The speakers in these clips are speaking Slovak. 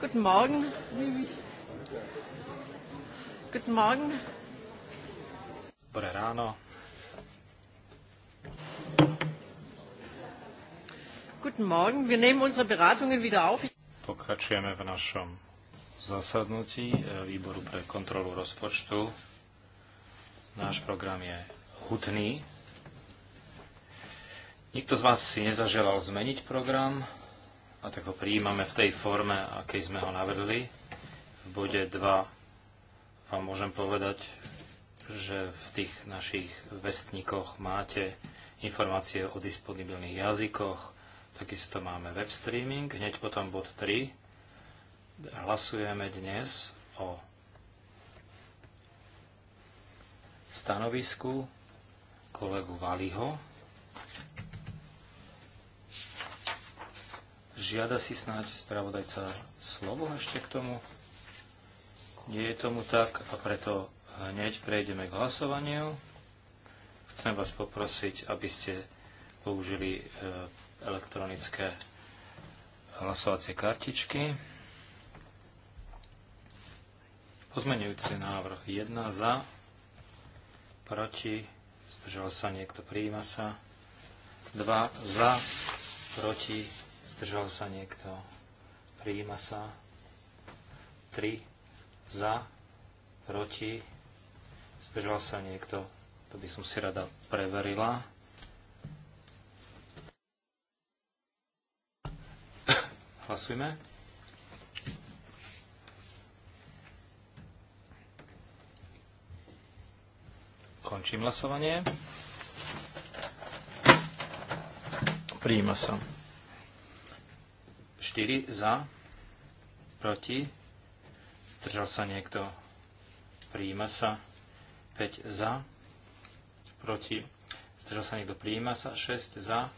Guten Morgen. Guten Morgen. Dobré ráno. Guten Morgen. Wir nehmen unsere Beratungen wieder auf. Pokračujeme v našom zasadnutí e, výboru pre kontrolu rozpočtu. Náš program je hutný. Nikto z vás si nezaželal zmeniť program. A tak ho prijímame v tej forme, akej sme ho navrhli. V bode 2 vám môžem povedať, že v tých našich vestníkoch máte informácie o disponibilných jazykoch, takisto máme web streaming, hneď potom bod 3. Hlasujeme dnes o stanovisku kolegu Valiho Žiada si snáď spravodajca slovo ešte k tomu? Nie je tomu tak a preto hneď prejdeme k hlasovaniu. Chcem vás poprosiť, aby ste použili e, elektronické hlasovacie kartičky. Pozmenujúci návrh 1 za, proti, zdržal sa niekto, prijíma sa. 2 za, proti, Zdržal sa niekto? Prijíma sa. 3. Za. Proti. Zdržal sa niekto? To by som si rada preverila. Hlasujme. Končím hlasovanie. Prijíma sa. 4 za, proti, zdržal sa niekto, príjima sa, 5 za, proti, zdržal sa niekto, príjima sa, 6 za,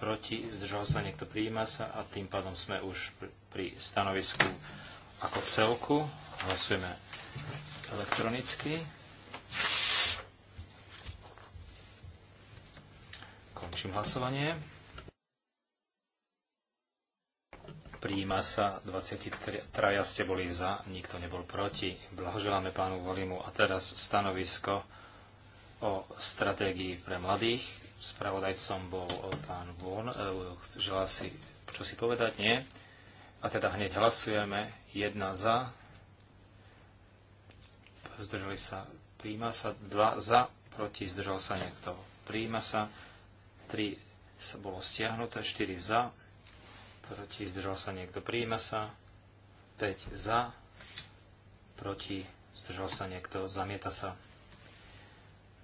proti, zdržal sa niekto, príjima sa a tým pádom sme už pri stanovisku ako celku. Hlasujeme elektronicky. Končím hlasovanie. Príjima sa, 23 ste boli za, nikto nebol proti. Blahoželáme pánu Volimu a teraz stanovisko o stratégii pre mladých. Spravodajcom bol pán Von. E, želá si čo si povedať? Nie. A teda hneď hlasujeme. Jedna za. Zdržali sa. Príjima sa. Dva za. Proti. Zdržal sa niekto. Príjima sa. Tri sa bolo stiahnuté. Štyri za proti, zdržal sa niekto, príjima sa. 5 za, proti, zdržal sa niekto, zamieta sa.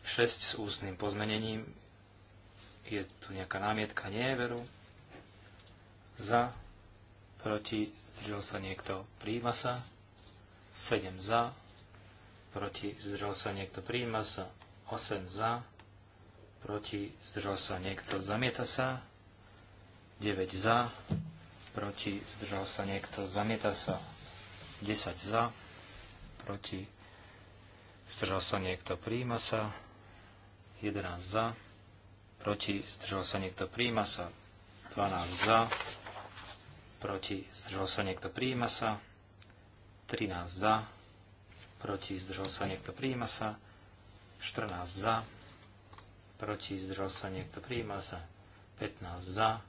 6 s ústnym pozmenením, je tu nejaká námietka, nie je veru. Za, proti, zdržal sa niekto, príjima sa. 7 za, proti, zdržal sa niekto, príjima sa. 8 za, proti, zdržal sa niekto, zamieta sa. 9 za, proti, zdržal sa niekto, zamieta sa 10 za, proti, zdržal sa niekto, príjma sa 11 za, proti, zdržal sa niekto, príjma sa 12 za, proti, zdržal sa niekto, príjma sa 13 za, proti, zdržal sa niekto, príjma sa 14 za, proti, zdržal sa niekto, príjma sa 15 za,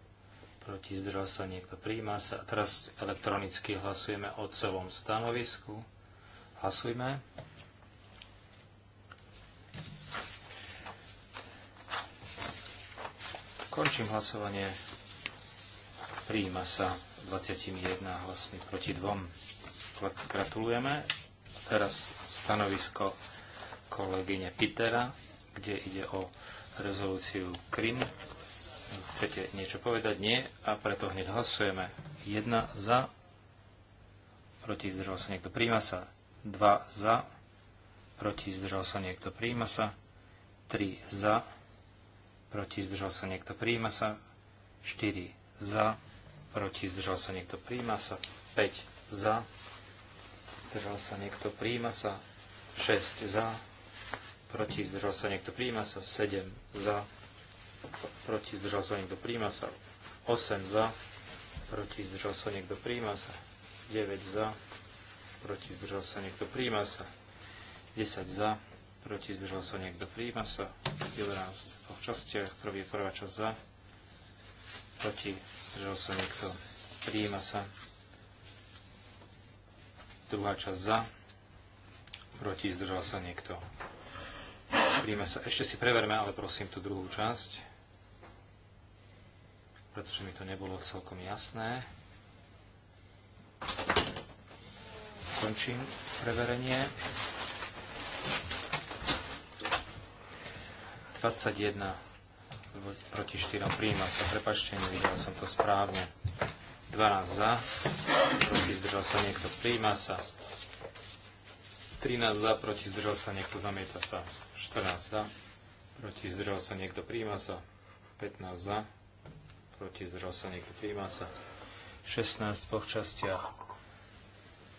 proti, zdržal sa niekto, príjma sa. A teraz elektronicky hlasujeme o celom stanovisku. Hlasujme. Končím hlasovanie. Príjma sa 21 hlasmi proti 2. Gratulujeme. Teraz stanovisko kolegyne Pitera, kde ide o rezolúciu Krym. Chcete niečo povedať? Nie. A preto hneď hlasujeme. 1 za, proti zdržal sa niekto, príjma sa. 2 za, proti zdržal sa niekto, príjma sa. 3 za, proti zdržal sa niekto, príjma sa. 4 za, proti zdržal sa niekto, príjma sa. 5 za, zdržal sa niekto, príjma sa. 6 za, proti zdržal sa niekto, príjma sa. 7 za, proti zdržal sa niekto, príjma sa 8 za, proti zdržal sa niekto, príjma sa 9 za, proti zdržal sa niekto, príjma sa 10 za, proti zdržal sa niekto, príjma sa 11 po častiach, prvý prvá časť za, proti zdržal sa niekto, príjma sa druhá časť za, proti zdržal sa niekto, Príjme sa. Ešte si preverme, ale prosím tú druhú časť, pretože mi to nebolo celkom jasné. Končím preverenie. 21 proti 4 príjma sa. Prepačte, nevidel som to správne. 12 za, proti zdržal sa niekto, príjma sa. 13 za, proti zdržal sa niekto, zamieta sa. 14 za, proti zdržal sa niekto, príjma sa. 15 za, proti zdržal sa niekto, príjma sa. 16 v dvoch častiach,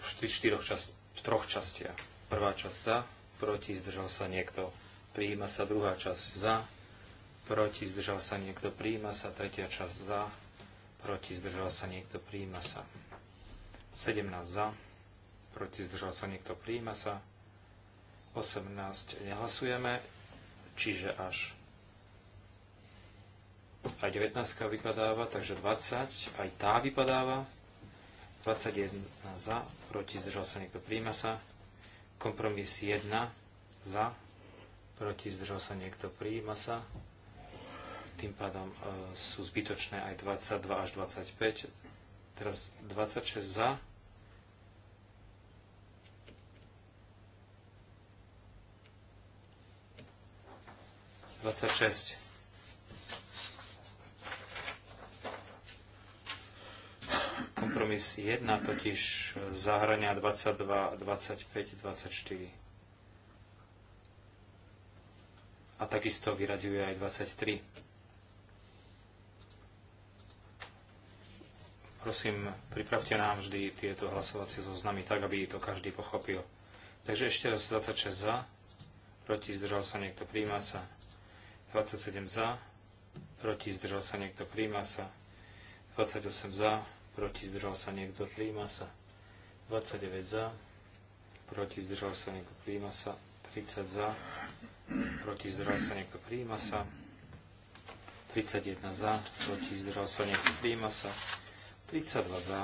v štyroch v troch častiach. Prvá časť za, proti zdržal sa niekto, príjma sa. Druhá časť za, proti zdržal sa niekto, príjma sa. Tretia časť za, proti zdržal sa niekto, príjma sa. 17 za, proti zdržal sa niekto, príjma sa. 18 nehlasujeme, čiže až aj 19 vypadáva, takže 20, aj tá vypadáva. 21 za, proti zdržal sa niekto, príjma sa. Kompromis 1 za, proti zdržal sa niekto, príjma sa. Tým pádom e, sú zbytočné aj 22 až 25. Teraz 26 za, 26. Kompromis 1 totiž zahrania 22, 25, 24. A takisto vyraďuje aj 23. Prosím, pripravte nám vždy tieto hlasovacie zoznamy tak, aby to každý pochopil. Takže ešte raz 26 za, proti zdržal sa niekto, príjma sa. 27 za, proti zdržal sa niekto, príjma sa. 28 za, proti zdržal sa niekto, príjma sa. 29 za, proti zdržal sa niekto, príjma sa. 30 za, proti zdržal sa niekto, príjma sa. 31 za, proti zdržal sa niekto, príjma sa. 32 za,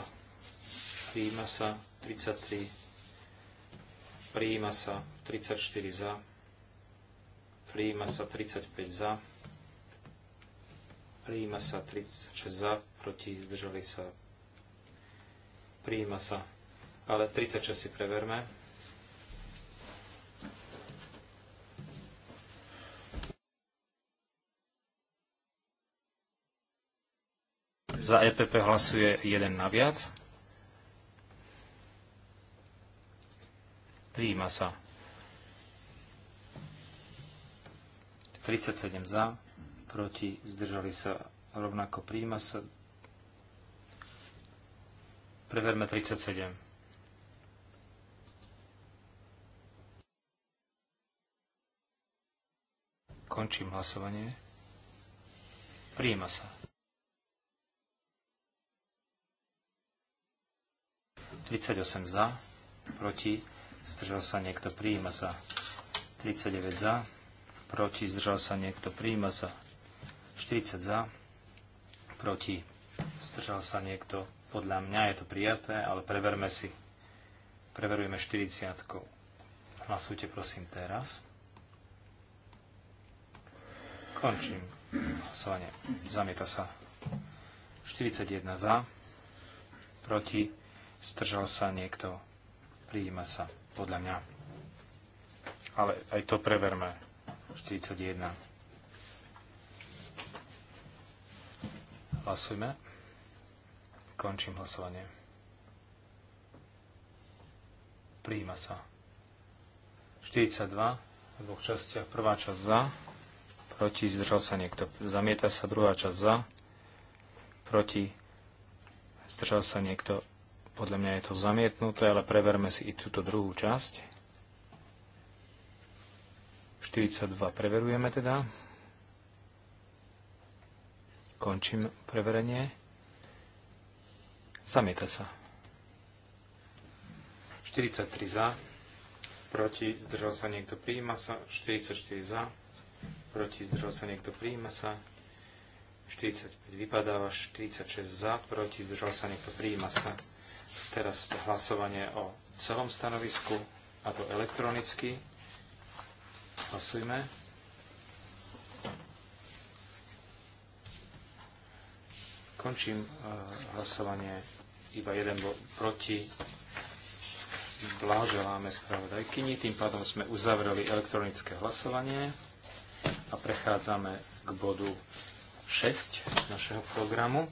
príjma sa. 33 príjma sa. 34 za, Prijíma sa 35 za. Prijíma sa 36 za. Proti zdržali sa. Prijíma sa. Ale 36 si preverme. Za EPP hlasuje jeden viac. Prijíma sa. 37 za, proti, zdržali sa rovnako príjma sa. Preverme 37. Končím hlasovanie. Príjma sa. 38 za, proti, zdržal sa niekto, príjma sa. 39 za, proti, zdržal sa niekto, príjma sa 40 za, proti, zdržal sa niekto, podľa mňa je to prijaté, ale preverme si. Preverujeme 40. Hlasujte prosím teraz. Končím hlasovanie. Zamieta sa. 41 za, proti, zdržal sa niekto, príjma sa, podľa mňa. Ale aj to preverme. 41. Hlasujme. Končím hlasovanie. Príjima sa. 42 v dvoch častiach. Prvá časť za, proti, zdržal sa niekto. Zamieta sa druhá časť za, proti, zdržal sa niekto. Podľa mňa je to zamietnuté, ale preverme si i túto druhú časť. 42 preverujeme teda. Končím preverenie. Zamieta sa. 43 za, proti, zdržal sa niekto, prijíma sa. 44 za, proti, zdržal sa niekto, prijíma sa. 45 vypadáva, 46 za, proti, zdržal sa niekto, prijíma sa. Teraz hlasovanie o celom stanovisku, a to elektronicky. Pasujme. Končím eh, hlasovanie. Iba jeden bol proti. Bláželáme spravodajkyni. Tým pádom sme uzavreli elektronické hlasovanie a prechádzame k bodu 6 našeho programu.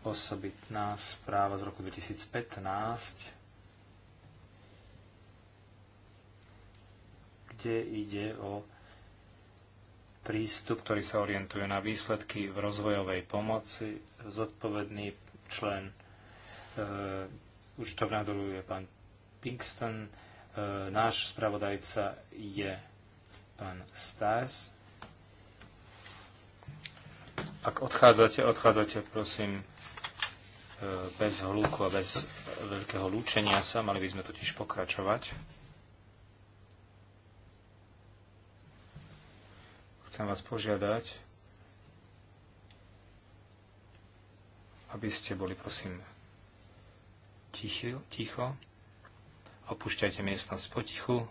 osobitná správa z roku 2015 kde ide o prístup, ktorý sa orientuje na výsledky v rozvojovej pomoci. Zodpovedný člen e, účtovná dolu je pán Pinkston, e, náš spravodajca je pán Stas. Ak odchádzate, odchádzate prosím e, bez hluku a bez veľkého lúčenia sa, mali by sme totiž pokračovať. chcem vás požiadať, aby ste boli, prosím, ticho, ticho. Opúšťajte miestnosť potichu.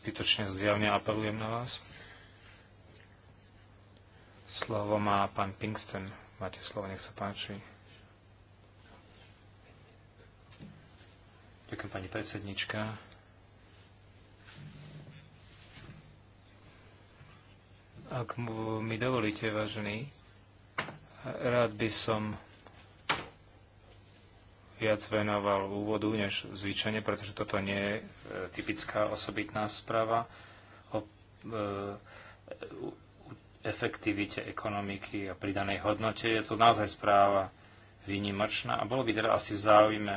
Zbytočne zjavne apelujem na vás. Slovo má pán Pinkston. Máte slovo, nech sa páči. Ďakujem, pani predsednička. Ak mi dovolíte, vážený, rád by som viac venoval úvodu než zvyčajne, pretože toto nie je e, typická osobitná správa o e, efektivite ekonomiky a pridanej hodnote. Je to naozaj správa výnimočná a bolo by teda asi v záujme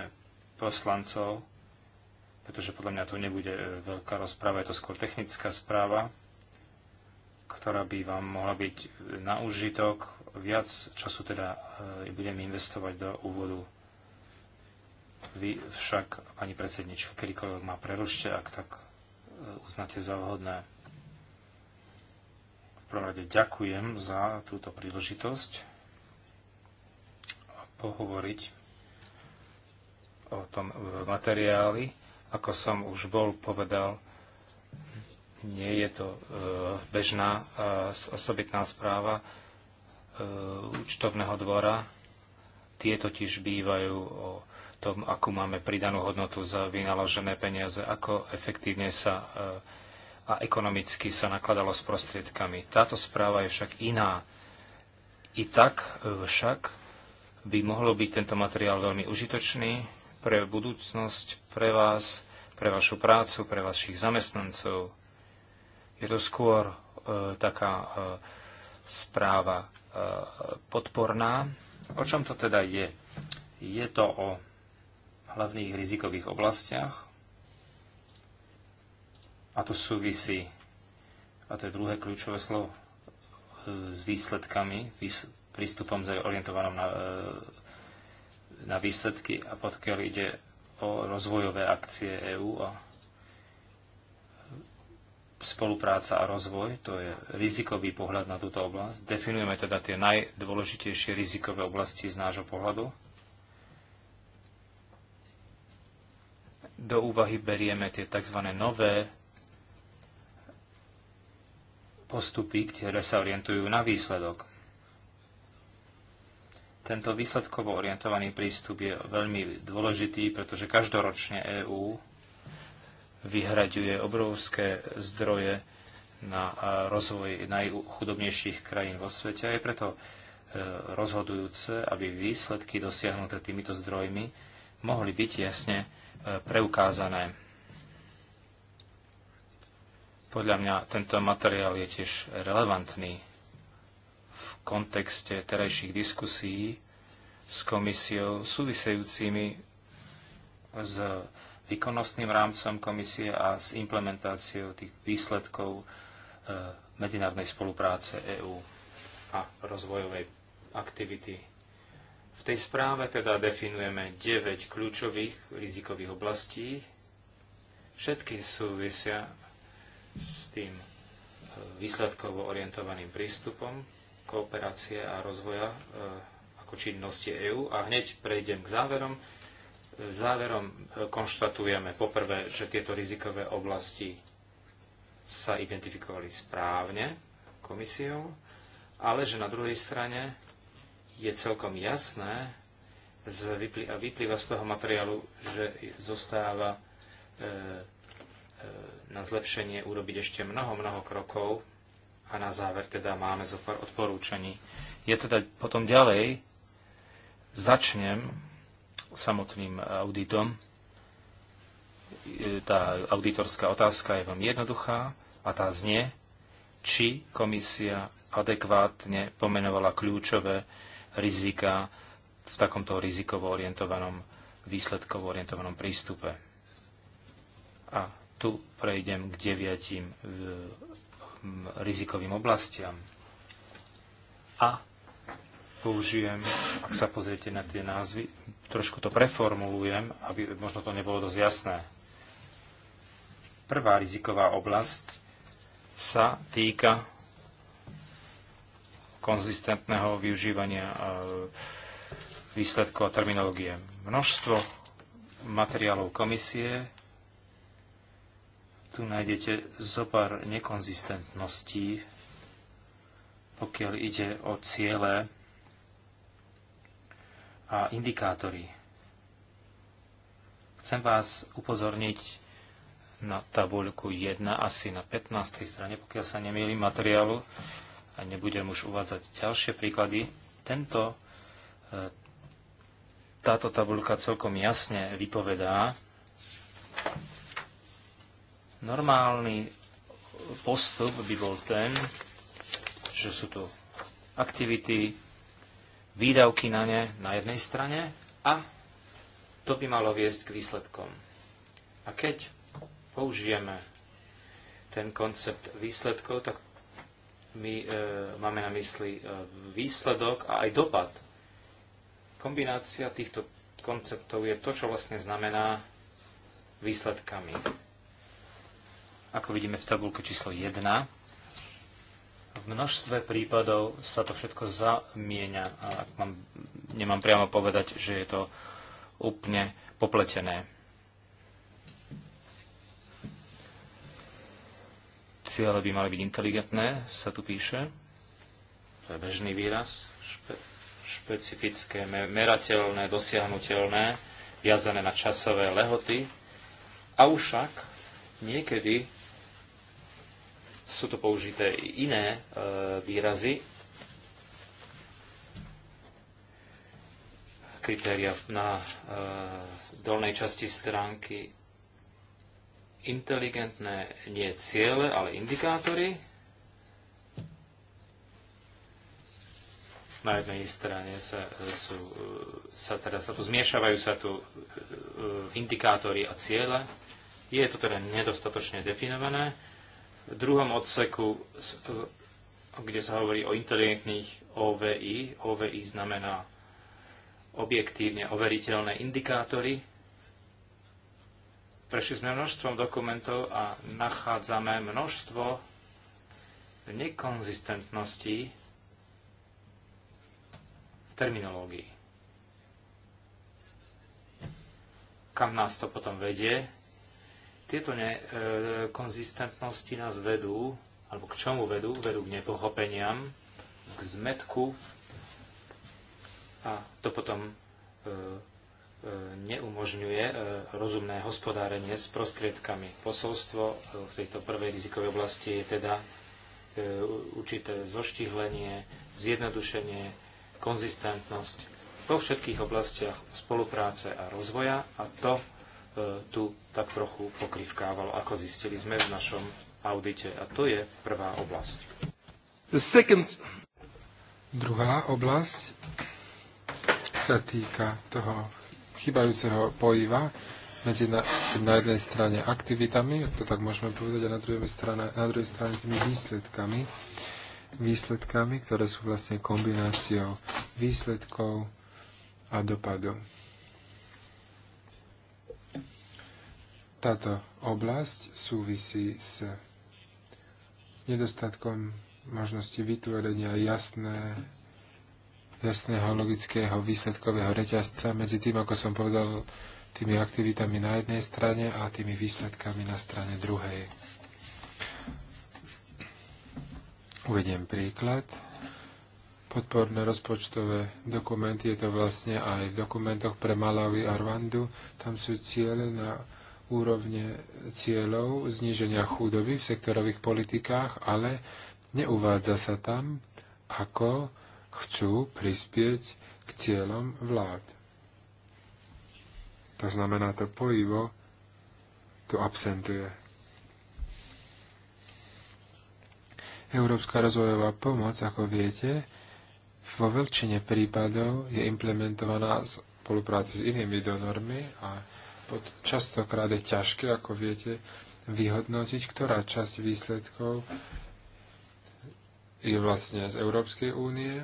poslancov, pretože podľa mňa tu nebude e, veľká rozpráva, je to skôr technická správa, ktorá by vám mohla byť na užitok. Viac času teda e, budem investovať do úvodu. Vy však, pani predsednička, kedykoľvek ma prerušte, ak tak e, uznáte za vhodné. V prvom rade ďakujem za túto príležitosť a pohovoriť o tom materiáli. Ako som už bol povedal, nie je to e, bežná e, osobitná správa e, účtovného dvora. Tie totiž bývajú o tom, akú máme pridanú hodnotu za vynaložené peniaze, ako efektívne sa a ekonomicky sa nakladalo s prostriedkami. Táto správa je však iná. I tak však by mohlo byť tento materiál veľmi užitočný pre budúcnosť, pre vás, pre vašu prácu, pre vašich zamestnancov, je to skôr e, taká e, správa e, podporná. O čom to teda je? Je to o hlavných rizikových oblastiach a to súvisí, a to je druhé kľúčové slovo, e, s výsledkami, výs, prístupom orientovanom na, e, na výsledky a pokiaľ ide o rozvojové akcie EÚ a spolupráca a rozvoj, to je rizikový pohľad na túto oblasť. Definujeme teda tie najdôležitejšie rizikové oblasti z nášho pohľadu. Do úvahy berieme tie tzv. nové postupy, ktoré sa orientujú na výsledok. Tento výsledkovo orientovaný prístup je veľmi dôležitý, pretože každoročne EÚ vyhraďuje obrovské zdroje na rozvoj najchudobnejších krajín vo svete a je preto e, rozhodujúce, aby výsledky dosiahnuté týmito zdrojmi mohli byť jasne e, preukázané. Podľa mňa tento materiál je tiež relevantný v kontexte terajších diskusí s komisiou súvisejúcimi s výkonnostným rámcom komisie a s implementáciou tých výsledkov e, medzinárodnej spolupráce EÚ a rozvojovej aktivity. V tej správe teda definujeme 9 kľúčových rizikových oblastí. Všetky súvisia s tým e, výsledkovo orientovaným prístupom kooperácie a rozvoja e, ako činnosti EÚ. A hneď prejdem k záverom Záverom e, konštatujeme poprvé, že tieto rizikové oblasti sa identifikovali správne komisiou, ale že na druhej strane je celkom jasné z, a vyplýva z toho materiálu, že zostáva e, e, na zlepšenie urobiť ešte mnoho, mnoho krokov a na záver teda máme zo pár odporúčaní. Je teda potom ďalej, začnem samotným auditom. E, tá auditorská otázka je veľmi jednoduchá a tá znie, či komisia adekvátne pomenovala kľúčové rizika v takomto rizikovo orientovanom, výsledkovo orientovanom prístupe. A tu prejdem k deviatim e, rizikovým oblastiam. A použijem, ak sa pozriete na tie názvy, trošku to preformulujem, aby možno to nebolo dosť jasné. Prvá riziková oblasť sa týka konzistentného využívania e, výsledkov a terminológie. Množstvo materiálov komisie. Tu nájdete zopár nekonzistentností, pokiaľ ide o ciele a indikátory. Chcem vás upozorniť na tabuľku 1, asi na 15. strane, pokiaľ sa nemýlim materiálu a nebudem už uvádzať ďalšie príklady. Tento, e, táto tabuľka celkom jasne vypovedá normálny postup by bol ten, že sú tu aktivity, výdavky na ne na jednej strane a to by malo viesť k výsledkom. A keď použijeme ten koncept výsledkov, tak my e, máme na mysli e, výsledok a aj dopad. Kombinácia týchto konceptov je to, čo vlastne znamená výsledkami. Ako vidíme v tabulke číslo 1, v množstve prípadov sa to všetko zamieňa. A ak mám, nemám priamo povedať, že je to úplne popletené. Ciele by mali byť inteligentné, sa tu píše. To je bežný výraz. Špe, špecifické, merateľné, dosiahnutelné, viazané na časové lehoty. A ušak niekedy sú tu použité iné e, výrazy, kritéria na e, dolnej časti stránky inteligentné nie ciele, ale indikátory. Na jednej strane sa, e, sú, e, sa, teda, sa tu zmiešavajú sa tu indikátory a ciele. Je to teda nedostatočne definované. V druhom odseku, e, kde sa hovorí o inteligentných OVI, OVI znamená objektívne overiteľné indikátory. Prešli sme množstvom dokumentov a nachádzame množstvo nekonzistentností v terminológii. Kam nás to potom vedie? Tieto nekonzistentnosti e, nás vedú, alebo k čomu vedú? Vedú k nepochopeniam, k zmetku a to potom e, e, neumožňuje rozumné hospodárenie s prostriedkami. Posolstvo v tejto prvej rizikovej oblasti je teda určité zoštihlenie, zjednodušenie, konzistentnosť vo všetkých oblastiach spolupráce a rozvoja a to tu tak trochu pokrivkával, ako zistili sme v našom audite. A to je prvá oblasť. The second... Druhá oblasť sa týka toho chybajúceho pojiva medzi na, na jednej strane aktivitami, to tak môžeme povedať, a na druhej strane, na druhej strane tými výsledkami, výsledkami, ktoré sú vlastne kombináciou výsledkov a dopadov. táto oblasť súvisí s nedostatkom možnosti vytvorenia jasné, jasného logického výsledkového reťazca medzi tým, ako som povedal, tými aktivitami na jednej strane a tými výsledkami na strane druhej. Uvediem príklad. Podporné rozpočtové dokumenty je to vlastne aj v dokumentoch pre Malawi a Rwandu. Tam sú ciele na úrovne cieľov zníženia chudoby v sektorových politikách, ale neuvádza sa tam, ako chcú prispieť k cieľom vlád. To znamená, to pojivo tu absentuje. Európska rozvojová pomoc, ako viete, vo väčšine prípadov je implementovaná v spolupráci s inými donormi a pod, častokrát je ťažké, ako viete, vyhodnotiť, ktorá časť výsledkov je vlastne z Európskej únie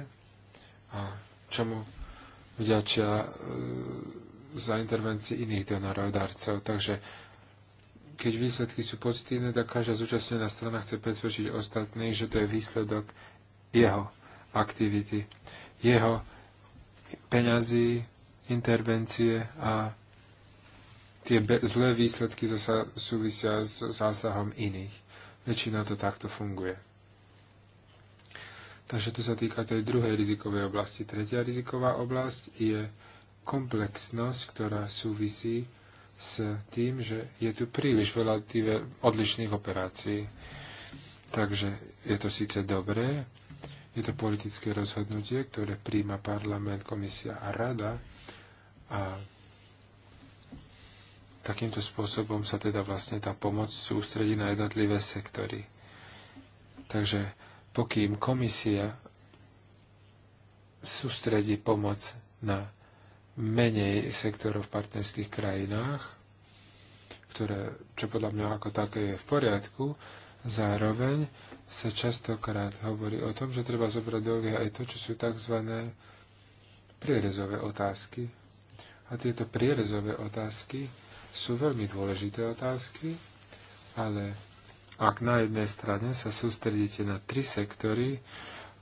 a čomu vďačia e, za intervencii iných donorov, darcov. Takže keď výsledky sú pozitívne, tak každá zúčastnená strana chce presvedčiť ostatných, že to je výsledok jeho aktivity, jeho peňazí, intervencie a tie zlé výsledky zasa súvisia s zásahom iných. Väčšina to takto funguje. Takže to sa týka tej druhej rizikovej oblasti. Tretia riziková oblasť je komplexnosť, ktorá súvisí s tým, že je tu príliš veľa odlišných operácií. Takže je to síce dobré, je to politické rozhodnutie, ktoré príjma parlament, komisia a rada a Takýmto spôsobom sa teda vlastne tá pomoc sústredí na jednotlivé sektory. Takže pokým komisia sústredí pomoc na menej sektorov v partnerských krajinách, ktoré, čo podľa mňa ako také je v poriadku, zároveň sa častokrát hovorí o tom, že treba zobrať do aj to, čo sú tzv. prierezové otázky. A tieto prierezové otázky sú veľmi dôležité otázky, ale ak na jednej strane sa sústredíte na tri sektory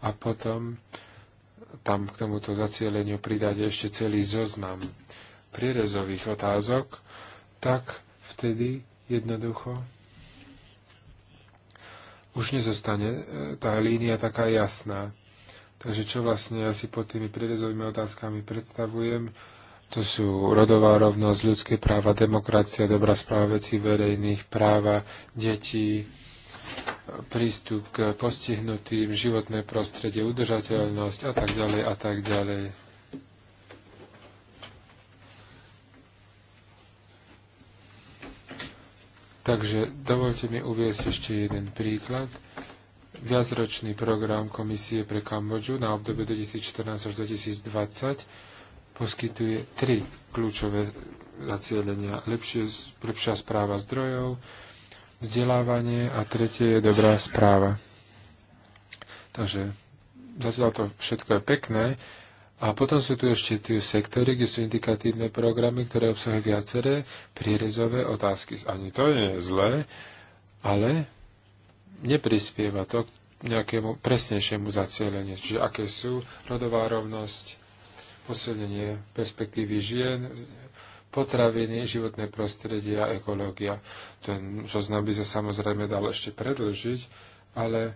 a potom tam k tomuto zacieleniu pridáte ešte celý zoznam prierezových otázok, tak vtedy jednoducho už nezostane e, tá línia taká jasná. Takže čo vlastne ja si pod tými prierezovými otázkami predstavujem, to sú rodová rovnosť, ľudské práva, demokracia, dobrá správa vecí verejných, práva detí, prístup k postihnutým, životné prostredie, udržateľnosť a tak ďalej a tak ďalej. Takže dovolte mi uviezť ešte jeden príklad. Viacročný program Komisie pre Kambodžu na obdobie 2014 až 2020 poskytuje tri kľúčové zacielenia. Lepšie, lepšia správa zdrojov, vzdelávanie a tretie je dobrá správa. Takže zatiaľ to všetko je pekné. A potom sú tu ešte tie sektory, kde sú indikatívne programy, ktoré obsahujú viaceré prierezové otázky. Ani to nie je zlé, ale neprispieva to k nejakému presnejšiemu zacieleniu. Čiže aké sú rodová rovnosť, posilnenie perspektívy žien, potraviny, životné prostredie a ekológia. Ten zoznam by sa samozrejme dal ešte predlžiť, ale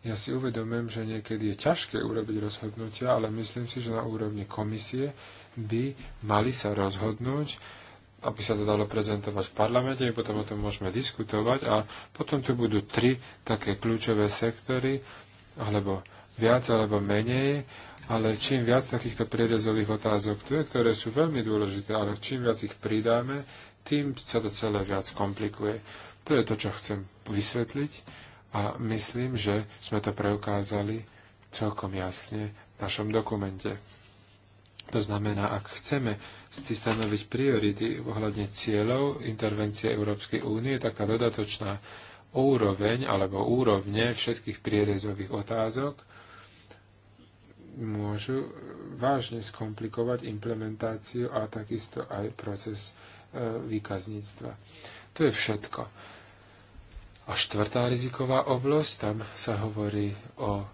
ja si uvedomujem, že niekedy je ťažké urobiť rozhodnutia, ale myslím si, že na úrovni komisie by mali sa rozhodnúť, aby sa to dalo prezentovať v parlamente, my potom o tom môžeme diskutovať a potom tu budú tri také kľúčové sektory, alebo viac alebo menej, ale čím viac takýchto prierezových otázok tu je, ktoré sú veľmi dôležité, ale čím viac ich pridáme, tým sa to celé viac komplikuje. To je to, čo chcem vysvetliť a myslím, že sme to preukázali celkom jasne v našom dokumente. To znamená, ak chceme si stanoviť priority ohľadne cieľov intervencie Európskej únie, tak tá dodatočná úroveň alebo úrovne všetkých prierezových otázok môžu vážne skomplikovať implementáciu a takisto aj proces e, výkazníctva. To je všetko. A štvrtá riziková oblasť, tam sa hovorí o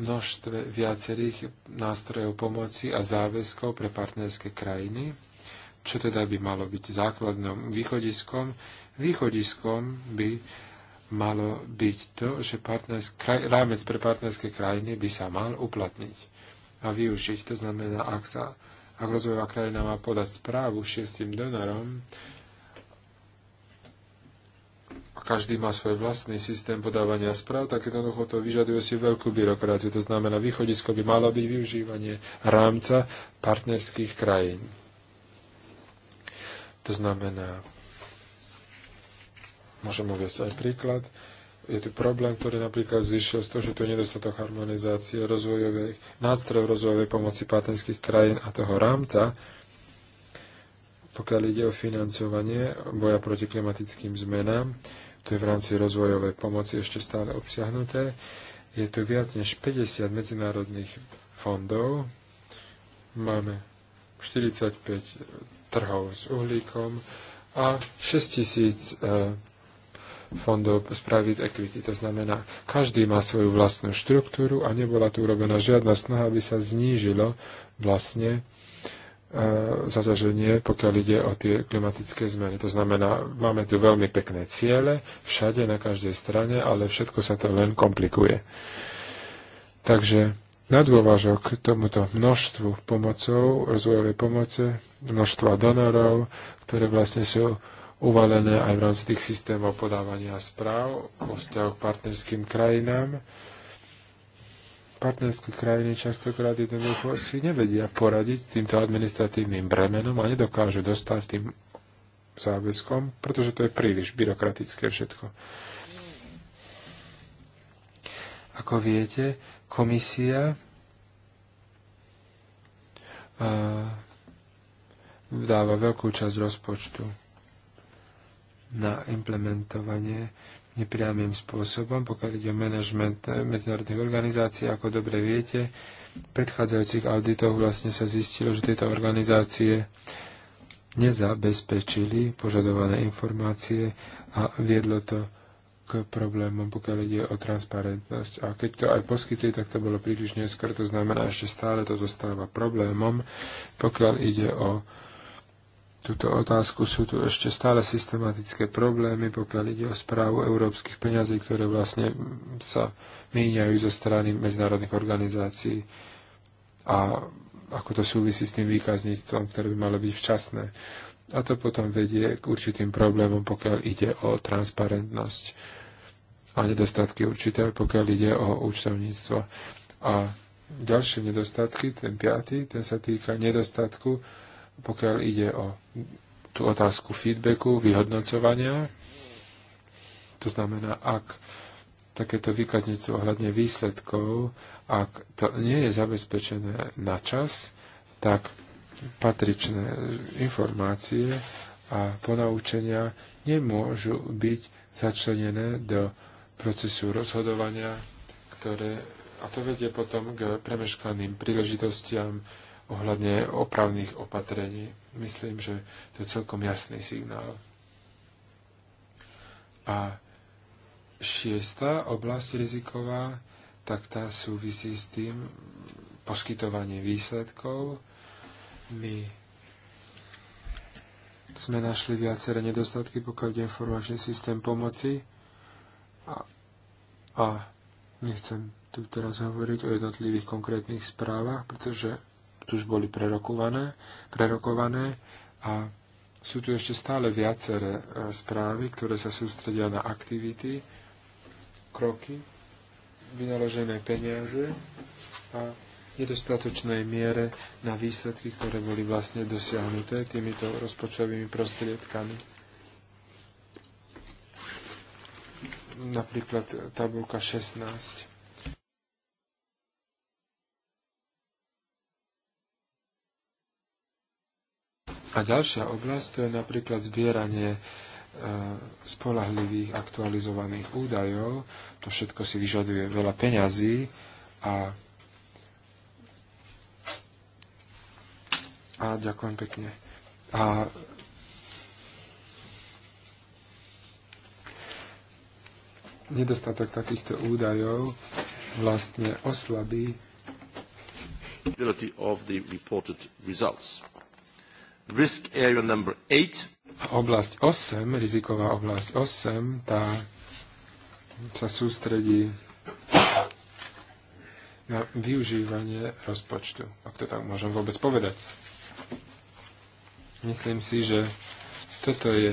množstve viacerých nástrojov pomoci a záväzkov pre partnerské krajiny, čo teda by malo byť základným východiskom. Východiskom by malo byť to, že rámec pre partnerské krajiny by sa mal uplatniť a využiť. To znamená, ak, sa, ak rozvojová krajina má podať správu šiestim donorom, a každý má svoj vlastný systém podávania správ, tak jednoducho to vyžaduje si veľkú byrokraciu. To znamená, východisko by malo byť využívanie rámca partnerských krajín. To znamená, môžem uvieť aj príklad, je tu problém, ktorý napríklad zišiel z toho, že tu je nedostatok harmonizácie rozvojovej, nástrojov rozvojovej pomoci patenských krajín a toho rámca, pokiaľ ide o financovanie boja proti klimatickým zmenám, to je v rámci rozvojovej pomoci ešte stále obsiahnuté, je tu viac než 50 medzinárodných fondov, máme 45 trhov s uhlíkom a 6000 tisíc. Eh, fondov spraviť equity. To znamená, každý má svoju vlastnú štruktúru a nebola tu urobená žiadna snaha, aby sa znížilo vlastne e, zaťaženie, pokiaľ ide o tie klimatické zmeny. To znamená, máme tu veľmi pekné ciele, všade, na každej strane, ale všetko sa to len komplikuje. Takže na dôvažok tomuto množstvu pomocov, rozvojovej pomoce, množstva donorov, ktoré vlastne sú uvalené aj v rámci tých systémov podávania správ o vzťahu k partnerským krajinám. Partnerské krajiny častokrát jednoducho si nevedia poradiť s týmto administratívnym bremenom a nedokážu dostať tým záväzkom, pretože to je príliš byrokratické všetko. Ako viete, komisia eh, dáva veľkú časť rozpočtu na implementovanie nepriamým spôsobom, pokiaľ ide o manažment medzinárodných organizácií, ako dobre viete, v predchádzajúcich auditoch vlastne sa zistilo, že tieto organizácie nezabezpečili požadované informácie a viedlo to k problémom, pokiaľ ide o transparentnosť. A keď to aj poskytli, tak to bolo príliš neskôr, to znamená, ešte stále to zostáva problémom, pokiaľ ide o túto otázku. Sú tu ešte stále systematické problémy, pokiaľ ide o správu európskych peňazí, ktoré vlastne sa míňajú zo strany medzinárodných organizácií a ako to súvisí s tým výkazníctvom, ktoré by malo byť včasné. A to potom vedie k určitým problémom, pokiaľ ide o transparentnosť a nedostatky určité, pokiaľ ide o účtovníctvo. A ďalšie nedostatky, ten piatý, ten sa týka nedostatku pokiaľ ide o tú otázku feedbacku, vyhodnocovania, to znamená, ak takéto výkazníctvo ohľadne výsledkov, ak to nie je zabezpečené na čas, tak patričné informácie a ponaučenia nemôžu byť začlenené do procesu rozhodovania, ktoré, a to vedie potom k premeškaným príležitostiam, ohľadne opravných opatrení. Myslím, že to je celkom jasný signál. A šiesta oblasť riziková, tak tá súvisí s tým poskytovanie výsledkov. My sme našli viaceré nedostatky, pokiaľ ide informačný systém pomoci. A, a nechcem tu teraz hovoriť o jednotlivých konkrétnych správach, pretože už boli prerokované, prerokované a sú tu ešte stále viaceré e, správy, ktoré sa sústredia na aktivity, kroky, vynaložené peniaze a nedostatočnej miere na výsledky, ktoré boli vlastne dosiahnuté týmito rozpočtovými prostriedkami. Napríklad tabulka 16. A ďalšia oblasť to je napríklad zbieranie e, spolahlivých aktualizovaných údajov. To všetko si vyžaduje veľa peňazí a, a ďakujem pekne. A nedostatok takýchto údajov vlastne oslabí of the reported results risk area number 8. Oblasť 8, riziková oblasť 8, tá sa sústredí na využívanie rozpočtu, ak to tak môžem vôbec povedať. Myslím si, že toto je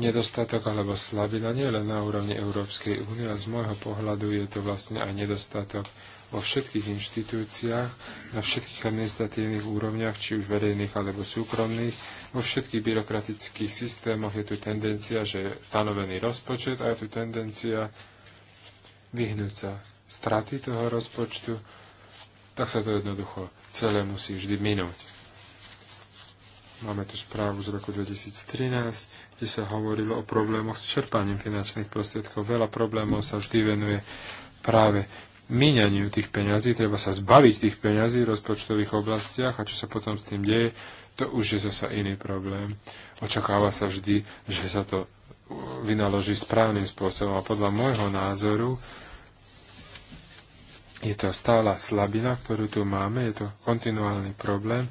nedostatok alebo slabina nie len na úrovni Európskej únie, a z môjho pohľadu je to vlastne aj nedostatok vo všetkých inštitúciách, na všetkých administratívnych úrovniach, či už verejných alebo súkromných. Vo všetkých byrokratických systémoch je tu tendencia, že je stanovený rozpočet a je tu tendencia vyhnúť sa straty toho rozpočtu, tak sa to jednoducho celé musí vždy minúť. Máme tu správu z roku 2013, kde sa hovorilo o problémoch s čerpaním finančných prostriedkov. Veľa problémov sa vždy venuje práve míňaniu tých peňazí, treba sa zbaviť tých peňazí v rozpočtových oblastiach a čo sa potom s tým deje, to už je zase iný problém. Očakáva sa vždy, že sa to vynaloží správnym spôsobom a podľa môjho názoru je to stála slabina, ktorú tu máme, je to kontinuálny problém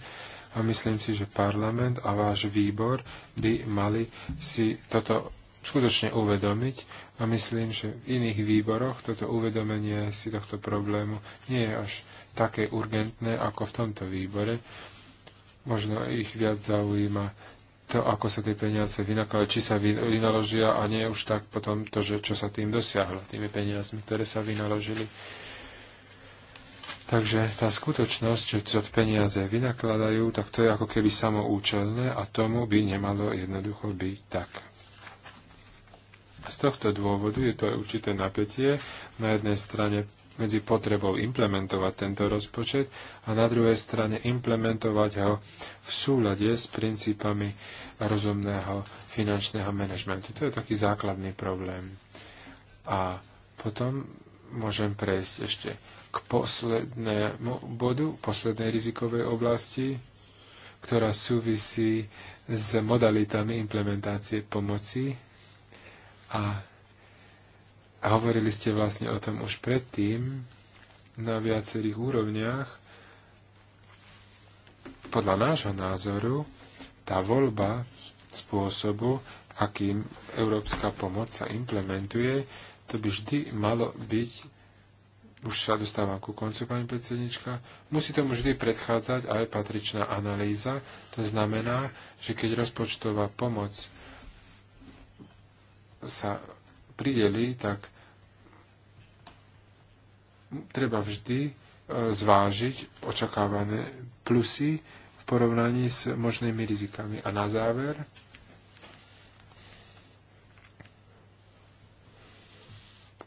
a myslím si, že parlament a váš výbor by mali si toto skutočne uvedomiť a myslím, že v iných výboroch toto uvedomenie si tohto problému nie je až také urgentné ako v tomto výbore. Možno ich viac zaujíma to, ako sa tie peniaze vynakladajú, či sa vynaložia a nie už tak potom to, že čo sa tým dosiahlo, tými peniazmi, ktoré sa vynaložili. Takže tá skutočnosť, že sa peniaze vynakladajú, tak to je ako keby samoučelné a tomu by nemalo jednoducho byť tak. Z tohto dôvodu je to aj určité napätie na jednej strane medzi potrebou implementovať tento rozpočet a na druhej strane implementovať ho v súlade s princípami rozumného finančného manažmentu. To je taký základný problém. A potom môžem prejsť ešte k poslednému bodu, poslednej rizikovej oblasti, ktorá súvisí s modalitami implementácie pomoci a, hovorili ste vlastne o tom už predtým na viacerých úrovniach. Podľa nášho názoru tá voľba spôsobu, akým európska pomoc sa implementuje, to by vždy malo byť už sa dostávam ku koncu, pani predsednička, musí tomu vždy predchádzať aj patričná analýza. To znamená, že keď rozpočtová pomoc sa prideli, tak treba vždy e, zvážiť očakávané plusy v porovnaní s možnými rizikami. A na záver,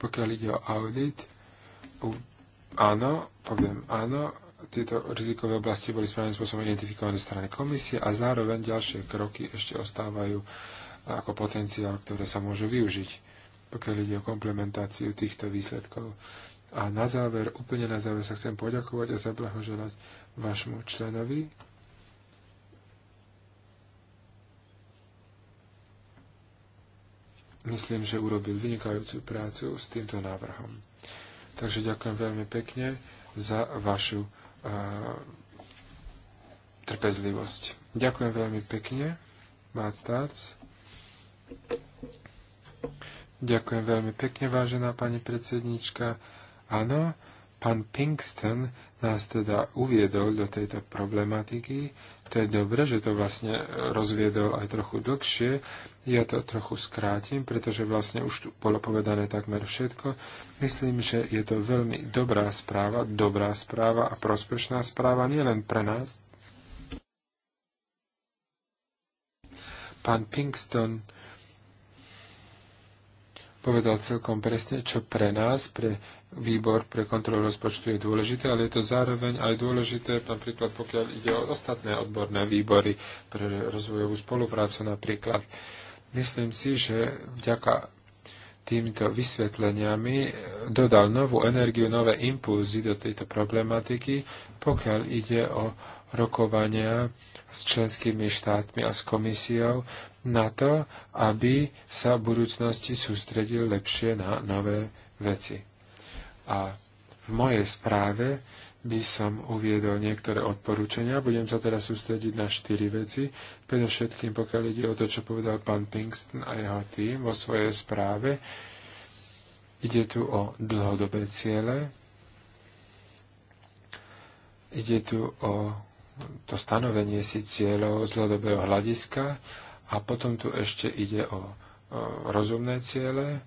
pokiaľ ide o audit, áno, poviem áno, tieto rizikové oblasti boli správnym spôsobom identifikované zo strany komisie a zároveň ďalšie kroky ešte ostávajú uh, ako potenciál, ktoré sa môžu využiť, pokiaľ ide o komplementáciu týchto výsledkov. A na záver, úplne na záver sa chcem poďakovať a zablahoželať vašmu členovi. Myslím, že urobil vynikajúcu prácu s týmto návrhom. Takže ďakujem veľmi pekne za vašu a, trpezlivosť. Ďakujem veľmi pekne, Mad Starts. Ďakujem veľmi pekne, vážená pani predsednička. Áno, pán Pinkston nás teda uviedol do tejto problematiky. To je dobré, že to vlastne rozviedol aj trochu dlhšie. Ja to trochu skrátim, pretože vlastne už tu bolo povedané takmer všetko. Myslím, že je to veľmi dobrá správa, dobrá správa a prospešná správa nielen pre nás. Pán Pinkston povedal celkom presne, čo pre nás, pre výbor pre kontrolu rozpočtu je dôležité, ale je to zároveň aj dôležité, napríklad pokiaľ ide o ostatné odborné výbory pre rozvojovú spoluprácu napríklad. Myslím si, že vďaka týmito vysvetleniami dodal novú energiu, nové impulzy do tejto problematiky, pokiaľ ide o rokovania s členskými štátmi a s komisiou, na to, aby sa v budúcnosti sústredil lepšie na nové veci. A v mojej správe by som uviedol niektoré odporúčania. Budem sa teraz sústrediť na štyri veci. Predovšetkým, pokiaľ ide o to, čo povedal pán Pinkston a jeho tým vo svojej správe, ide tu o dlhodobé ciele, ide tu o to stanovenie si cieľov z dlhodobého hľadiska a potom tu ešte ide o, o rozumné ciele.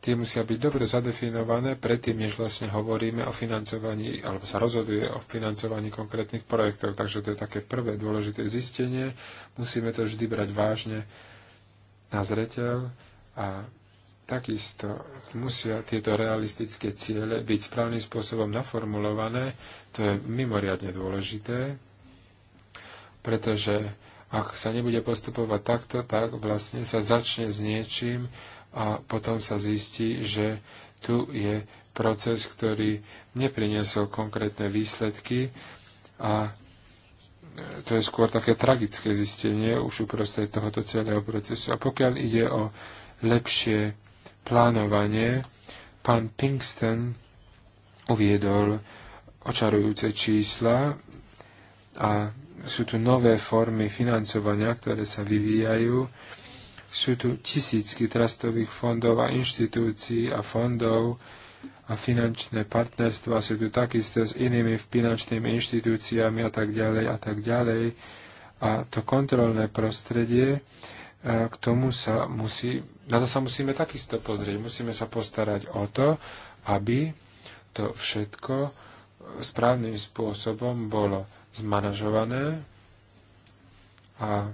Tie musia byť dobre zadefinované predtým, než vlastne hovoríme o financovaní, alebo sa rozhoduje o financovaní konkrétnych projektov. Takže to je také prvé dôležité zistenie. Musíme to vždy brať vážne na zreteľ a takisto musia tieto realistické ciele byť správnym spôsobom naformulované. To je mimoriadne dôležité pretože ak sa nebude postupovať takto, tak vlastne sa začne s niečím a potom sa zistí, že tu je proces, ktorý nepriniesol konkrétne výsledky a e, to je skôr také tragické zistenie už uprostred tohoto celého procesu. A pokiaľ ide o lepšie plánovanie, pán Pinkston uviedol očarujúce čísla a sú tu nové formy financovania, ktoré sa vyvíjajú. Sú tu tisícky trastových fondov a inštitúcií a fondov a finančné partnerstva sú tu takisto s inými finančnými inštitúciami a tak ďalej a tak ďalej. A to kontrolné prostredie, e, k tomu sa musí, na to sa musíme takisto pozrieť. Musíme sa postarať o to, aby to všetko správnym spôsobom bolo zmanažované a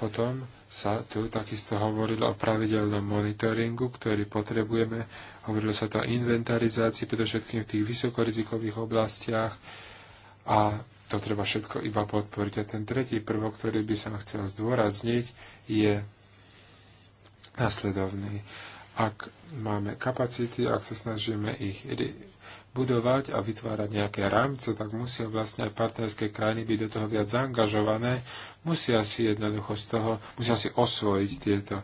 potom sa tu takisto hovorilo o pravidelnom monitoringu, ktorý potrebujeme. Hovorilo sa to o inventarizácii, predovšetkým v tých vysokorizikových oblastiach a to treba všetko iba podporiť. A ten tretí prvok, ktorý by som chcel zdôrazniť, je nasledovný. Ak máme kapacity, ak sa snažíme ich budovať a vytvárať nejaké rámce, tak musia vlastne aj partnerské krajiny byť do toho viac zaangažované, musia si jednoducho z toho, musia si osvojiť tieto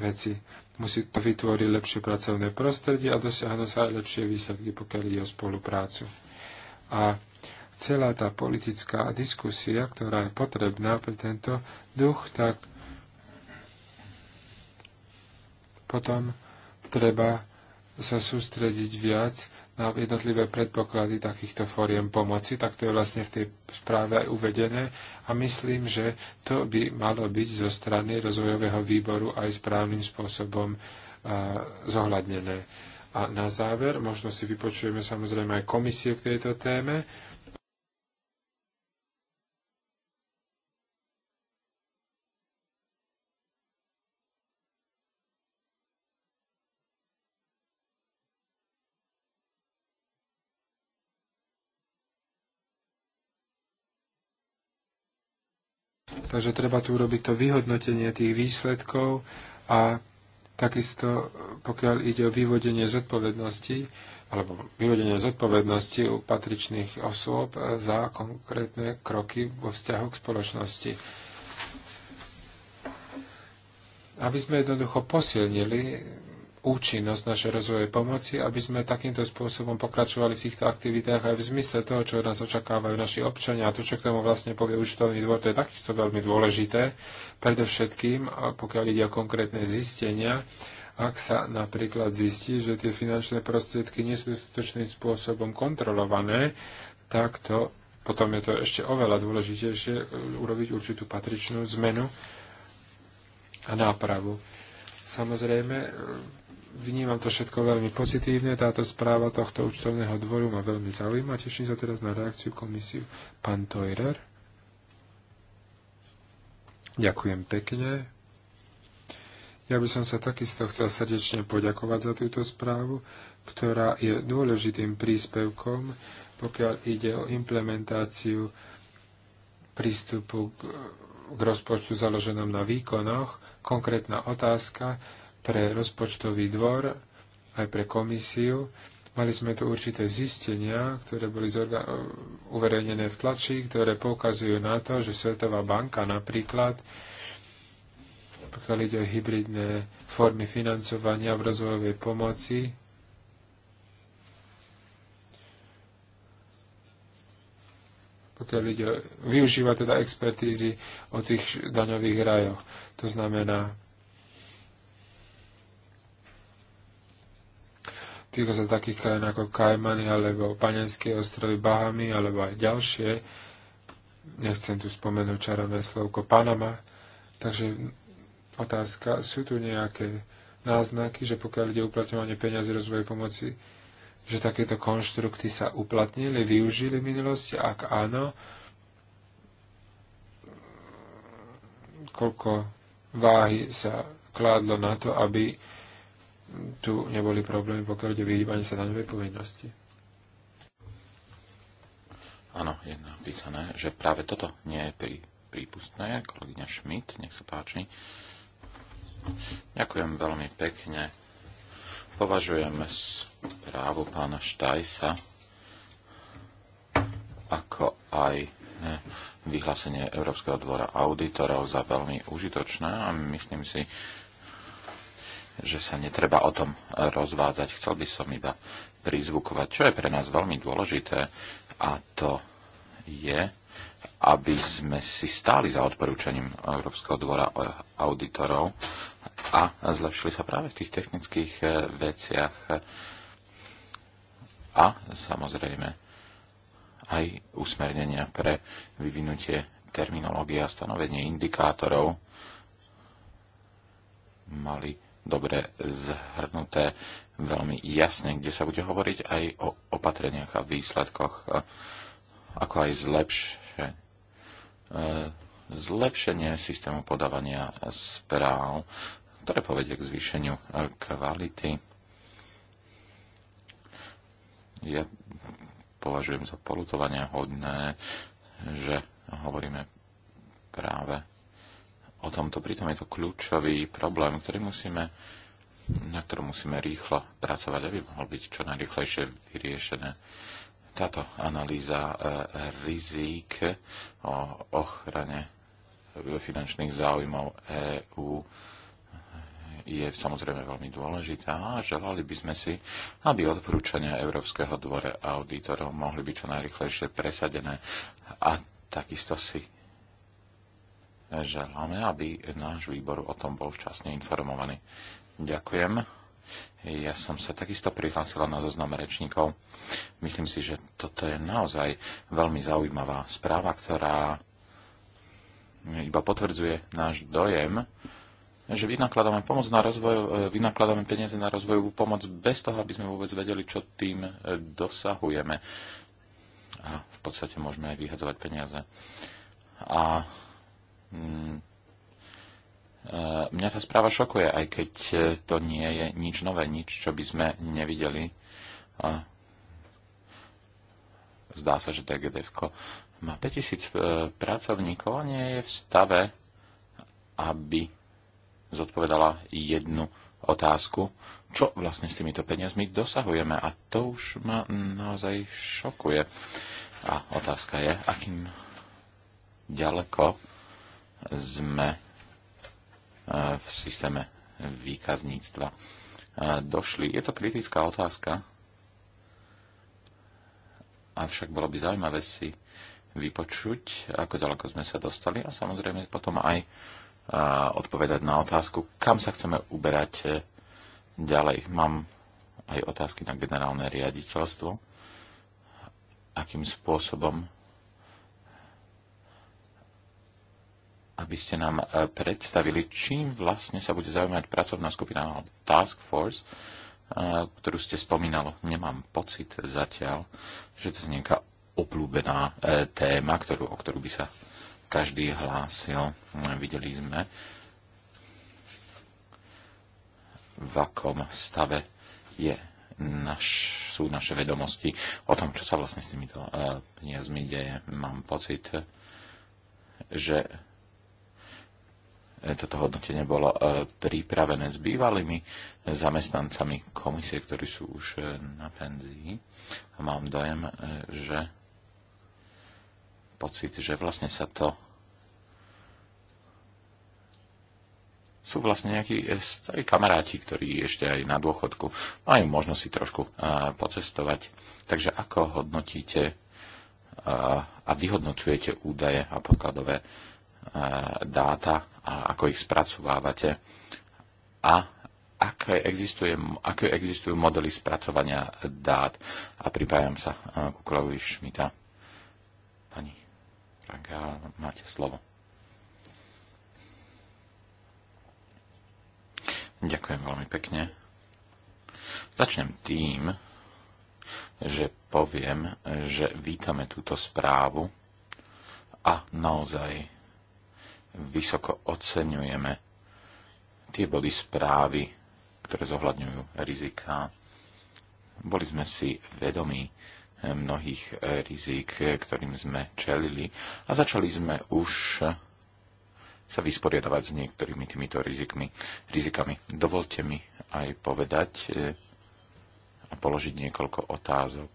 veci. Musí to vytvoriť lepšie pracovné prostredie a dosiahnuť sa aj lepšie výsledky, pokiaľ ide o spoluprácu. A celá tá politická diskusia, ktorá je potrebná pre tento duch, tak potom treba sa sústrediť viac na jednotlivé predpoklady takýchto fóriem pomoci, tak to je vlastne v tej správe aj uvedené a myslím, že to by malo byť zo strany rozvojového výboru aj správnym spôsobom a, zohľadnené. A na záver, možno si vypočujeme samozrejme aj komisiu k tejto téme, Takže treba tu urobiť to vyhodnotenie tých výsledkov a takisto, pokiaľ ide o vyvodenie zodpovednosti, alebo vyvodenie zodpovednosti u patričných osôb za konkrétne kroky vo vzťahu k spoločnosti. Aby sme jednoducho posilnili účinnosť našej rozvojovej pomoci, aby sme takýmto spôsobom pokračovali v týchto aktivitách aj v zmysle toho, čo od nás očakávajú naši občania. A to, čo k tomu vlastne povie účtovný dvor, to je takisto veľmi dôležité, predovšetkým, pokiaľ ide o konkrétne zistenia, ak sa napríklad zistí, že tie finančné prostriedky nie sú dostatočným spôsobom kontrolované, tak to potom je to ešte oveľa dôležitejšie e, urobiť určitú patričnú zmenu a nápravu. Samozrejme, e, vnímam to všetko veľmi pozitívne. Táto správa tohto účtovného dvoru ma veľmi zaujíma. Teším sa teraz na reakciu komisiu. Pán Teurer. Ďakujem pekne. Ja by som sa takisto chcel srdečne poďakovať za túto správu, ktorá je dôležitým príspevkom, pokiaľ ide o implementáciu prístupu k, k rozpočtu založenom na výkonoch. Konkrétna otázka, pre rozpočtový dvor, aj pre komisiu. Mali sme tu určité zistenia, ktoré boli uverejnené v tlači, ktoré poukazujú na to, že Svetová banka napríklad, pokiaľ ide o hybridné formy financovania v rozvojovej pomoci, pokiaľ ide, využíva teda expertízy o tých daňových rajoch. To znamená, týka sa takých krajín ako Kajmany alebo Panenské ostrovy Bahamy alebo aj ďalšie. Nechcem tu spomenúť čarovné slovko Panama. Takže otázka, sú tu nejaké náznaky, že pokiaľ ide uplatňovanie peniazy rozvoje pomoci, že takéto konštrukty sa uplatnili, využili v minulosti? Ak áno, koľko váhy sa kládlo na to, aby tu neboli problémy, pokiaľ ide vyhýbanie sa daňovej povinnosti. Áno, je napísané, že práve toto nie je pri, prípustné. Kolegyňa Šmit, nech sa páči. Ďakujem veľmi pekne. Považujeme správu pána Štajsa ako aj eh, vyhlásenie Európskeho dvora auditorov za veľmi užitočné a myslím si, že sa netreba o tom rozvádzať. Chcel by som iba prizvukovať, čo je pre nás veľmi dôležité a to je, aby sme si stáli za odporúčaním Európskeho dvora auditorov a zlepšili sa práve v tých technických eh, veciach a samozrejme aj usmernenia pre vyvinutie terminológie a stanovenie indikátorov mali dobre zhrnuté veľmi jasne, kde sa bude hovoriť aj o opatreniach a výsledkoch, ako aj zlepšie, e, zlepšenie systému podávania správ, ktoré povedie k zvýšeniu e, kvality. Ja považujem za polutovania hodné, že hovoríme práve o tomto. Pritom je to kľúčový problém, ktorý musíme, na ktorom musíme rýchlo pracovať, aby mohol byť čo najrychlejšie vyriešené. Táto analýza e, rizík o ochrane finančných záujmov EÚ je samozrejme veľmi dôležitá a želali by sme si, aby odporúčania Európskeho dvore auditorov mohli byť čo najrychlejšie presadené a takisto si želáme, aby náš výbor o tom bol včasne informovaný. Ďakujem. Ja som sa takisto prihlásila na zoznam rečníkov. Myslím si, že toto je naozaj veľmi zaujímavá správa, ktorá iba potvrdzuje náš dojem, že vynakladáme, pomoc na rozvoj, vynakladáme peniaze na rozvojovú pomoc bez toho, aby sme vôbec vedeli, čo tým dosahujeme. A v podstate môžeme aj vyhadzovať peniaze. A Hmm. E, mňa tá správa šokuje, aj keď e, to nie je nič nové, nič, čo by sme nevideli. Zdá sa, že DGDF má 5000 e, pracovníkov a nie je v stave, aby zodpovedala jednu otázku, čo vlastne s týmito peniazmi dosahujeme. A to už ma naozaj šokuje. A otázka je, akým ďaleko sme e, v systéme výkazníctva e, došli. Je to kritická otázka, avšak bolo by zaujímavé si vypočuť, ako ďaleko sme sa dostali a samozrejme potom aj e, odpovedať na otázku, kam sa chceme uberať ďalej. Mám aj otázky na generálne riaditeľstvo, akým spôsobom aby ste nám e, predstavili, čím vlastne sa bude zaujímať pracovná skupina alebo Task Force, e, ktorú ste spomínalo. Nemám pocit zatiaľ, že to je nejaká obľúbená e, téma, ktorú, o ktorú by sa každý hlásil. Videli sme, v akom stave je naš, sú naše vedomosti o tom, čo sa vlastne s týmito peniazmi deje. Mám pocit, že E, toto hodnotenie bolo e, pripravené s bývalými e, zamestnancami komisie, ktorí sú už na penzii. A mám dojem, že pocit, že vlastne sa to sú vlastne nejakí starí kamaráti, ktorí ešte aj na dôchodku majú možnosť si trošku pocestovať. Takže ako hodnotíte a vyhodnocujete údaje a podkladové dáta a ako ich spracovávate a aké, existuje, aké existujú modely spracovania dát. A pripájam sa eh, ku kolegovi Šmita. Pani Rangel, máte slovo. Ďakujem veľmi pekne. Začnem tým, že poviem, že vítame túto správu a naozaj vysoko oceňujeme tie body správy, ktoré zohľadňujú riziká. Boli sme si vedomí eh, mnohých eh, rizik, eh, ktorým sme čelili a začali sme už sa vysporiadavať s niektorými týmito rizikmi, rizikami. Dovolte mi aj povedať a položiť niekoľko otázok.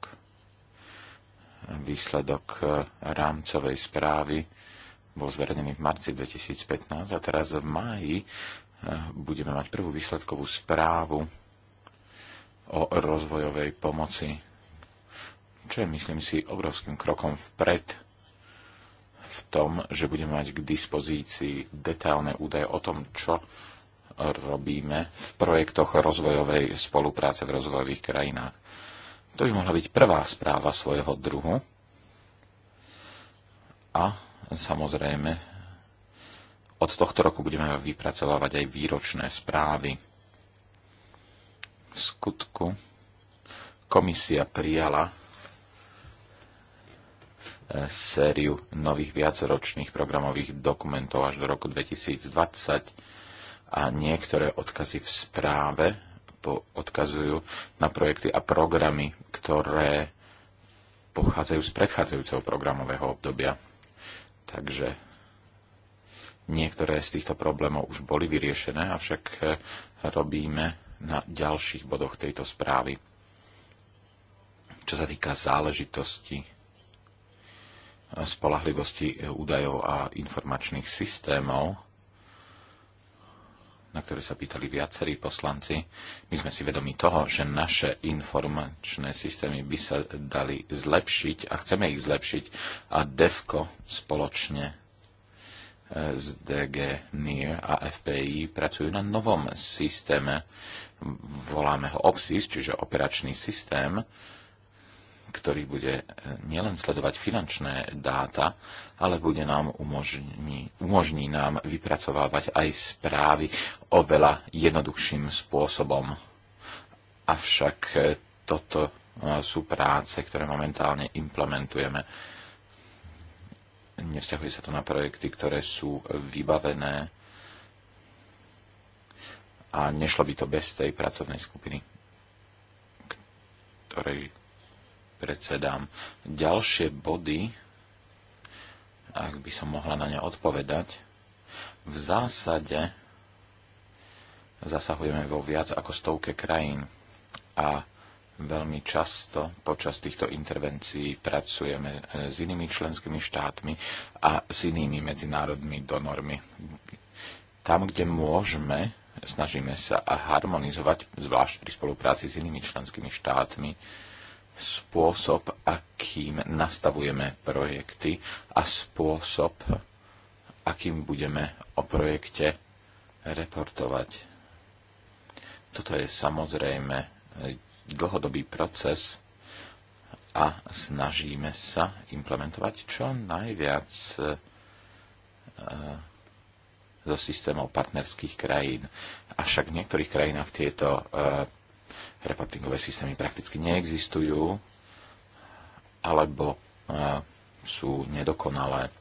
Výsledok rámcovej správy bol zverejnený v marci 2015 a teraz v máji eh, budeme mať prvú výsledkovú správu o rozvojovej pomoci, čo je, myslím si, obrovským krokom vpred v tom, že budeme mať k dispozícii detailné údaje o tom, čo robíme v projektoch rozvojovej spolupráce v rozvojových krajinách. To by mohla byť prvá správa svojho druhu a Samozrejme, od tohto roku budeme vypracovávať aj výročné správy. V skutku komisia prijala e, sériu nových viacročných programových dokumentov až do roku 2020 a niektoré odkazy v správe odkazujú na projekty a programy, ktoré pochádzajú z predchádzajúceho programového obdobia. Takže niektoré z týchto problémov už boli vyriešené, avšak eh, robíme na ďalších bodoch tejto správy. Čo sa týka záležitosti eh, spolahlivosti eh, údajov a informačných systémov, na ktoré sa pýtali viacerí poslanci. My sme si vedomi toho, že naše informačné systémy by sa dali zlepšiť a chceme ich zlepšiť a DEFCO spoločne z e, DG NIR a FPI pracujú na novom systéme, voláme ho OPSIS, čiže operačný systém, ktorý bude e, nielen sledovať finančné dáta, ale bude nám umožní, umožní nám vypracovávať aj správy oveľa jednoduchším spôsobom. Avšak e, toto e, sú práce, ktoré momentálne implementujeme. Nevzťahuje sa to na projekty, ktoré sú vybavené a nešlo by to bez tej pracovnej skupiny, ktorej predsedám. Ďalšie body, ak by som mohla na ne odpovedať, v zásade zasahujeme vo viac ako stovke krajín a veľmi často počas týchto intervencií pracujeme s inými členskými štátmi a s inými medzinárodnými donormi. Tam, kde môžeme, snažíme sa harmonizovať, zvlášť pri spolupráci s inými členskými štátmi, spôsob, akým nastavujeme projekty a spôsob, akým budeme o projekte reportovať. Toto je samozrejme dlhodobý proces a snažíme sa implementovať čo najviac eh, zo systémov partnerských krajín. Avšak v niektorých krajinách tieto eh, reportingové systémy prakticky neexistujú alebo e, sú nedokonalé.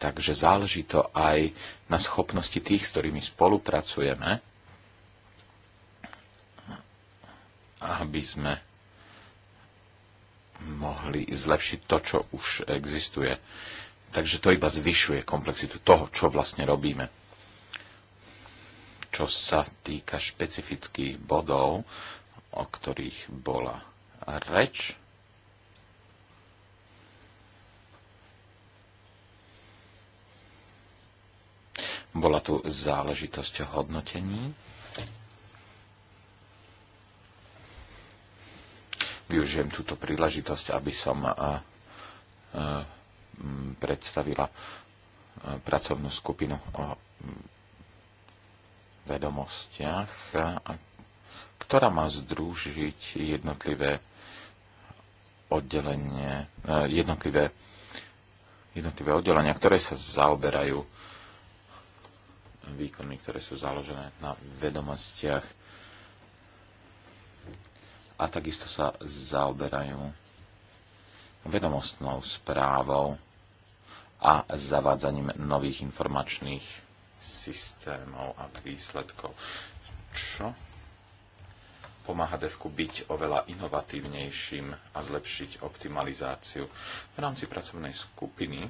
Takže záleží to aj na schopnosti tých, s ktorými spolupracujeme, aby sme mohli zlepšiť to, čo už existuje. Takže to iba zvyšuje komplexitu toho, čo vlastne robíme čo sa týka špecifických bodov, o ktorých bola reč. Bola tu záležitosť o hodnotení. Využijem túto príležitosť, aby som a, a, predstavila pracovnú skupinu o vedomostiach, ktorá má združiť jednotlivé oddelenie, e, jednotlivé, jednotlivé oddelenia, ktoré sa zaoberajú výkonmi, ktoré sú založené na vedomostiach a takisto sa zaoberajú vedomostnou správou a zavádzaním nových informačných systémov a výsledkov, čo pomáha devku byť oveľa inovatívnejším a zlepšiť optimalizáciu. V rámci pracovnej skupiny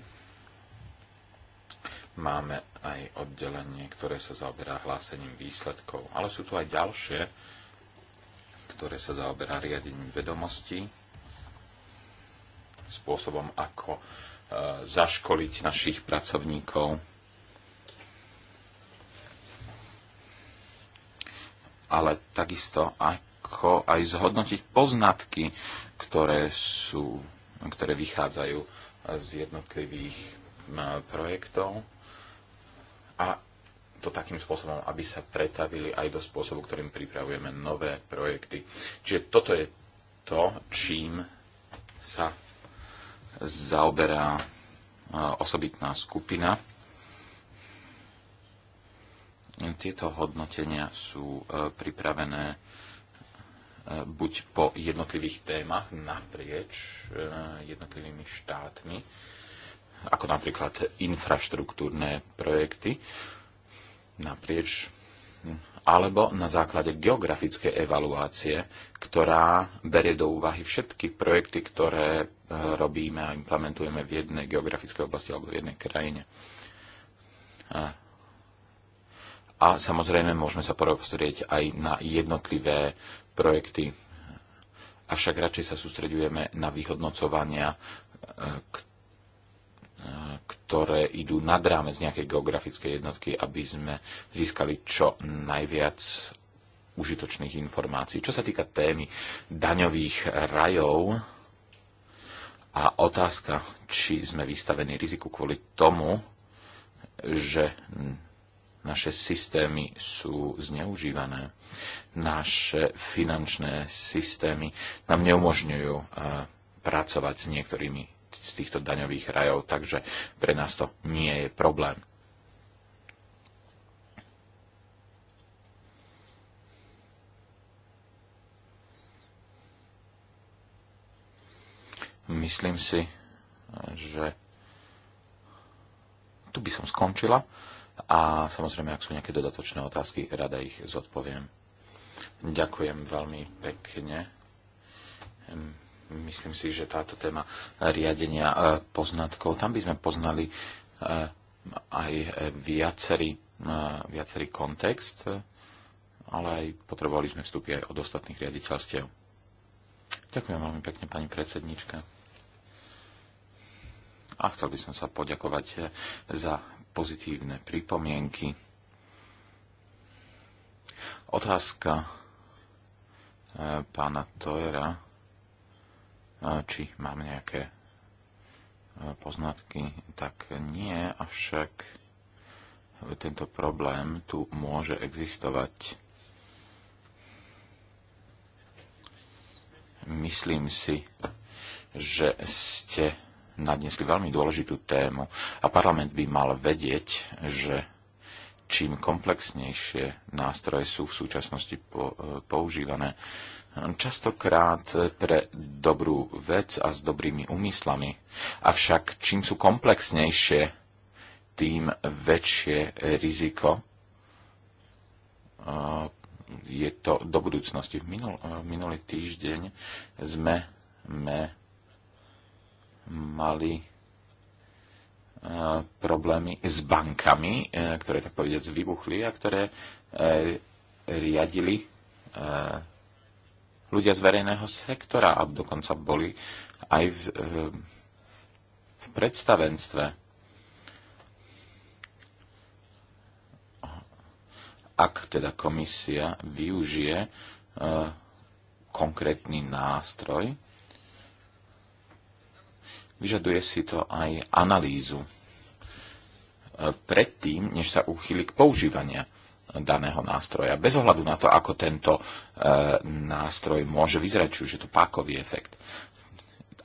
máme aj oddelenie, ktoré sa zaoberá hlásením výsledkov, ale sú tu aj ďalšie, ktoré sa zaoberá riadením vedomostí, spôsobom, ako e, zaškoliť našich pracovníkov ale takisto ako aj zhodnotiť poznatky, ktoré, sú, ktoré vychádzajú z jednotlivých projektov a to takým spôsobom, aby sa pretavili aj do spôsobu, ktorým pripravujeme nové projekty. Čiže toto je to, čím sa zaoberá e, osobitná skupina tieto hodnotenia sú e, pripravené e, buď po jednotlivých témach naprieč e, jednotlivými štátmi, ako napríklad infraštruktúrne projekty naprieč, alebo na základe geografickej evaluácie, ktorá berie do úvahy všetky projekty, ktoré robíme a implementujeme v jednej geografickej oblasti alebo v jednej krajine. A samozrejme môžeme sa porozrieť aj na jednotlivé projekty. Avšak radšej sa sústredujeme na vyhodnocovania, e, e, ktoré idú nad rámec nejakej geografickej jednotky, aby sme získali čo najviac užitočných informácií. Čo sa týka témy daňových rajov a otázka, či sme vystavení riziku kvôli tomu, že naše systémy sú zneužívané. Naše finančné systémy nám neumožňujú eh, pracovať s niektorými z týchto daňových rajov, takže pre nás to nie je problém. Myslím si, eh, že tu by som skončila a samozrejme, ak sú nejaké dodatočné otázky, rada ich zodpoviem. Ďakujem veľmi pekne. Myslím si, že táto téma riadenia e, poznatkov, tam by sme poznali e, aj viacerý, e, viacerý kontext, ale aj potrebovali sme vstúpiť aj od ostatných riaditeľstiev. Ďakujem veľmi pekne, pani predsednička. A chcel by som sa poďakovať za pozitívne pripomienky. Otázka e, pána Tojera, e, či mám nejaké e, poznatky, tak nie, avšak tento problém tu môže existovať. Myslím si, že ste nadnesli veľmi dôležitú tému a parlament by mal vedieť, že čím komplexnejšie nástroje sú v súčasnosti e, používané, častokrát pre dobrú vec a s dobrými úmyslami. Avšak čím sú komplexnejšie, tým väčšie riziko e, je to do budúcnosti. Minul, e, minulý týždeň sme, sme mali e, problémy s bankami, e, ktoré tak povediac vybuchli a ktoré e, riadili ľudia z verejného sektora a dokonca boli aj v, v predstavenstve. Ak teda komisia využije konkrétny nástroj, vyžaduje si to aj analýzu e, predtým, než sa uchýli k používania daného nástroja. Bez ohľadu na to, ako tento e, nástroj môže vyzerať, či už je to pákový efekt.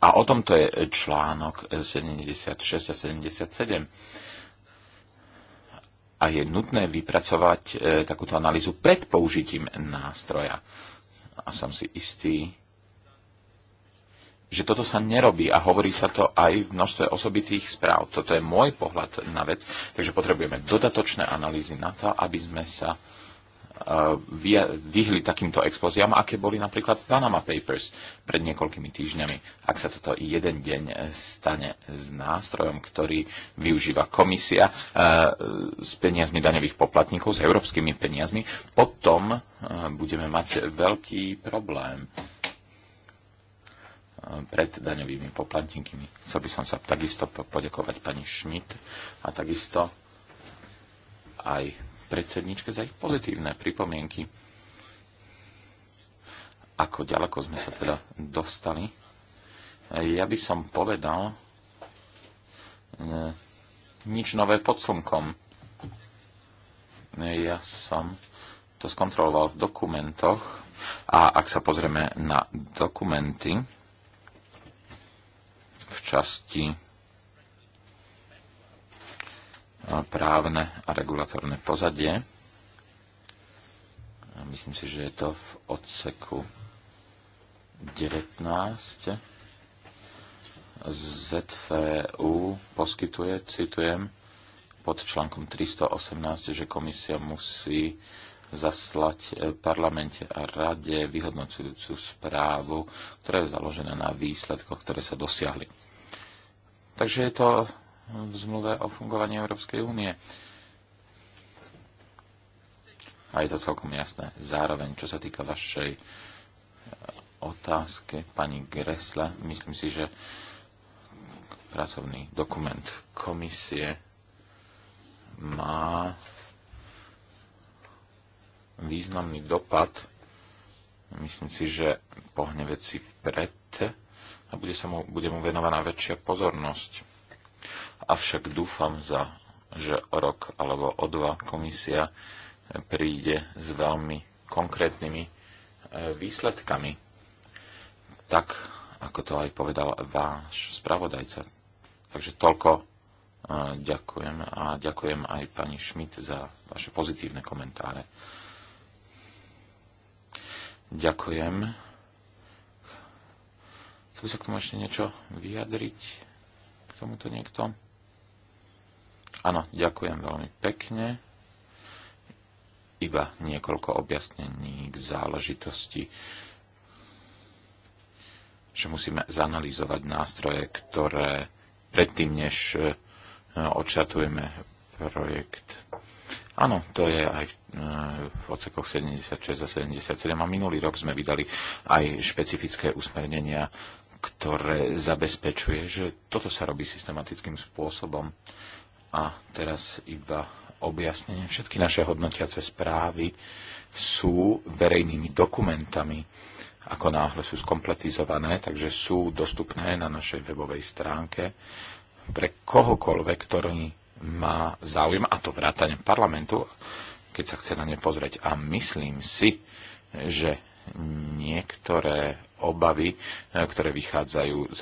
A o tomto je článok 76 a 77. A je nutné vypracovať e, takúto analýzu pred použitím nástroja. A som si istý, že toto sa nerobí a hovorí sa to aj v množstve osobitých správ. Toto je môj pohľad na vec, takže potrebujeme dodatočné analýzy na to, aby sme sa e, vyhli takýmto expoziám, aké boli napríklad Panama Papers pred niekoľkými týždňami. Ak sa toto jeden deň stane s nástrojom, ktorý využíva komisia e, s peniazmi daňových poplatníkov, s európskymi peniazmi, potom e, budeme mať veľký problém pred daňovými poplatníkmi. Chcel by som sa takisto podekovať pani Šmit a takisto aj predsedničke za ich pozitívne pripomienky. Ako ďaleko sme sa teda dostali? Ja by som povedal e, nič nové pod slnkom. E, ja som to skontroloval v dokumentoch a ak sa pozrieme na dokumenty, časti právne a regulatorné pozadie. Myslím si, že je to v odseku 19. ZVU e poskytuje, citujem, pod článkom 318, že komisia musí zaslať e, parlamente a rade vyhodnocujúcu správu, ktorá je založená na výsledkoch, ktoré sa dosiahli. Takže je to v zmluve o fungovaní Európskej únie. A je to celkom jasné. Zároveň, čo sa týka vašej e, otázky pani Gresla, myslím si, že pracovný dokument komisie má významný dopad. Myslím si, že pohne veci vpred a bude, sa mu, bude mu venovaná väčšia pozornosť. Avšak dúfam za, že o rok alebo o dva komisia príde s veľmi konkrétnymi e, výsledkami. Tak, ako to aj povedal váš spravodajca. Takže toľko e, ďakujem a ďakujem aj pani Schmidt za vaše pozitívne komentáre. Ďakujem. Chcú sa k tomu ešte niečo vyjadriť? K tomuto niekto? Áno, ďakujem veľmi pekne. Iba niekoľko objasnení k záležitosti, že musíme zanalýzovať nástroje, ktoré predtým, než e, odšatujeme projekt. Áno, to je aj v, e, v odsekoch 76 a 77 a minulý rok sme vydali aj špecifické usmernenia ktoré zabezpečuje, že toto sa robí systematickým spôsobom. A teraz iba objasnenie. Všetky naše hodnotiace správy sú verejnými dokumentami, ako náhle sú skompletizované, takže sú dostupné na našej webovej stránke pre kohokoľvek, ktorý má záujem, a to vrátane parlamentu, keď sa chce na ne pozrieť. A myslím si, že niektoré obavy, e, ktoré vychádzajú z,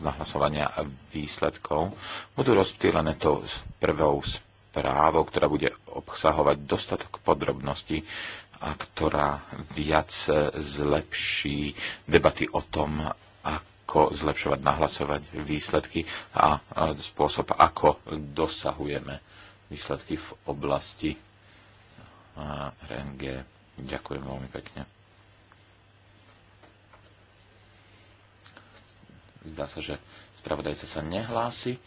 z nahlasovania výsledkov, budú rozptýlené to prvou správou, ktorá bude obsahovať dostatok podrobností a ktorá viac e, zlepší debaty o tom, ako zlepšovať, nahlasovať výsledky a e, spôsob, ako dosahujeme výsledky v oblasti RNG. Ďakujem veľmi pekne. Zdá sa, že spravodajca sa nehlási e,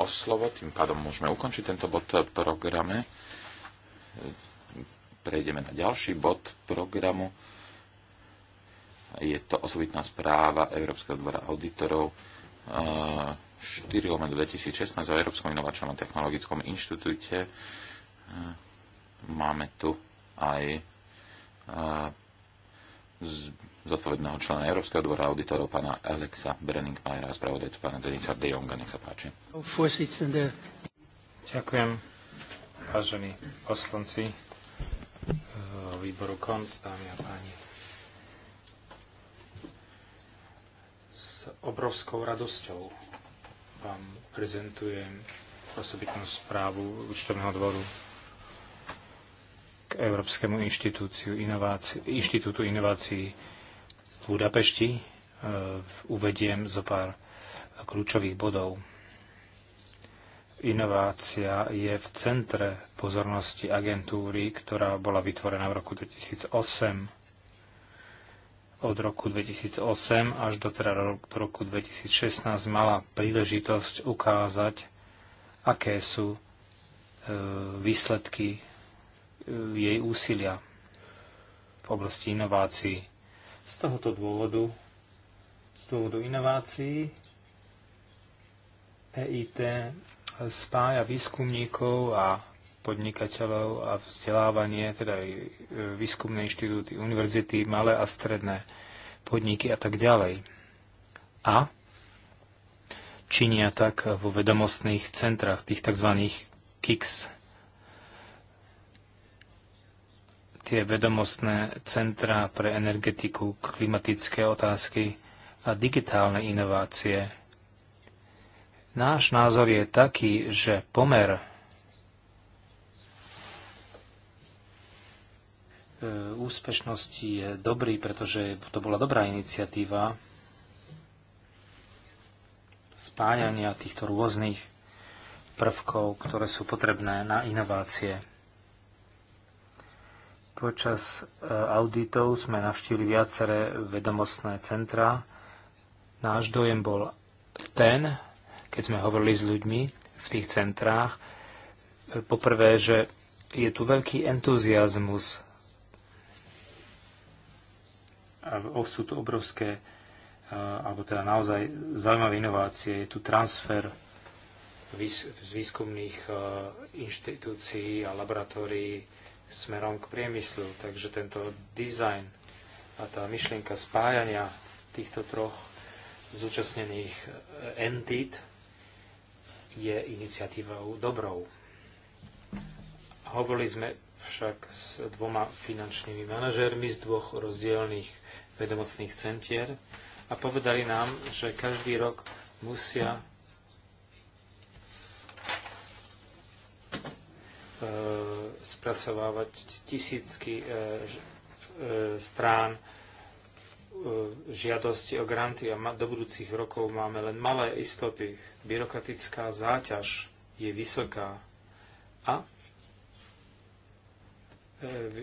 o slovo, tým pádom môžeme ukončiť tento bod v programe. E, prejdeme na ďalší bod programu. Je to osobitná správa Európskeho dvora auditorov 4 e, 2016 o Európskom inovačnom a technologickom inštitúte. Máme tu aj z zodpovedného člena Európskeho dvora auditorov pána Alexa Brenningmajera a spravodajcu pána Denisa De Jonga. Nech sa páči. Ďakujem, vážení poslanci e, výboru KONT, dámy a páni. S obrovskou radosťou vám prezentujem osobitnú správu účtovného dvoru k Európskemu inštitúciu inovácií, inštitútu inovácií v Budapešti. E, uvediem zo pár kľúčových bodov. Inovácia je v centre pozornosti agentúry, ktorá bola vytvorená v roku 2008 od roku 2008 až do teda roku 2016 mala príležitosť ukázať, aké sú e, výsledky jej úsilia v oblasti inovácií. Z tohoto dôvodu, z dôvodu inovácií, EIT spája výskumníkov a podnikateľov a vzdelávanie, teda aj e, výskumné inštitúty, univerzity, malé a stredné podniky a tak ďalej. A činia tak vo vedomostných centrách, tých tzv. KICS, tie vedomostné centrá pre energetiku, klimatické otázky a digitálne inovácie. Náš názor je taký, že pomer e, úspešnosti je dobrý, pretože to bola dobrá iniciatíva spájania týchto rôznych prvkov, ktoré sú potrebné na inovácie. Počas eh, auditov sme navštívili viaceré vedomostné centra. Náš dojem bol ten, keď sme hovorili s ľuďmi v tých centrách, eh, poprvé, že je tu veľký entuziasmus. A sú tu obrovské, eh, alebo teda naozaj zaujímavé inovácie. Je tu transfer z výskumných inštitúcií a laboratórií smerom k priemyslu. Takže tento dizajn a tá myšlienka spájania týchto troch zúčastnených eh, entít je iniciatívou dobrou. Hovorili sme však s dvoma finančnými manažérmi z dvoch rozdielných vedomocných centier a povedali nám, že každý rok musia E, spracovávať tisícky e, e, strán žiadosti o granty a do budúcich rokov máme len malé istoty. Byrokratická záťaž je vysoká a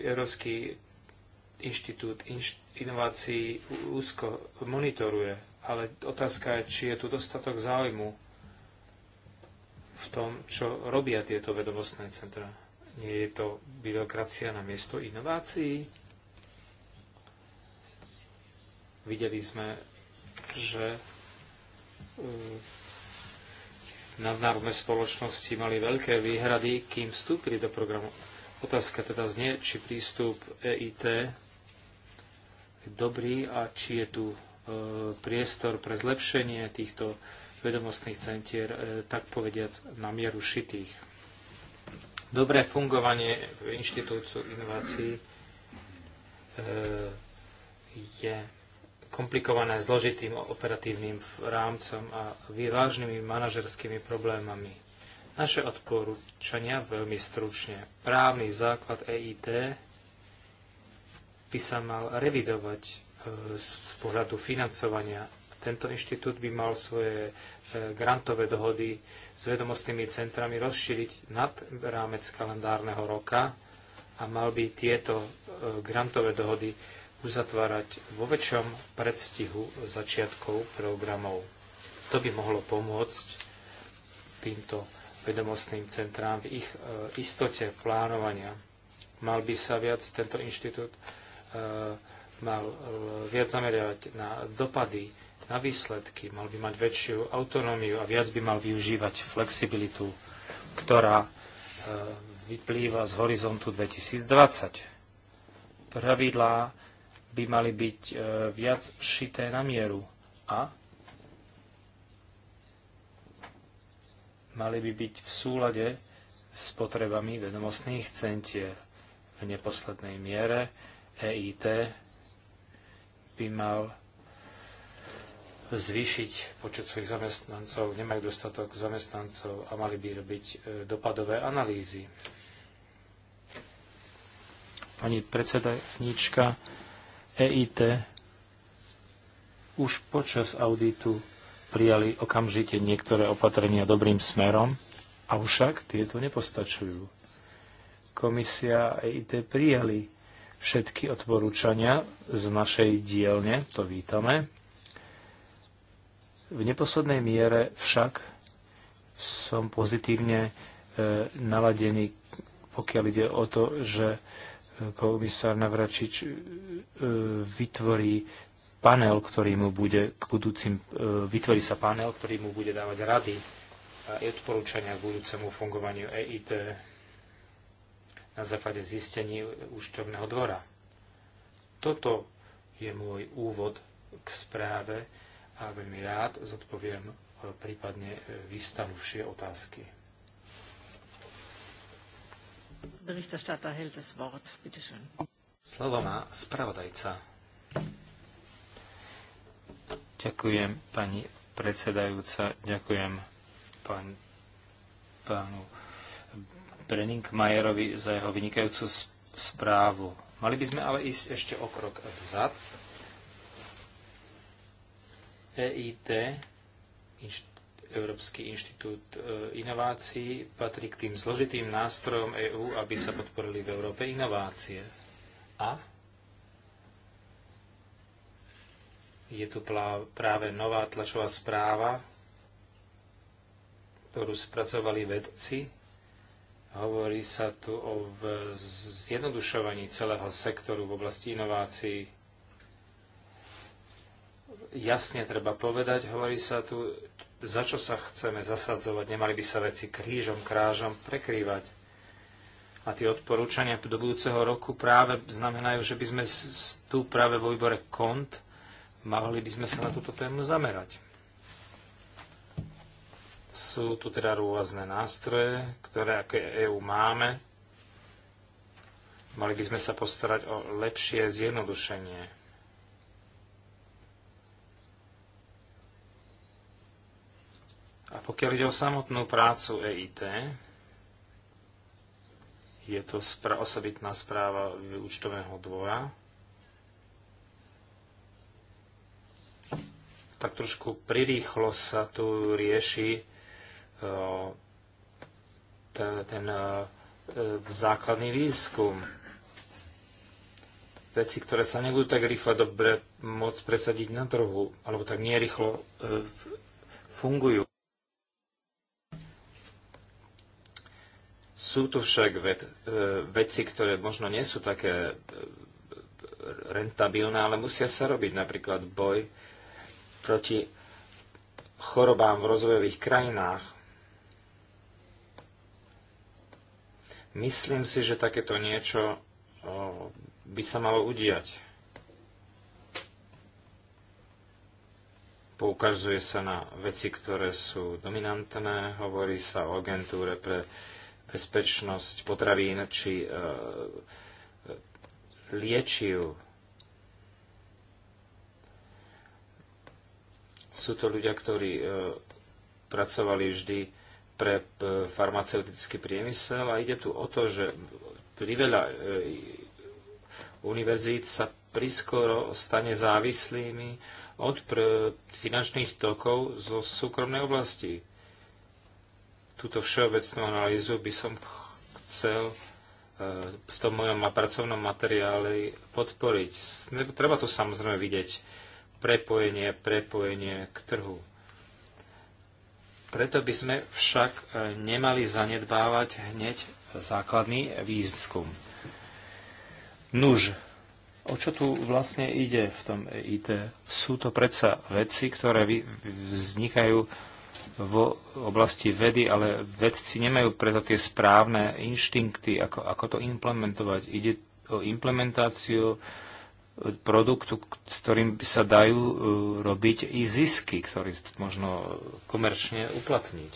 Európsky inštitút inovácií úzko monitoruje, ale otázka je, či je tu dostatok záujmu v tom, čo robia tieto vedomostné centra. Nie je to byrokracia na miesto inovácií? Videli sme, že e, nadnárodné spoločnosti mali veľké výhrady, kým vstúpili do programu. Otázka teda znie, či prístup EIT je dobrý a či je tu e, priestor pre zlepšenie týchto vedomostných centier, e, tak povediac, na mieru šitých. Dobré fungovanie v inštitúcu inovácií e, je komplikované zložitým operatívnym rámcom a vážnymi manažerskými problémami. Naše odporúčania veľmi stručne. Právny základ EIT by sa mal revidovať e, z pohľadu financovania tento inštitút by mal svoje e, grantové dohody s vedomostnými centrami rozšíriť nad rámec kalendárneho roka a mal by tieto e, grantové dohody uzatvárať vo väčšom predstihu začiatkov programov. To by mohlo pomôcť týmto vedomostným centrám v ich e, istote plánovania. Mal by sa viac tento inštitút mal viac zameriavať na dopady na výsledky, mal by mať väčšiu autonómiu a viac by mal využívať flexibilitu, ktorá e, vyplýva z horizontu 2020. Pravidlá by mali byť e, viac šité na mieru a mali by byť v súlade s potrebami vedomostných centier. V neposlednej miere EIT by mal zvýšiť počet svojich zamestnancov, nemajú dostatok zamestnancov a mali by robiť e, dopadové analýzy. Pani predsedajnička EIT už počas auditu prijali okamžite niektoré opatrenia dobrým smerom, avšak tieto nepostačujú. Komisia a e EIT prijali všetky odporúčania z našej dielne, to vítame, v neposlednej miere však som pozitívne e, naladený, pokiaľ ide o to, že e, komisár Navračič e, vytvorí panel, ktorý mu bude k budúcim, vytvorí sa panel, ktorý mu bude dávať rady a odporúčania k budúcemu fungovaniu EIT na základe zistení účtovného dvora. Toto je môj úvod k správe a veľmi rád zodpoviem e, prípadne e, vystanúvšie otázky. Berichterstatter hält das Wort. Bitte schön. Slovo má spravodajca. Ďakujem, pani predsedajúca. Ďakujem pán, pánu Brenningmajerovi za jeho vynikajúcu správu. Mali by sme ale ísť ešte o krok vzad EIT, Európsky inštitút e, inovácií, patrí k tým zložitým nástrojom EÚ, aby sa podporili v Európe inovácie. A je tu práve nová tlačová správa, ktorú spracovali vedci. Hovorí sa tu o zjednodušovaní celého sektoru v oblasti inovácií jasne treba povedať, hovorí sa tu, za čo sa chceme zasadzovať, nemali by sa veci krížom, krážom prekrývať. A tie odporúčania do budúceho roku práve znamenajú, že by sme tu práve vo výbore KONT mali by sme sa na túto tému zamerať. Sú tu teda rôzne nástroje, ktoré aké EU máme. Mali by sme sa postarať o lepšie zjednodušenie A pokiaľ ide o samotnú prácu EIT, je to spra- osobitná správa účtového dvora. Tak trošku prirýchlo sa tu rieši uh, ten, ten uh, základný výskum. Veci, ktoré sa nebudú tak rýchlo dobre môcť presadiť na trhu, alebo tak nerýchlo uh, fungujú. Sú tu však ved, e, veci, ktoré možno nie sú také e, rentabilné, ale musia sa robiť. Napríklad boj proti chorobám v rozvojových krajinách. Myslím si, že takéto niečo e, by sa malo udiať. Poukazuje sa na veci, ktoré sú dominantné, hovorí sa o agentúre pre bezpečnosť potravín či e, liečiv. Sú to ľudia, ktorí e, pracovali vždy pre e, farmaceutický priemysel a ide tu o to, že pri veľa univerzít sa priskoro stane závislými od finančných tokov zo súkromnej oblasti. Túto všeobecnú analýzu by som chcel e, v tom mojom pracovnom materiáli podporiť. Treba tu samozrejme vidieť prepojenie, prepojenie k trhu. Preto by sme však e, nemali zanedbávať hneď základný výskum. Nuž, o čo tu vlastne ide v tom e IT? Sú to predsa veci, ktoré vznikajú v oblasti vedy, ale vedci nemajú preto tie správne inštinkty, ako, ako to implementovať. Ide o implementáciu produktu, s ktorým sa dajú e, robiť i zisky, ktoré možno komerčne uplatniť.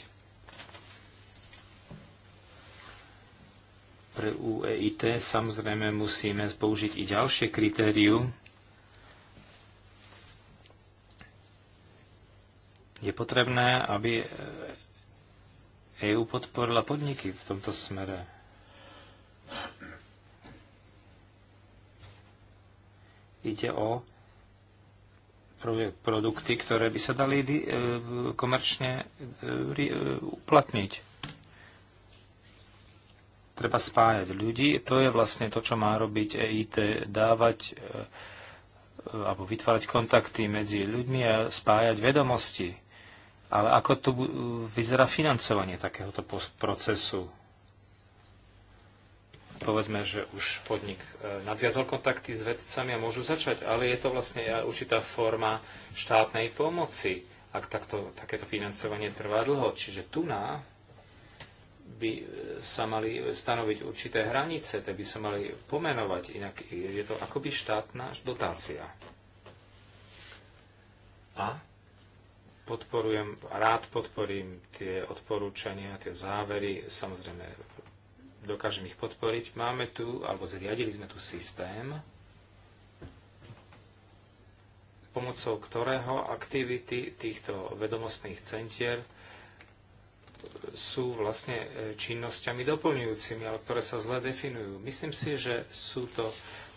Pre UEIT samozrejme musíme použiť i ďalšie kritérium, Je potrebné, aby EU podporila podniky v tomto smere. Ide o produkty, ktoré by sa dali e, komerčne e, e, uplatniť. Treba spájať ľudí. To je vlastne to, čo má robiť EIT, dávať alebo vytvárať kontakty medzi ľuďmi a spájať vedomosti. Ale ako tu vyzerá financovanie takéhoto procesu? Povedzme, že už podnik e, nadviazal kontakty s vedcami a môžu začať, ale je to vlastne e, určitá forma štátnej pomoci, ak takto, takéto financovanie trvá dlho. Čiže tu na by e, sa mali stanoviť určité hranice, tak by sa mali pomenovať, inak je to akoby štátna dotácia. A podporujem, rád podporím tie odporúčania, tie závery, samozrejme dokážem ich podporiť. Máme tu, alebo zriadili sme tu systém, pomocou ktorého aktivity týchto vedomostných centier sú vlastne e, činnosťami doplňujúcimi, ale ktoré sa zle definujú. Myslím si, že sú to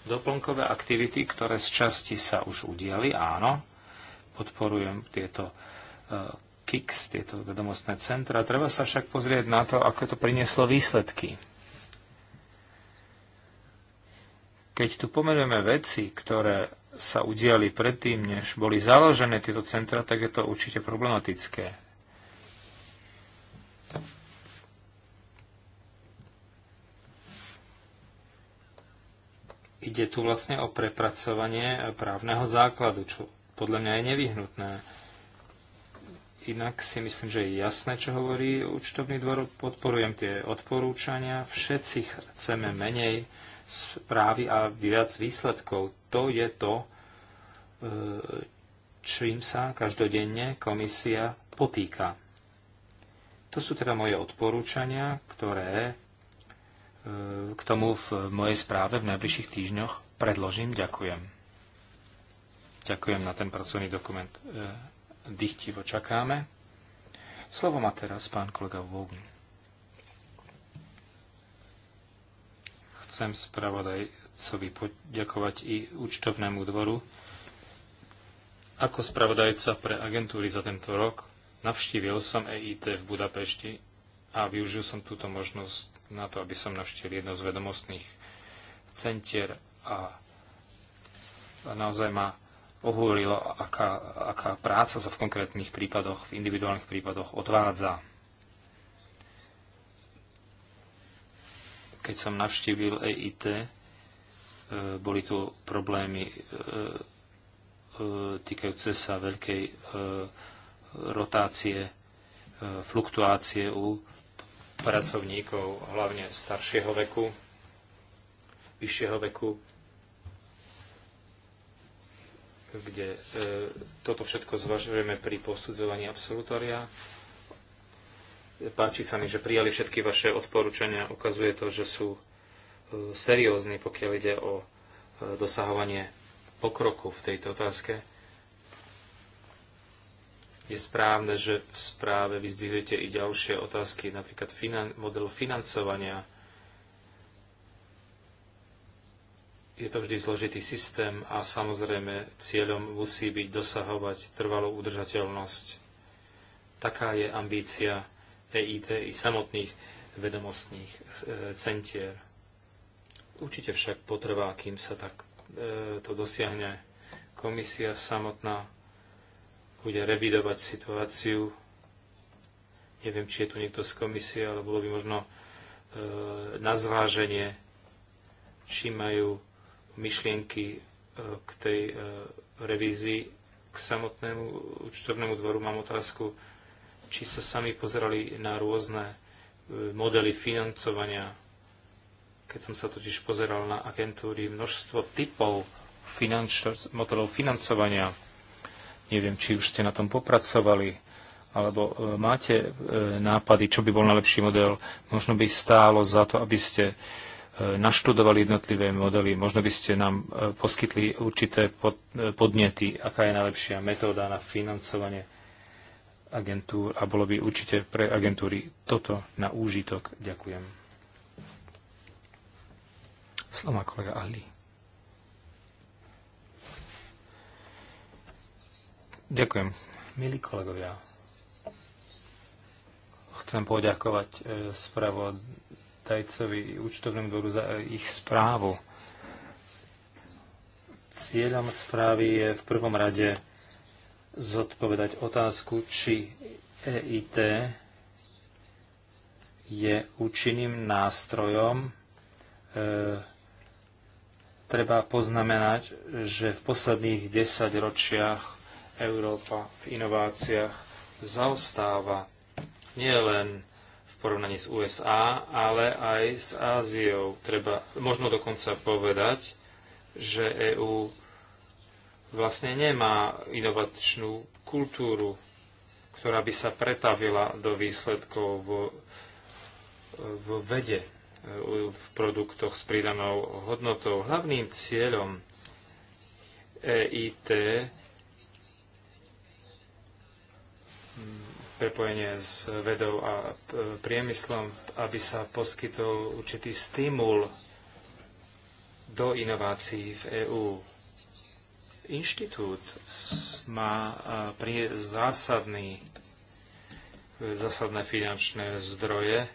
doplnkové aktivity, ktoré z časti sa už udiali, áno, podporujem tieto Eh, KIX, tieto vedomostné centra. Treba sa však pozrieť na to, ako to prinieslo výsledky. Keď tu pomenujeme veci, ktoré sa udiali predtým, než boli založené tieto centra, tak je to určite problematické. Ide tu vlastne o prepracovanie právneho základu, čo podľa mňa je nevyhnutné Inak si myslím, že je jasné, čo hovorí účtovný dvor. Podporujem tie odporúčania. Všetci chceme menej správy a viac výsledkov. To je to, e, čím sa každodenne komisia potýka. To sú teda moje odporúčania, ktoré e, k tomu v mojej správe v najbližších týždňoch predložím. Ďakujem. Ďakujem na ten pracovný dokument. E, dychtivo čakáme. Slovo má teraz pán kolega Vogn. Chcem spravodajcovi poďakovať i účtovnému dvoru. Ako spravodajca pre agentúry za tento rok navštívil som EIT v Budapešti a využil som túto možnosť na to, aby som navštívil jedno z vedomostných centier a naozaj ma ohúrilo, aká, aká práca sa v konkrétnych prípadoch, v individuálnych prípadoch odvádza. Keď som navštívil EIT, e, boli tu problémy e, e, týkajúce sa veľkej rotácie, fluktuácie u pracovníkov, hlavne staršieho veku, vyššieho veku, kde e, toto všetko zvažujeme pri posudzovaní absolutória. Páči sa mi, že prijali všetky vaše odporúčania. Ukazuje to, že sú e, seriózni, pokiaľ ide o e, dosahovanie pokroku v tejto otázke. Je správne, že v správe vyzdvihujete i ďalšie otázky, napríklad finan- modelu financovania je to vždy zložitý systém a samozrejme cieľom musí byť dosahovať trvalú udržateľnosť. Taká je ambícia EIT i samotných vedomostných e, centier. Určite však potrvá, kým sa tak e, to dosiahne. Komisia samotná bude revidovať situáciu. Neviem, či je tu niekto z komisie, ale bolo by možno e, na zváženie, či majú myšlienky e, k tej e, revízii. K samotnému účtovnému dvoru mám otázku, či sa sami pozerali na rôzne e, modely financovania. Keď som sa totiž pozeral na agentúry, množstvo typov finanč- modelov financovania. Neviem, či už ste na tom popracovali, alebo máte nápady, čo by bol najlepší model. Možno by stálo za to, aby ste naštudovali jednotlivé modely. Možno by ste nám e, poskytli určité e, podnety, aká je najlepšia metóda na financovanie agentúr a bolo by určite pre agentúry toto na úžitok. Ďakujem. má kolega Ali. Ďakujem. Milí kolegovia, chcem poďakovať e, spravo tajcovi účtovnému dvoru za ich správu. Cieľom správy je v prvom rade zodpovedať otázku, či EIT je účinným nástrojom. E, treba poznamenať, že v posledných desaťročiach Európa v inováciách zaostáva nielen porovnaní s USA, ale aj s Áziou. Treba možno dokonca povedať, že EÚ vlastne nemá inovačnú kultúru, ktorá by sa pretavila do výsledkov v, v vede, v produktoch s pridanou hodnotou. Hlavným cieľom EIT prepojenie s vedou a priemyslom, aby sa poskytol určitý stimul do inovácií v EÚ. Inštitút má zásadný, zásadné finančné zdroje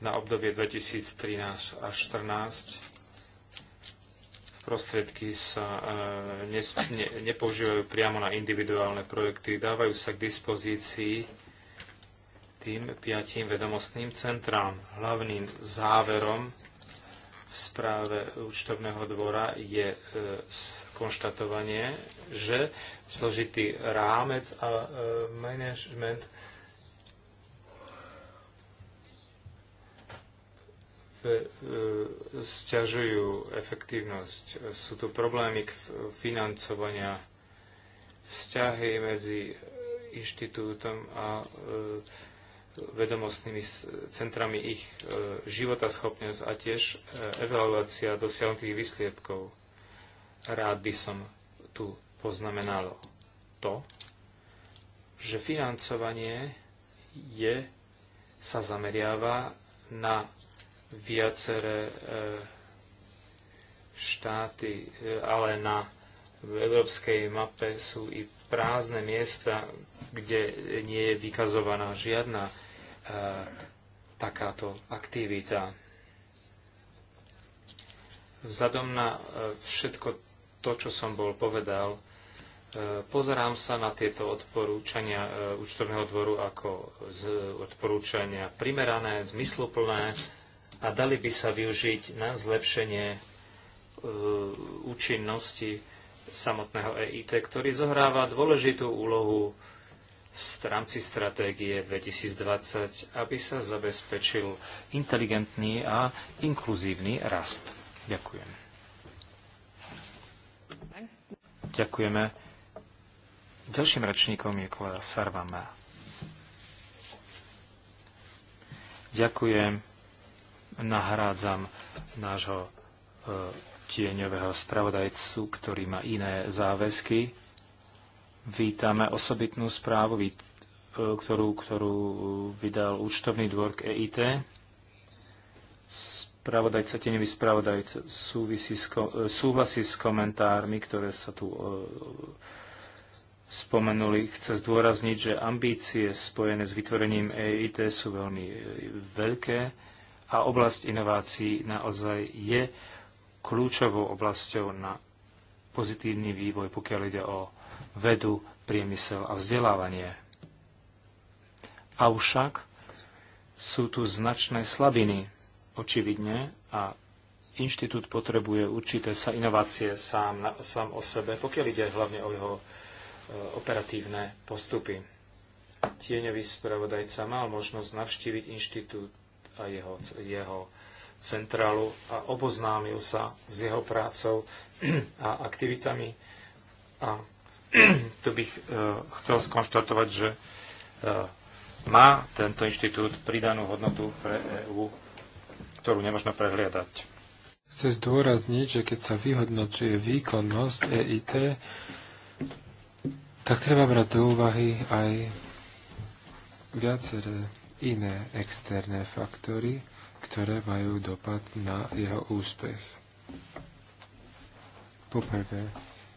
na obdobie 2013 až 2014 prostriedky sa e, ne, ne, nepoužívajú priamo na individuálne projekty, dávajú sa k dispozícii tým piatim vedomostným centrám. Hlavným záverom v správe účtovného dvora je e, konštatovanie, že složitý rámec a e, management E, sťažujú efektívnosť. Sú tu problémy k financovania vzťahy medzi inštitútom a e, vedomostnými centrami ich e, schopnosť a tiež evaluácia dosiahnutých výsledkov. Rád by som tu poznamenal to, že financovanie je, sa zameriava na viaceré e, štáty, e, ale na európskej mape sú i prázdne miesta, kde nie je vykazovaná žiadna e, takáto aktivita. Vzhľadom na všetko to, čo som bol povedal, Pozerám sa na tieto odporúčania účtovného dvoru ako odporúčania primerané, zmysluplné, a dali by sa využiť na zlepšenie e, účinnosti samotného EIT, ktorý zohráva dôležitú úlohu v rámci stratégie 2020, aby sa zabezpečil inteligentný a inkluzívny rast. Ďakujem. Ďakujeme. Ďalším rečníkom je kolega Sarvama. Ďakujem nahrádzam nášho e, tieňového spravodajcu, ktorý má iné záväzky. Vítame osobitnú správu, e, ktorú, ktorú vydal účtovný dvor k EIT. Spravodajca, tieňový spravodajca súvisí s, e, súhlasí s komentármi, ktoré sa tu spomenuli, chce zdôrazniť, že ambície spojené s vytvorením EIT sú veľmi veľké a oblasť inovácií naozaj je kľúčovou oblasťou na pozitívny vývoj, pokiaľ ide o vedu, priemysel a vzdelávanie. Avšak sú tu značné slabiny, očividne, a inštitút potrebuje určité sa inovácie sám, na, sám o sebe, pokiaľ ide hlavne o jeho e, operatívne postupy. Tieňový spravodajca mal možnosť navštíviť inštitút a jeho, jeho centrálu a oboznámil sa s jeho prácou a aktivitami. A tu bych eh, chcel skonštatovať, že eh, má tento inštitút pridanú hodnotu pre EÚ, ktorú nemôžno prehliadať. Chcem zdôrazniť, že keď sa vyhodnocuje výkonnosť EIT, tak treba brať do úvahy aj viaceré iné externé faktory, ktoré majú dopad na jeho úspech. Poprvé,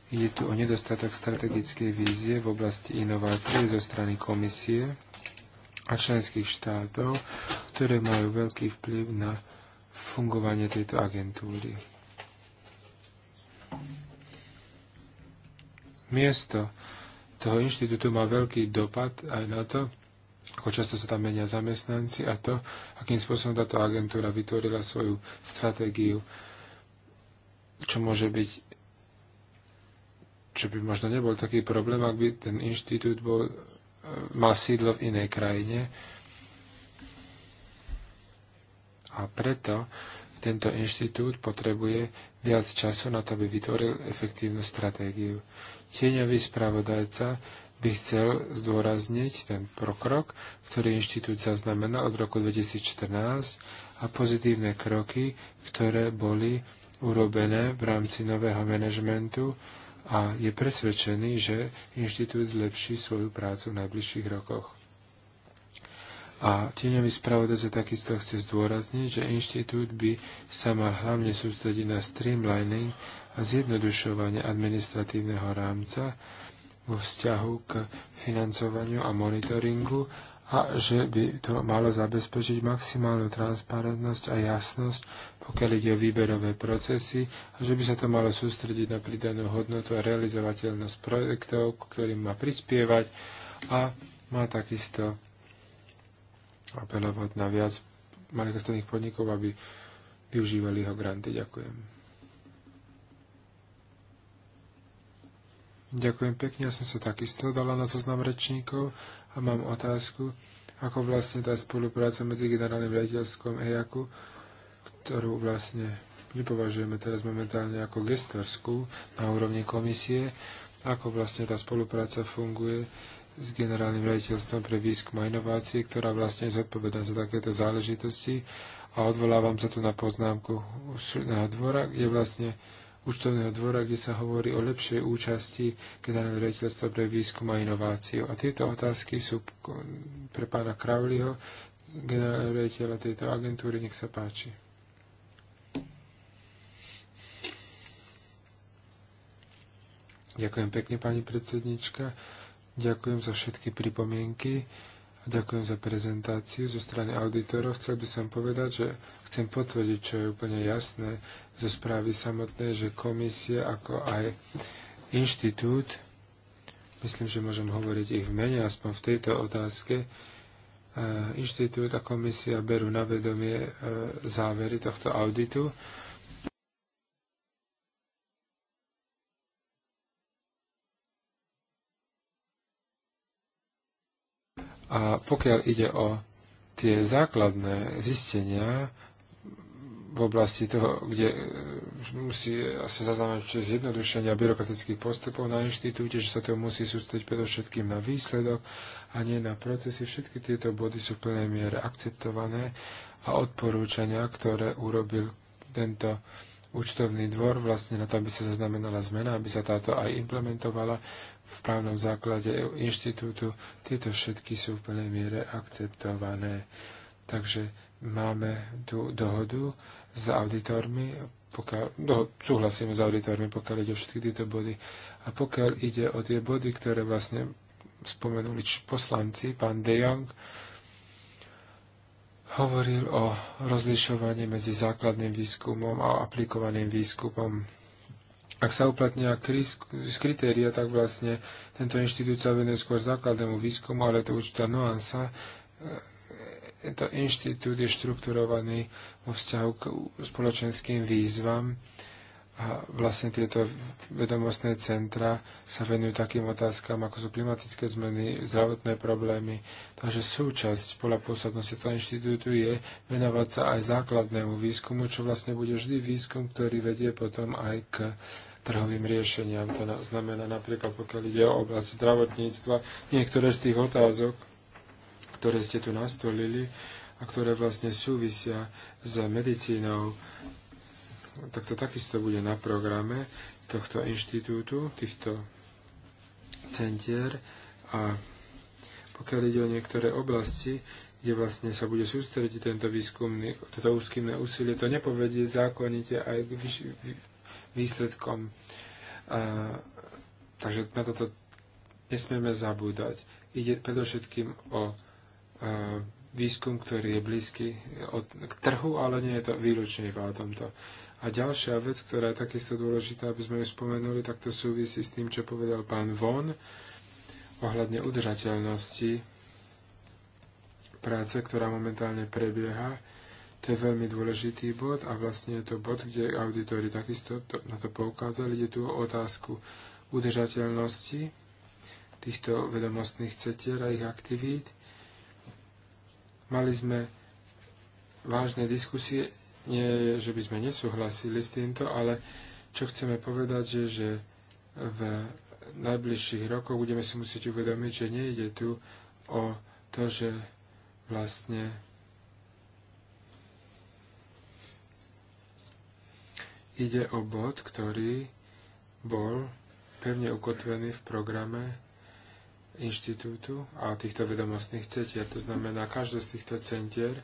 ide tu o nedostatok strategickej vízie v oblasti inovácie zo strany komisie a členských štátov, ktoré majú veľký vplyv na fungovanie tejto agentúry. Miesto toho inštitútu má veľký dopad aj na to, ako často sa tam menia zamestnanci a to, akým spôsobom táto agentúra vytvorila svoju stratégiu, čo môže byť, čo by možno nebol taký problém, ak by ten inštitút bol, e, mal sídlo v inej krajine. A preto tento inštitút potrebuje viac času na to, aby vytvoril efektívnu stratégiu. Tieňový spravodajca by chcel zdôrazniť ten pokrok, ktorý inštitút zaznamenal od roku 2014 a pozitívne kroky, ktoré boli urobené v rámci nového manažmentu a je presvedčený, že inštitút zlepší svoju prácu v najbližších rokoch. A tieňový spravodajca takisto chce zdôrazniť, že inštitút by sa mal hlavne sústrediť na streamlining a zjednodušovanie administratívneho rámca, vo vzťahu k financovaniu a monitoringu a že by to malo zabezpečiť maximálnu transparentnosť a jasnosť, pokiaľ ide o výberové procesy a že by sa to malo sústrediť na pridanú hodnotu a realizovateľnosť projektov, ktorým má prispievať a má takisto apelovať na viac malých podnikov, aby využívali jeho granty. Ďakujem. Ďakujem pekne, ja som sa takisto dala na zoznam rečníkov a mám otázku, ako vlastne tá spolupráca medzi generálnym riaditeľstvom EJAKu, ktorú vlastne nepovažujeme teraz momentálne ako gestorskú na úrovni komisie, ako vlastne tá spolupráca funguje s generálnym riaditeľstvom pre výskum a inovácie, ktorá vlastne je zodpovedná za takéto záležitosti a odvolávam sa tu na poznámku na dvora, kde vlastne účtovného dvora, kde sa hovorí o lepšej účasti generálneho riaditeľstva pre výskum a inováciu. A tieto otázky sú pre pána Kravliho, generálneho riaditeľa tejto agentúry. Nech sa páči. Ďakujem pekne, pani predsednička. Ďakujem za všetky pripomienky. Ďakujem za prezentáciu zo strany auditorov. Chcel by som povedať, že chcem potvrdiť, čo je úplne jasné zo správy samotnej, že komisie ako aj inštitút, myslím, že môžem hovoriť ich v mene, aspoň v tejto otázke, e, inštitút a komisia berú na vedomie e, závery tohto auditu A pokiaľ ide o tie základné zistenia v oblasti toho, kde e, musí sa zaznamenať čo zjednodušenia byrokratických postupov na inštitúte, že sa to musí sústrediť predovšetkým na výsledok a nie na procesy. Všetky tieto body sú v plnej miere akceptované a odporúčania, ktoré urobil tento účtovný dvor vlastne na to, aby sa zaznamenala zmena, aby sa táto aj implementovala, v právnom základe inštitútu, tieto všetky sú v plnej miere akceptované. Takže máme tu dohodu s auditormi, pokiaľ, no, súhlasíme s auditormi, pokiaľ ide o všetky tieto body. A pokiaľ ide o tie body, ktoré vlastne spomenuli poslanci, pán De Jong hovoril o rozlišovaní medzi základným výskumom a aplikovaným výskumom ak sa uplatnia kritéria, tak vlastne tento inštitút sa venuje skôr základnému výskumu, ale to určitá nuansa. Tento e, inštitút je štrukturovaný vo vzťahu k spoločenským výzvam a vlastne tieto vedomostné centra sa venujú takým otázkam, ako sú klimatické zmeny, zdravotné problémy. Takže súčasť podľa pôsobnosti toho inštitútu je venovať sa aj základnému výskumu, čo vlastne bude vždy výskum, ktorý vedie potom aj k trhovým riešeniam. To znamená napríklad, pokiaľ ide o oblasť zdravotníctva, niektoré z tých otázok, ktoré ste tu nastolili a ktoré vlastne súvisia s medicínou, tak to takisto bude na programe tohto inštitútu, týchto centier a pokiaľ ide o niektoré oblasti, kde vlastne sa bude sústrediť tento výskumný, toto úzkymné úsilie, to nepovedie zákonite aj k výsledkom. Takže na toto nesmieme zabúdať. Ide predovšetkým o výskum, ktorý je blízky od, k trhu, ale nie je to výlučne iba o tomto. A ďalšia vec, ktorá je takisto dôležitá, aby sme ju spomenuli, tak to súvisí s tým, čo povedal pán Von ohľadne udržateľnosti práce, ktorá momentálne prebieha to je veľmi dôležitý bod a vlastne je to bod, kde auditori takisto to, na to poukázali. Je tu o otázku udržateľnosti týchto vedomostných cetier a ich aktivít. Mali sme vážne diskusie, nie že by sme nesúhlasili s týmto, ale čo chceme povedať, je, že v najbližších rokoch budeme si musieť uvedomiť, že nejde tu o to, že vlastne Ide o bod, ktorý bol pevne ukotvený v programe inštitútu a týchto vedomostných centier. To znamená, každé z týchto centier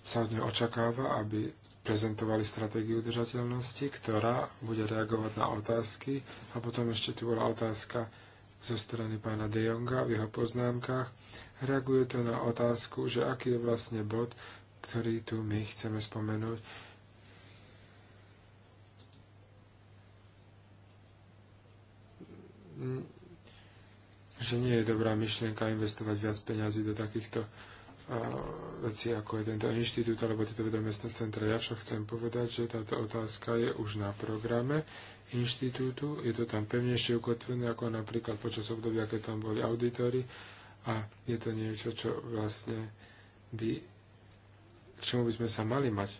sa od neho očakáva, aby prezentovali stratégiu udržateľnosti, ktorá bude reagovať na otázky. A potom ešte tu bola otázka zo strany pána De Jonga v jeho poznámkach. Reaguje to na otázku, že aký je vlastne bod, ktorý tu my chceme spomenúť že nie je dobrá myšlienka investovať viac peňazí do takýchto vecí ako je tento inštitút alebo tieto vedomestné centra. Ja však chcem povedať, že táto otázka je už na programe inštitútu, je to tam pevnejšie ukotvené, ako napríklad počas obdobia, keď tam boli auditory a je to niečo, čo vlastne by, k čomu by sme sa mali mať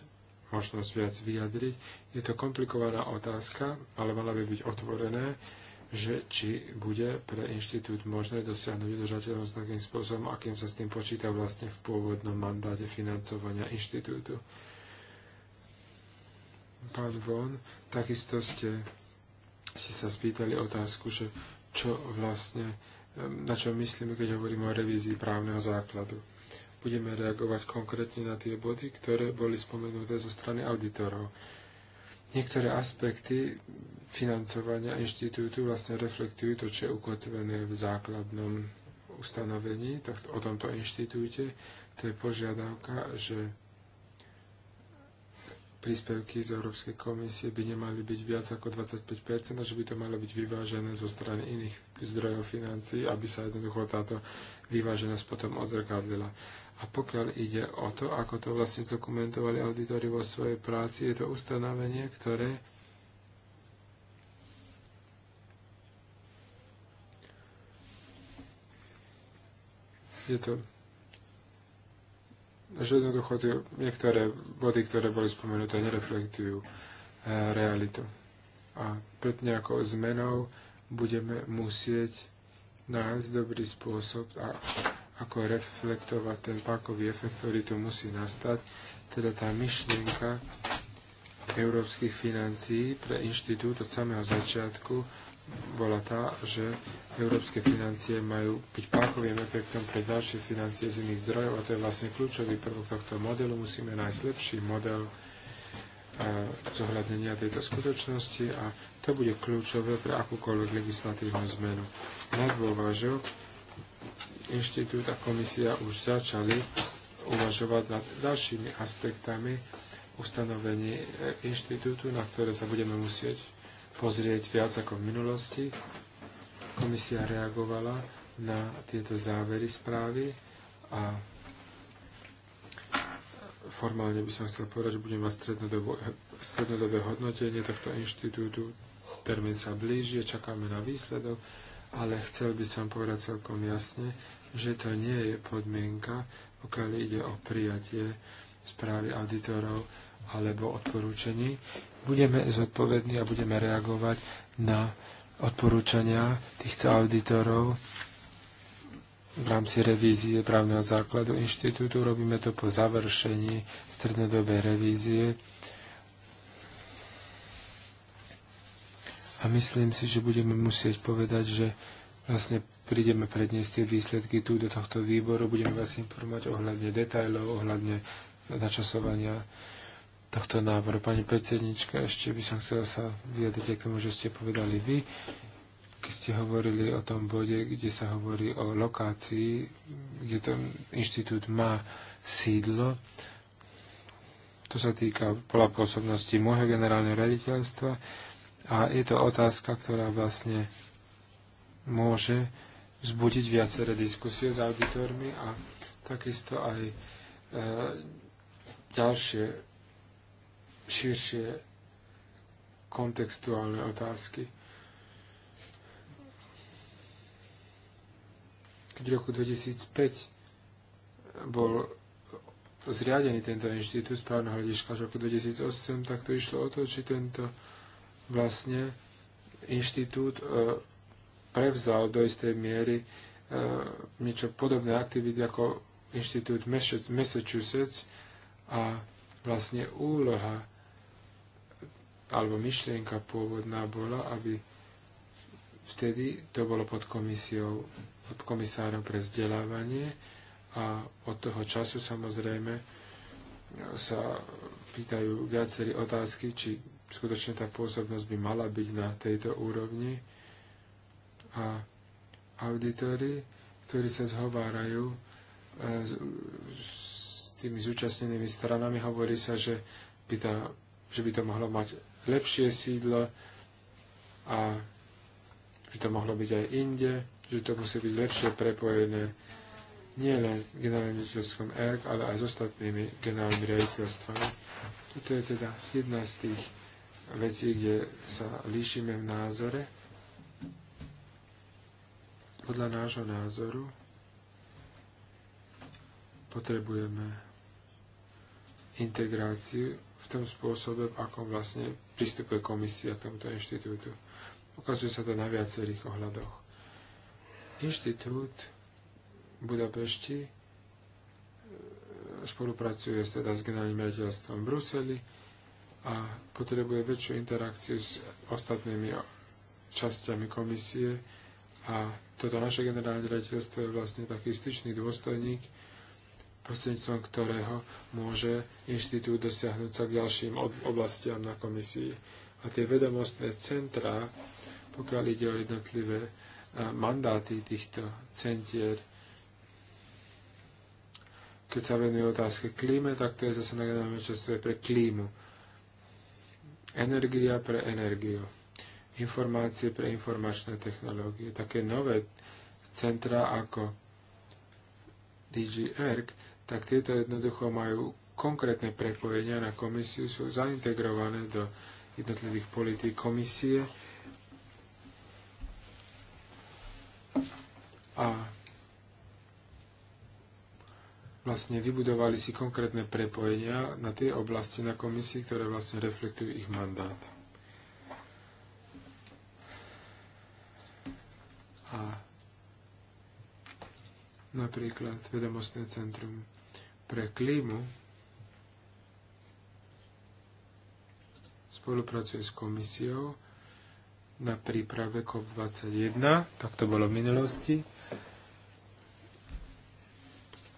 možnosť viac vyjadriť. Je to komplikovaná otázka, ale mala by byť otvorené že či bude pre inštitút možné dosiahnuť udržateľnosť takým spôsobom, akým sa s tým počíta vlastne v pôvodnom mandáte financovania inštitútu. Pán Von, takisto ste si sa spýtali otázku, že čo vlastne, na čo myslíme, keď hovoríme o revízii právneho základu. Budeme reagovať konkrétne na tie body, ktoré boli spomenuté zo strany auditorov Niektoré aspekty financovania inštitútu vlastne reflektujú to, čo je ukotvené v základnom ustanovení tohto, o tomto inštitúte. To je požiadavka, že príspevky z Európskej komisie by nemali byť viac ako 25 a že by to malo byť vyvážené zo strany iných zdrojov financií, aby sa jednoducho táto vyváženosť potom odzrkadlila. A pokiaľ ide o to, ako to vlastne zdokumentovali auditori vo svojej práci, je to ustanovenie, ktoré je to že jednoducho tie niektoré body, ktoré boli spomenuté, nereflektujú e, realitu. A pred nejakou zmenou budeme musieť nájsť dobrý spôsob a ako reflektovať ten pákový efekt, ktorý tu musí nastať, teda tá myšlienka európskych financií pre inštitút od samého začiatku bola tá, že európske financie majú byť pákovým efektom pre ďalšie financie z iných zdrojov a to je vlastne kľúčový prvok tohto modelu. Musíme nájsť lepší model eh, zohľadnenia tejto skutočnosti a to bude kľúčové pre akúkoľvek legislatívnu zmenu. Na dôvážok inštitút a komisia už začali uvažovať nad ďalšími aspektami ustanovení e, inštitútu, na ktoré sa budeme musieť pozrieť viac ako v minulosti. Komisia reagovala na tieto závery správy a formálne by som chcel povedať, že budem mať strednodobé, strednodobé hodnotenie tohto inštitútu. Termín sa blíži, čakáme na výsledok ale chcel by som povedať celkom jasne, že to nie je podmienka, pokiaľ ide o prijatie správy auditorov alebo odporúčení. Budeme zodpovední a budeme reagovať na odporúčania týchto auditorov v rámci revízie právneho základu inštitútu. Robíme to po završení strednodobej revízie A myslím si, že budeme musieť povedať, že vlastne prídeme predniesť tie výsledky tu do tohto výboru, budeme vás informovať ohľadne detajlov, ohľadne načasovania tohto návrhu. Pani predsednička, ešte by som chcela sa vyjadriť k tomu, že ste povedali vy, keď ste hovorili o tom bode, kde sa hovorí o lokácii, kde ten inštitút má sídlo. To sa týka pola pôsobnosti môjho generálneho raditeľstva a je to otázka, ktorá vlastne môže vzbudiť viaceré diskusie s auditormi a takisto aj e, ďalšie širšie kontextuálne otázky. Keď v roku 2005 bol zriadený tento inštitút správneho hľadiska, v roku 2008, tak to išlo o to, či tento vlastne inštitút e, prevzal do istej miery e, niečo podobné aktivity ako inštitút Massachusetts a vlastne úloha alebo myšlienka pôvodná bola, aby vtedy to bolo pod komisiou, pod komisárom pre vzdelávanie a od toho času samozrejme sa pýtajú viacerí otázky, či skutočne tá pôsobnosť by mala byť na tejto úrovni a auditory, ktorí sa zhovárajú e, s tými zúčastnenými stranami, hovorí sa, že by, tá, že by to mohlo mať lepšie sídlo a že to mohlo byť aj inde, že to musí byť lepšie prepojené nie len s generálnym riaditeľstvom ERG, ale aj s ostatnými generálnymi riaditeľstvami. Toto je teda jedna z tých veci, kde sa líšime v názore. Podľa nášho názoru potrebujeme integráciu v tom spôsobe, ako vlastne pristupuje komisia k tomuto inštitútu. Ukazuje sa to na viacerých ohľadoch. Inštitút v Budapešti e, spolupracuje teda s generálnym riaditeľstvom v Bruseli, a potrebuje väčšiu interakciu s ostatnými časťami komisie a toto naše generálne riaditeľstvo je vlastne taký styčný dôstojník, prostredníctvom ktorého môže inštitút dosiahnuť sa k ďalším oblastiam na komisii. A tie vedomostné centra, pokiaľ ide o jednotlivé e, mandáty týchto centier, keď sa venuje otázke klíme, tak to je zase na generálnom pre klímu Energia pre energiu. Informácie pre informačné technológie. Také nové centra ako DG tak tieto jednoducho majú konkrétne prepojenia na komisiu, sú zaintegrované do jednotlivých politík komisie. A vlastne vybudovali si konkrétne prepojenia na tie oblasti na komisii, ktoré vlastne reflektujú ich mandát. A napríklad Vedomostné centrum pre klímu spolupracuje s komisiou na príprave COP21, tak to bolo v minulosti,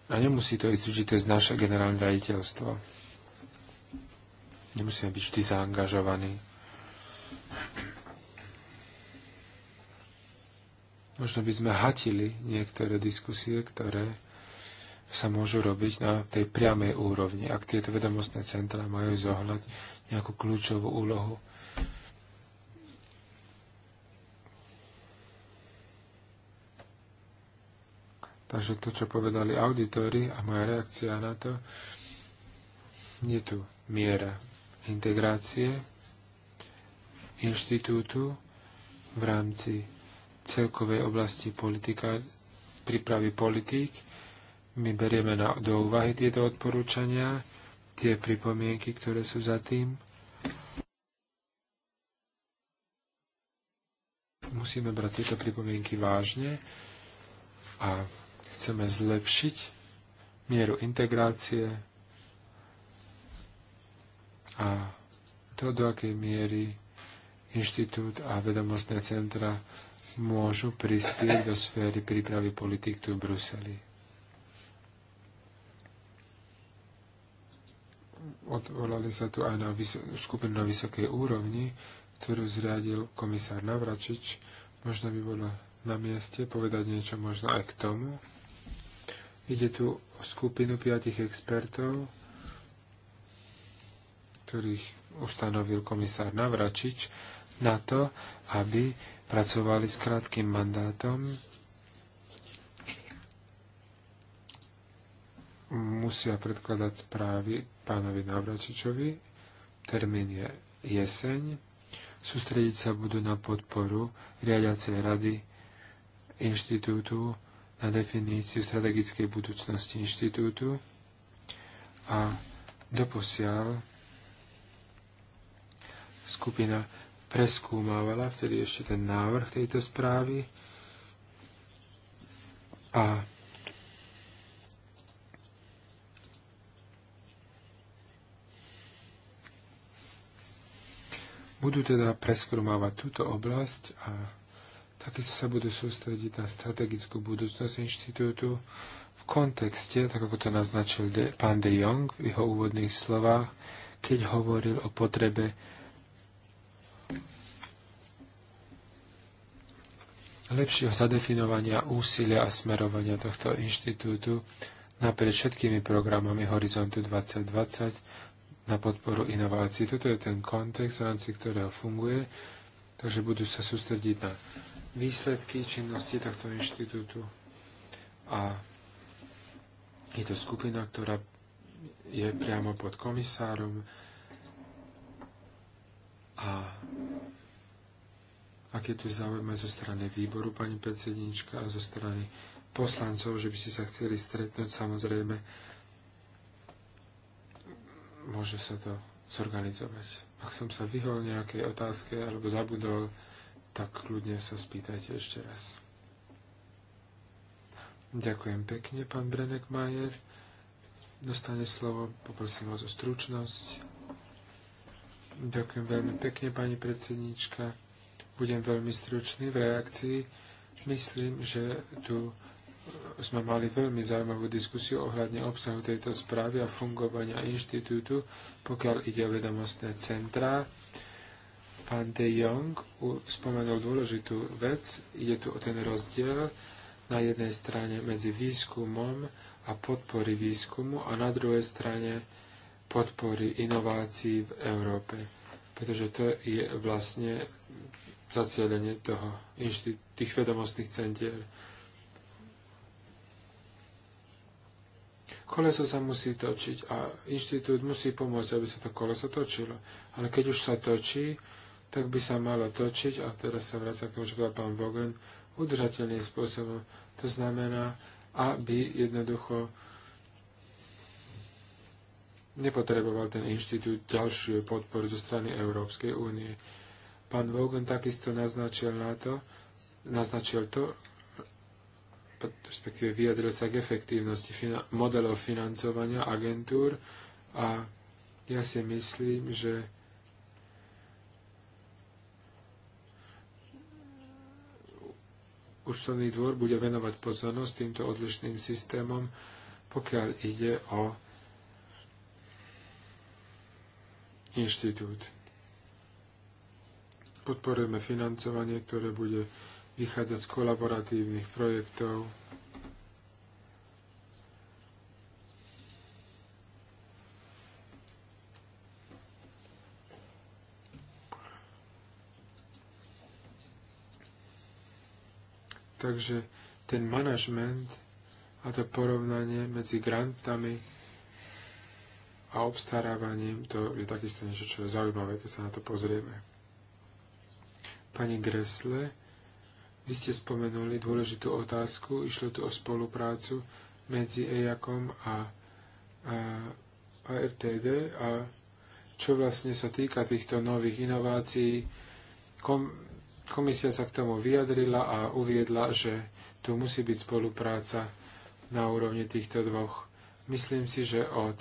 a nemusí to ísť vždy z naše generálne raditeľstvo. Nemusíme byť vždy zaangažovaní. Možno by sme hatili niektoré diskusie, ktoré sa môžu robiť na tej priamej úrovni, ak tieto vedomostné centra majú zohľať nejakú kľúčovú úlohu Takže to, čo povedali auditory a moja reakcia na to, je tu miera integrácie inštitútu v rámci celkovej oblasti politika, prípravy politík. My berieme na, do úvahy tieto odporúčania, tie pripomienky, ktoré sú za tým. Musíme brať tieto pripomienky vážne a Chceme zlepšiť mieru integrácie a to, do akej miery inštitút a vedomostné centra môžu prispieť do sféry prípravy politik tu v Bruseli. Odvolali sa tu aj na skupinu na vysokej úrovni, ktorú zriadil komisár Navračič. Možno by bolo na mieste povedať niečo možno aj k tomu. Ide tu o skupinu piatich expertov, ktorých ustanovil komisár Navračič na to, aby pracovali s krátkým mandátom. Musia predkladať správy pánovi Navračičovi. Termín je jeseň. Sústrediť sa budú na podporu riadiacej rady inštitútu na definíciu strategickej budúcnosti inštitútu a doposiaľ skupina preskúmavala vtedy ešte ten návrh tejto správy a budú teda preskúmavať túto oblasť a Takisto sa budú sústrediť na strategickú budúcnosť inštitútu v kontexte, tak ako to naznačil de, pán De Jong v jeho úvodných slovách, keď hovoril o potrebe lepšieho zadefinovania úsilia a smerovania tohto inštitútu napriek všetkými programami Horizontu 2020 na podporu inovácií. Toto je ten kontext, v rámci ktorého funguje, takže budú sa sústrediť na výsledky činnosti tohto inštitútu a je to skupina, ktorá je priamo pod komisárom a ak je tu záujem zo strany výboru, pani predsednička, a zo strany poslancov, že by ste sa chceli stretnúť, samozrejme, môže sa to zorganizovať. Ak som sa vyhol nejakej otázke alebo zabudol, tak kľudne sa spýtajte ešte raz. Ďakujem pekne, pán Brenek Majer. Dostane slovo, poprosím vás o stručnosť. Ďakujem veľmi pekne, pani predsednička. Budem veľmi stručný v reakcii. Myslím, že tu sme mali veľmi zaujímavú diskusiu ohľadne obsahu tejto správy a fungovania inštitútu, pokiaľ ide o vedomostné centrá. Pán De Jong spomenul dôležitú vec. Je tu o ten rozdiel na jednej strane medzi výskumom a podpory výskumu a na druhej strane podpory inovácií v Európe. Pretože to je vlastne zacielenie toho, tých vedomostných centier. Koleso sa musí točiť a inštitút musí pomôcť, aby sa to koleso točilo. Ale keď už sa točí, tak by sa malo točiť, a teraz sa vráca k tomu, čo povedal pán Vogen, udržateľným spôsobom. To znamená, aby jednoducho nepotreboval ten inštitút ďalšiu podporu zo strany Európskej únie. Pán Vogen takisto naznačil na to, naznačil to, respektíve vyjadril sa k efektívnosti fina- modelov financovania agentúr a ja si myslím, že ústavný dvor bude venovať pozornosť týmto odlišným systémom, pokiaľ ide o inštitút. Podporujeme financovanie, ktoré bude vychádzať z kolaboratívnych projektov, Takže ten manažment a to porovnanie medzi grantami a obstarávaním, to je takisto niečo, čo je zaujímavé, keď sa na to pozrieme. Pani Gresle, vy ste spomenuli dôležitú otázku, išlo tu o spoluprácu medzi EJAKom a, a, a RTD a čo vlastne sa týka týchto nových inovácií, kom, Komisia sa k tomu vyjadrila a uviedla, že tu musí byť spolupráca na úrovni týchto dvoch. Myslím si, že od,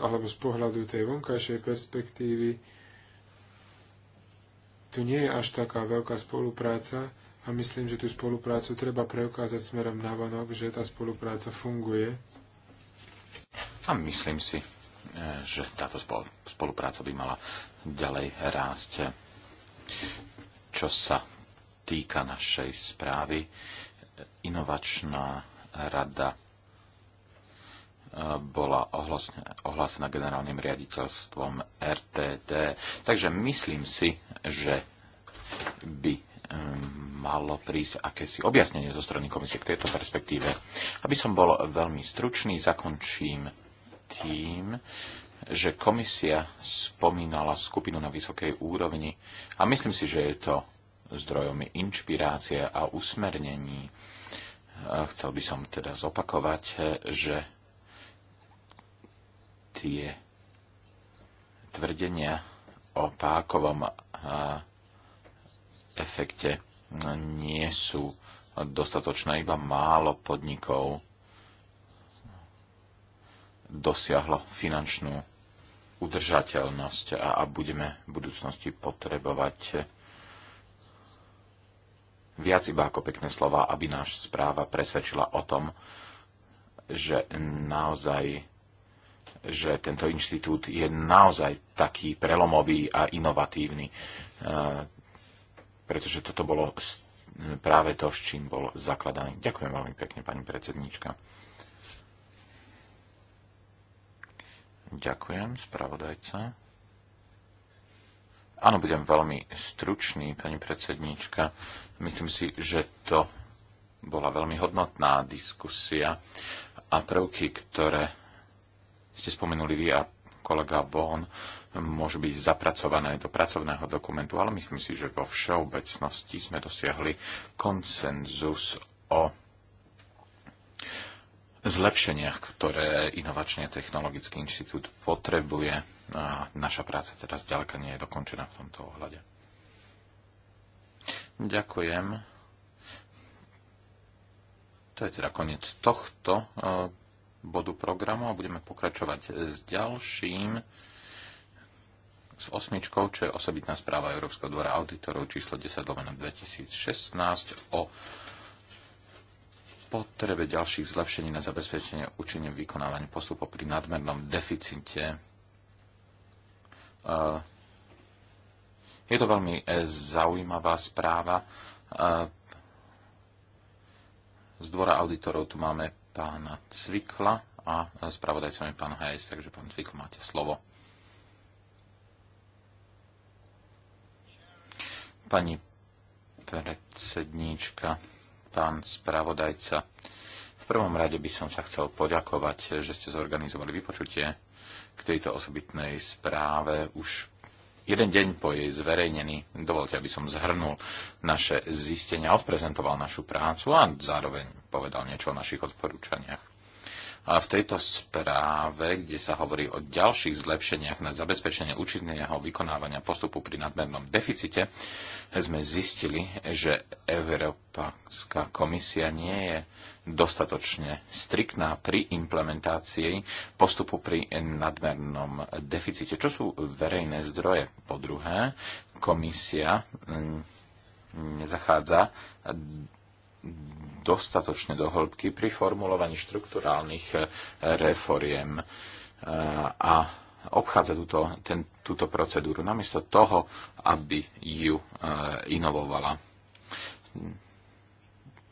alebo z pohľadu tej vonkajšej perspektívy tu nie je až taká veľká spolupráca a myslím, že tú spoluprácu treba preukázať smerom na vonok, že tá spolupráca funguje. A myslím si, eh, že táto spolupráca by mala ďalej rásť čo sa týka našej správy, inovačná rada e, bola ohlásená generálnym riaditeľstvom RTD. Takže myslím si, že by e, malo prísť akési objasnenie zo strany komisie k tejto perspektíve. Aby som bol veľmi stručný, zakončím tým, že komisia spomínala skupinu na vysokej úrovni a myslím si, že je to zdrojom inšpirácie a usmernení. Chcel by som teda zopakovať, e, že tie tvrdenia o pákovom e, efekte e, nie sú dostatočné. Iba málo podnikov dosiahlo finančnú udržateľnosť a, a budeme v budúcnosti potrebovať viac iba ako pekné slova, aby náš správa presvedčila o tom, že naozaj že tento inštitút je naozaj taký prelomový a inovatívny, e, pretože toto bolo práve to, s čím bol zakladaný. Ďakujem veľmi pekne, pani predsedníčka. Ďakujem, spravodajca. Áno, budem veľmi stručný, pani predsedníčka. Myslím si, že to bola veľmi hodnotná diskusia a prvky, ktoré ste spomenuli vy a kolega Bon, môžu byť zapracované do pracovného dokumentu, ale myslím si, že vo všeobecnosti sme dosiahli konsenzus o zlepšeniach, ktoré Inovačný a technologický inštitút potrebuje. A naša práca teraz ďaleka nie je dokončená v tomto ohľade. Ďakujem. To je teda koniec tohto e, bodu programu a budeme pokračovať s ďalším s osmičkou, čo je osobitná správa Európskeho dvora auditorov číslo 10 2016 o potrebe ďalších zlepšení na zabezpečenie účinným vykonávania postupov pri nadmernom deficite. E, je to veľmi e, zaujímavá správa. E, z dvora auditorov tu máme pána Cvikla a spravodajcom je pán Hajs, takže pán Cvikl, máte slovo. Pani predsedníčka, pán spravodajca. V prvom rade by som sa chcel poďakovať, že ste zorganizovali vypočutie k tejto osobitnej správe už jeden deň po jej zverejnení. Dovolte, aby som zhrnul naše zistenia, odprezentoval našu prácu a zároveň povedal niečo o našich odporúčaniach. A v tejto správe, kde sa hovorí o ďalších zlepšeniach na zabezpečenie účinného vykonávania postupu pri nadmernom deficite, sme zistili, že Európska komisia nie je dostatočne striktná pri implementácii postupu pri nadmernom deficite, čo sú verejné zdroje. Po druhé, komisia mm, nezachádza dostatočne do hĺbky pri formulovaní štrukturálnych eh, reforiem eh, a obchádza túto, ten, túto procedúru namiesto toho, aby ju eh, inovovala.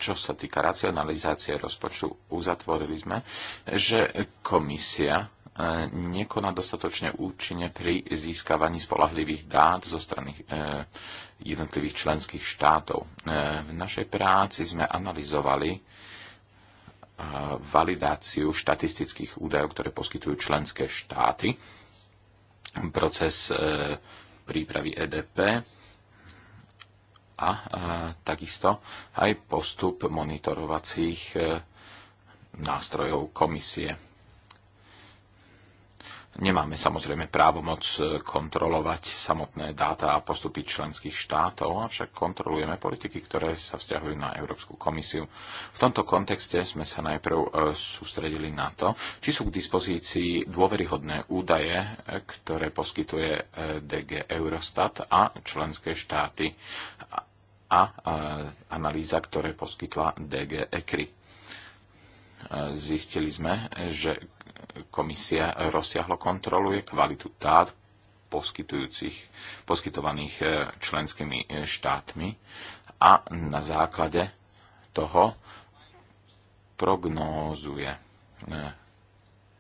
Čo sa týka racionalizácie rozpočtu, uzatvorili sme, že komisia E, nekoná dostatočne účinne pri získavaní spolahlivých dát zo strany e, jednotlivých členských štátov. E, v našej práci sme analyzovali validáciu štatistických údajov, ktoré poskytujú členské štáty, proces prípravy EDP a takisto aj postup monitorovacích nástrojov komisie Nemáme samozrejme právomoc e, kontrolovať samotné dáta a postupy členských štátov, avšak kontrolujeme politiky, ktoré sa vzťahujú na Európsku komisiu. V tomto kontexte sme sa najprv e, sústredili na to, či sú k dispozícii dôveryhodné údaje, e, ktoré poskytuje DG Eurostat a členské štáty a analýza, ktoré poskytla DG ECRI zistili sme, že komisia rozsiahlo kontroluje kvalitu dát poskytujúcich, poskytovaných e, členskými e, štátmi a na základe toho prognózuje e,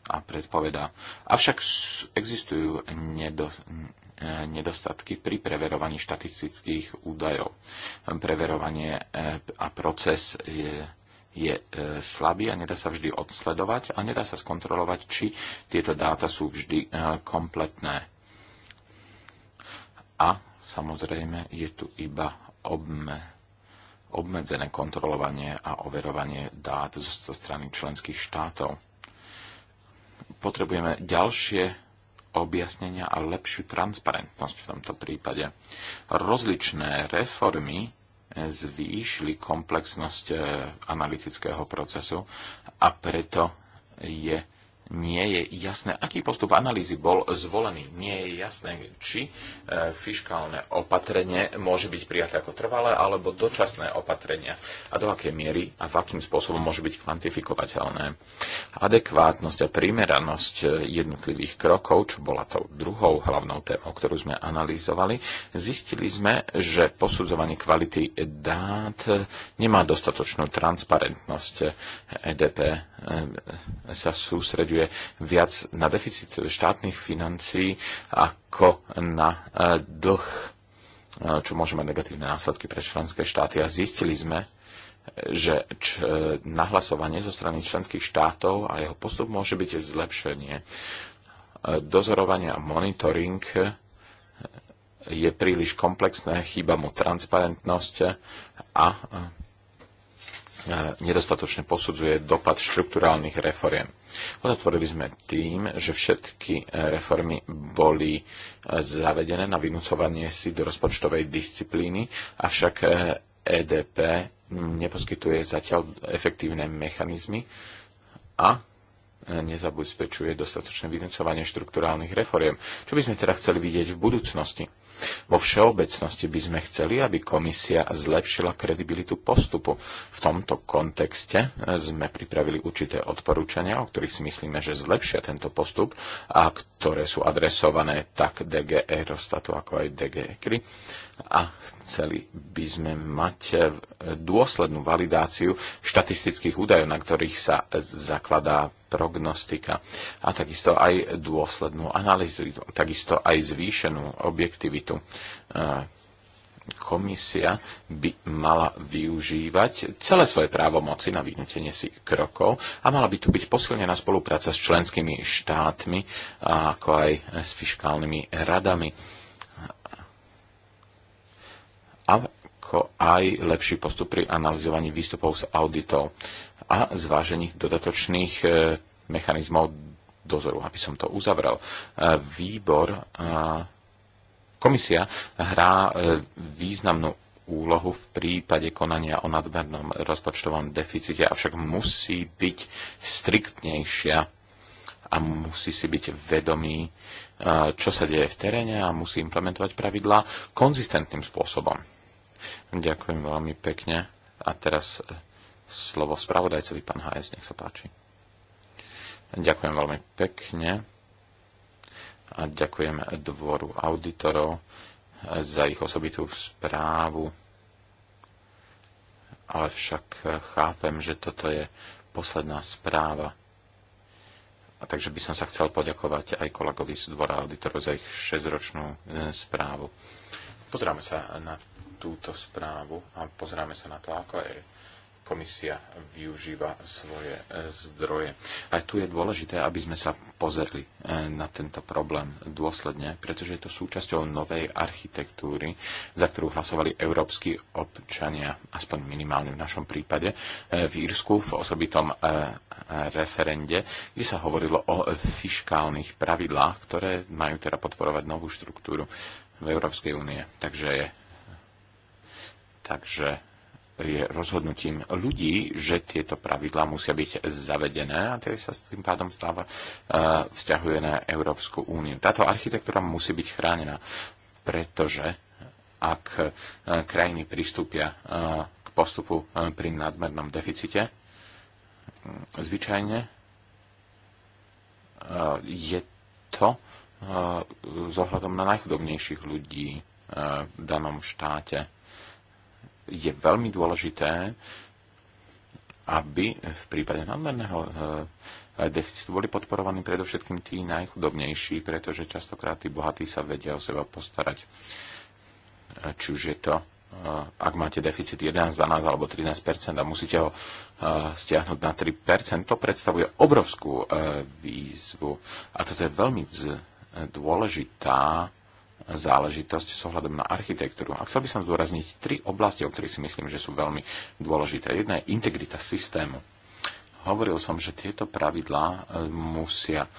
a predpovedá. Avšak existujú nedo, nedostatky pri preverovaní štatistických údajov. Preverovanie a proces je je e, slabý a nedá sa vždy odsledovať a nedá sa skontrolovať, či tieto dáta sú vždy e, kompletné. A samozrejme je tu iba obme, obmedzené kontrolovanie a overovanie dát zo strany členských štátov. Potrebujeme ďalšie objasnenia a lepšiu transparentnosť v tomto prípade. Rozličné reformy zvýšili komplexnosť eh, analytického procesu a preto je nie je jasné, aký postup analýzy bol zvolený. Nie je jasné, či e, fiskálne opatrenie môže byť prijaté ako trvalé alebo dočasné opatrenia a do akej miery a v akým spôsobom môže byť kvantifikovateľné. Adekvátnosť a primeranosť e, jednotlivých krokov, čo bola tou druhou hlavnou témou, ktorú sme analýzovali, zistili sme, že posudzovanie kvality dát e, nemá dostatočnú transparentnosť. EDP sa sústreďuje pracuje viac na deficit štátnych financií ako na e, dlh, e, čo môže mať negatívne následky pre členské štáty. A zistili sme, e, že č, nahlasovanie zo strany členských štátov a jeho postup môže byť zlepšenie. Dozorovanie a monitoring je príliš komplexné, chýba mu transparentnosť a E, nedostatočne posudzuje dopad štrukturálnych reforiem. Otvorili sme tým, že všetky e, reformy boli e, zavedené na vynúcovanie si do rozpočtovej disciplíny, avšak EDP neposkytuje zatiaľ efektívne mechanizmy a nezabezpečuje dostatočné vynúcovanie štrukturálnych reforiem. Čo by sme teda chceli vidieť v budúcnosti? Vo všeobecnosti by sme chceli, aby komisia zlepšila kredibilitu postupu. V tomto kontexte e, sme pripravili určité odporúčania, o ktorých si myslíme, že zlepšia tento postup a k ktoré sú adresované tak DG Eurostatu ako aj DG ECRI a chceli by sme mať e, dôslednú validáciu štatistických údajov, na ktorých sa zakladá prognostika a takisto aj dôslednú analýzu, takisto aj zvýšenú objektivitu e, komisia by mala využívať celé svoje právomoci na vynútenie si krokov a mala by tu byť posilnená spolupráca s členskými štátmi, ako aj s fiskálnymi radami, ako aj lepší postup pri analyzovaní výstupov z auditov a zvážení dodatočných e, mechanizmov dozoru. Aby som to uzavrel, e, výbor e, komisia hrá e, významnú úlohu v prípade konania o nadmernom rozpočtovom deficite, avšak musí byť striktnejšia a musí si byť vedomý, e, čo sa deje v teréne a musí implementovať pravidlá konzistentným spôsobom. Ďakujem veľmi pekne. A teraz e, slovo spravodajcovi, pán HS, nech sa páči. Ďakujem veľmi pekne. A ďakujem dvoru auditorov za ich osobitú správu. Ale však chápem, že toto je posledná správa. A takže by som sa chcel poďakovať aj kolegovi z dvora auditorov za ich 6-ročnú e, správu. Pozráme sa na túto správu a pozráme sa na to, ako je komisia využíva svoje e, zdroje. A tu je dôležité, aby sme sa pozerli e, na tento problém dôsledne, pretože je to súčasťou novej architektúry, za ktorú hlasovali európsky občania, aspoň minimálne v našom prípade, e, v Írsku v osobitom referende, kde sa hovorilo o fiškálnych pravidlách, ktoré majú teda podporovať novú štruktúru v Európskej únie. Takže, takže je rozhodnutím ľudí, že tieto pravidlá musia byť zavedené a tie sa s tým pádom stáva e, vzťahuje na Európsku úniu. Táto architektúra musí byť chránená, pretože ak e, krajiny pristúpia e, k postupu pri nadmernom deficite, zvyčajne je to zohľadom na najchudobnejších ľudí v danom štáte je veľmi dôležité, aby v prípade nadmerného eh, deficitu boli podporovaní predovšetkým tí najchudobnejší, pretože častokrát tí bohatí sa vedia o seba postarať. Eh, či už je to, eh, ak máte deficit 11, 12 alebo 13 a musíte ho stiahnuť na 3 to predstavuje obrovskú výzvu. A toto je veľmi dôležitá záležitosť s ohľadom na architektúru. A chcel by som zdôrazniť tri oblasti, o ktorých si myslím, že sú veľmi dôležité. Jedna je integrita systému. Hovoril som, že tieto pravidlá e, musia e,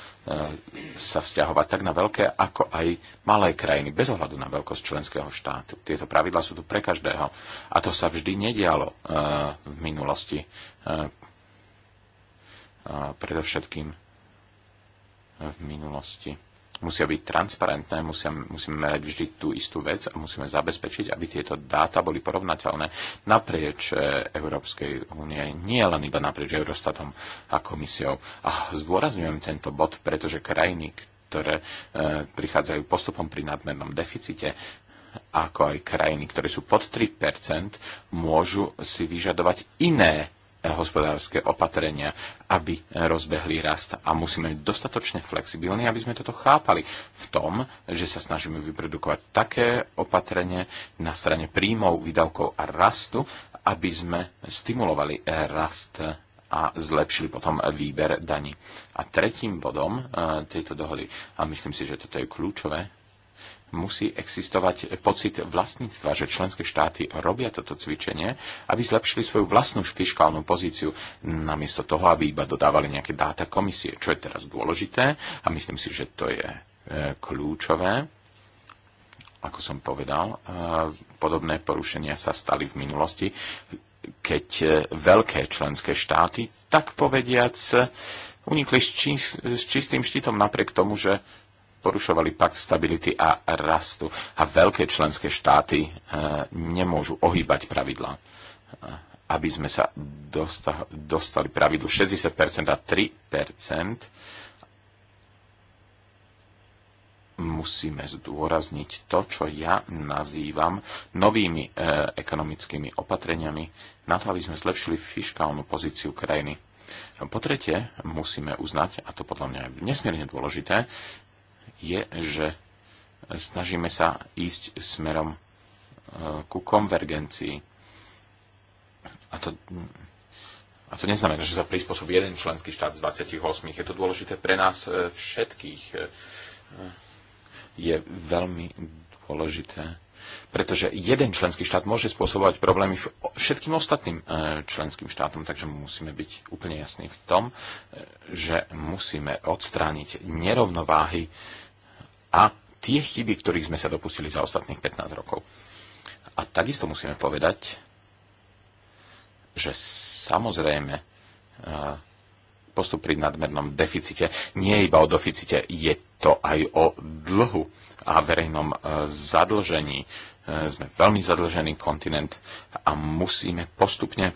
sa vzťahovať tak na veľké, ako aj malé krajiny, bez ohľadu na veľkosť členského štátu. Tieto pravidlá sú tu pre každého. A to sa vždy nedialo e, v minulosti. Predovšetkým v minulosti musia byť transparentné, musia, musíme merať vždy tú istú vec a musíme zabezpečiť, aby tieto dáta boli porovnateľné naprieč e, Európskej únie, nie len iba naprieč Eurostatom a komisiou. A zdôrazňujem tento bod, pretože krajiny, ktoré e, prichádzajú postupom pri nadmernom deficite, ako aj krajiny, ktoré sú pod 3%, môžu si vyžadovať iné hospodárske opatrenia, aby rozbehli rast. A musíme byť dostatočne flexibilní, aby sme toto chápali v tom, že sa snažíme vyprodukovať také opatrenie na strane príjmov, výdavkov a rastu, aby sme stimulovali rast a zlepšili potom výber daní. A tretím bodom eh, tejto dohody, a myslím si, že toto je kľúčové, musí existovať pocit vlastníctva, že členské štáty robia toto cvičenie, aby zlepšili svoju vlastnú fiskálnu pozíciu, namiesto toho, aby iba dodávali nejaké dáta komisie, čo je teraz dôležité a myslím si, že to je e, kľúčové. Ako som povedal, e, podobné porušenia sa stali v minulosti, keď e, veľké členské štáty, tak povediac, unikli s, s čistým štítom napriek tomu, že porušovali pakt stability a rastu a veľké členské štáty eh, nemôžu ohýbať pravidlá eh, aby sme sa dostali pravidlu 60% a 3%, musíme zdôrazniť to, čo ja nazývam novými e, ekonomickými opatreniami na to, aby sme zlepšili fiskálnu pozíciu krajiny. Po tretie, musíme uznať, a to podľa mňa je nesmierne dôležité, je, že snažíme sa ísť smerom e, ku konvergencii. A to, a to neznamená, že sa prispôsobí jeden členský štát z 28. Je to dôležité pre nás e, všetkých. E, je veľmi dôležité, pretože jeden členský štát môže spôsobovať problémy všetkým ostatným členským štátom, takže musíme byť úplne jasní v tom, že musíme odstrániť nerovnováhy a tie chyby, ktorých sme sa dopustili za ostatných 15 rokov. A takisto musíme povedať, že samozrejme postup pri nadmernom deficite nie je iba o deficite, je to aj o dlhu a verejnom e, zadlžení. E, sme veľmi zadlžený kontinent a musíme postupne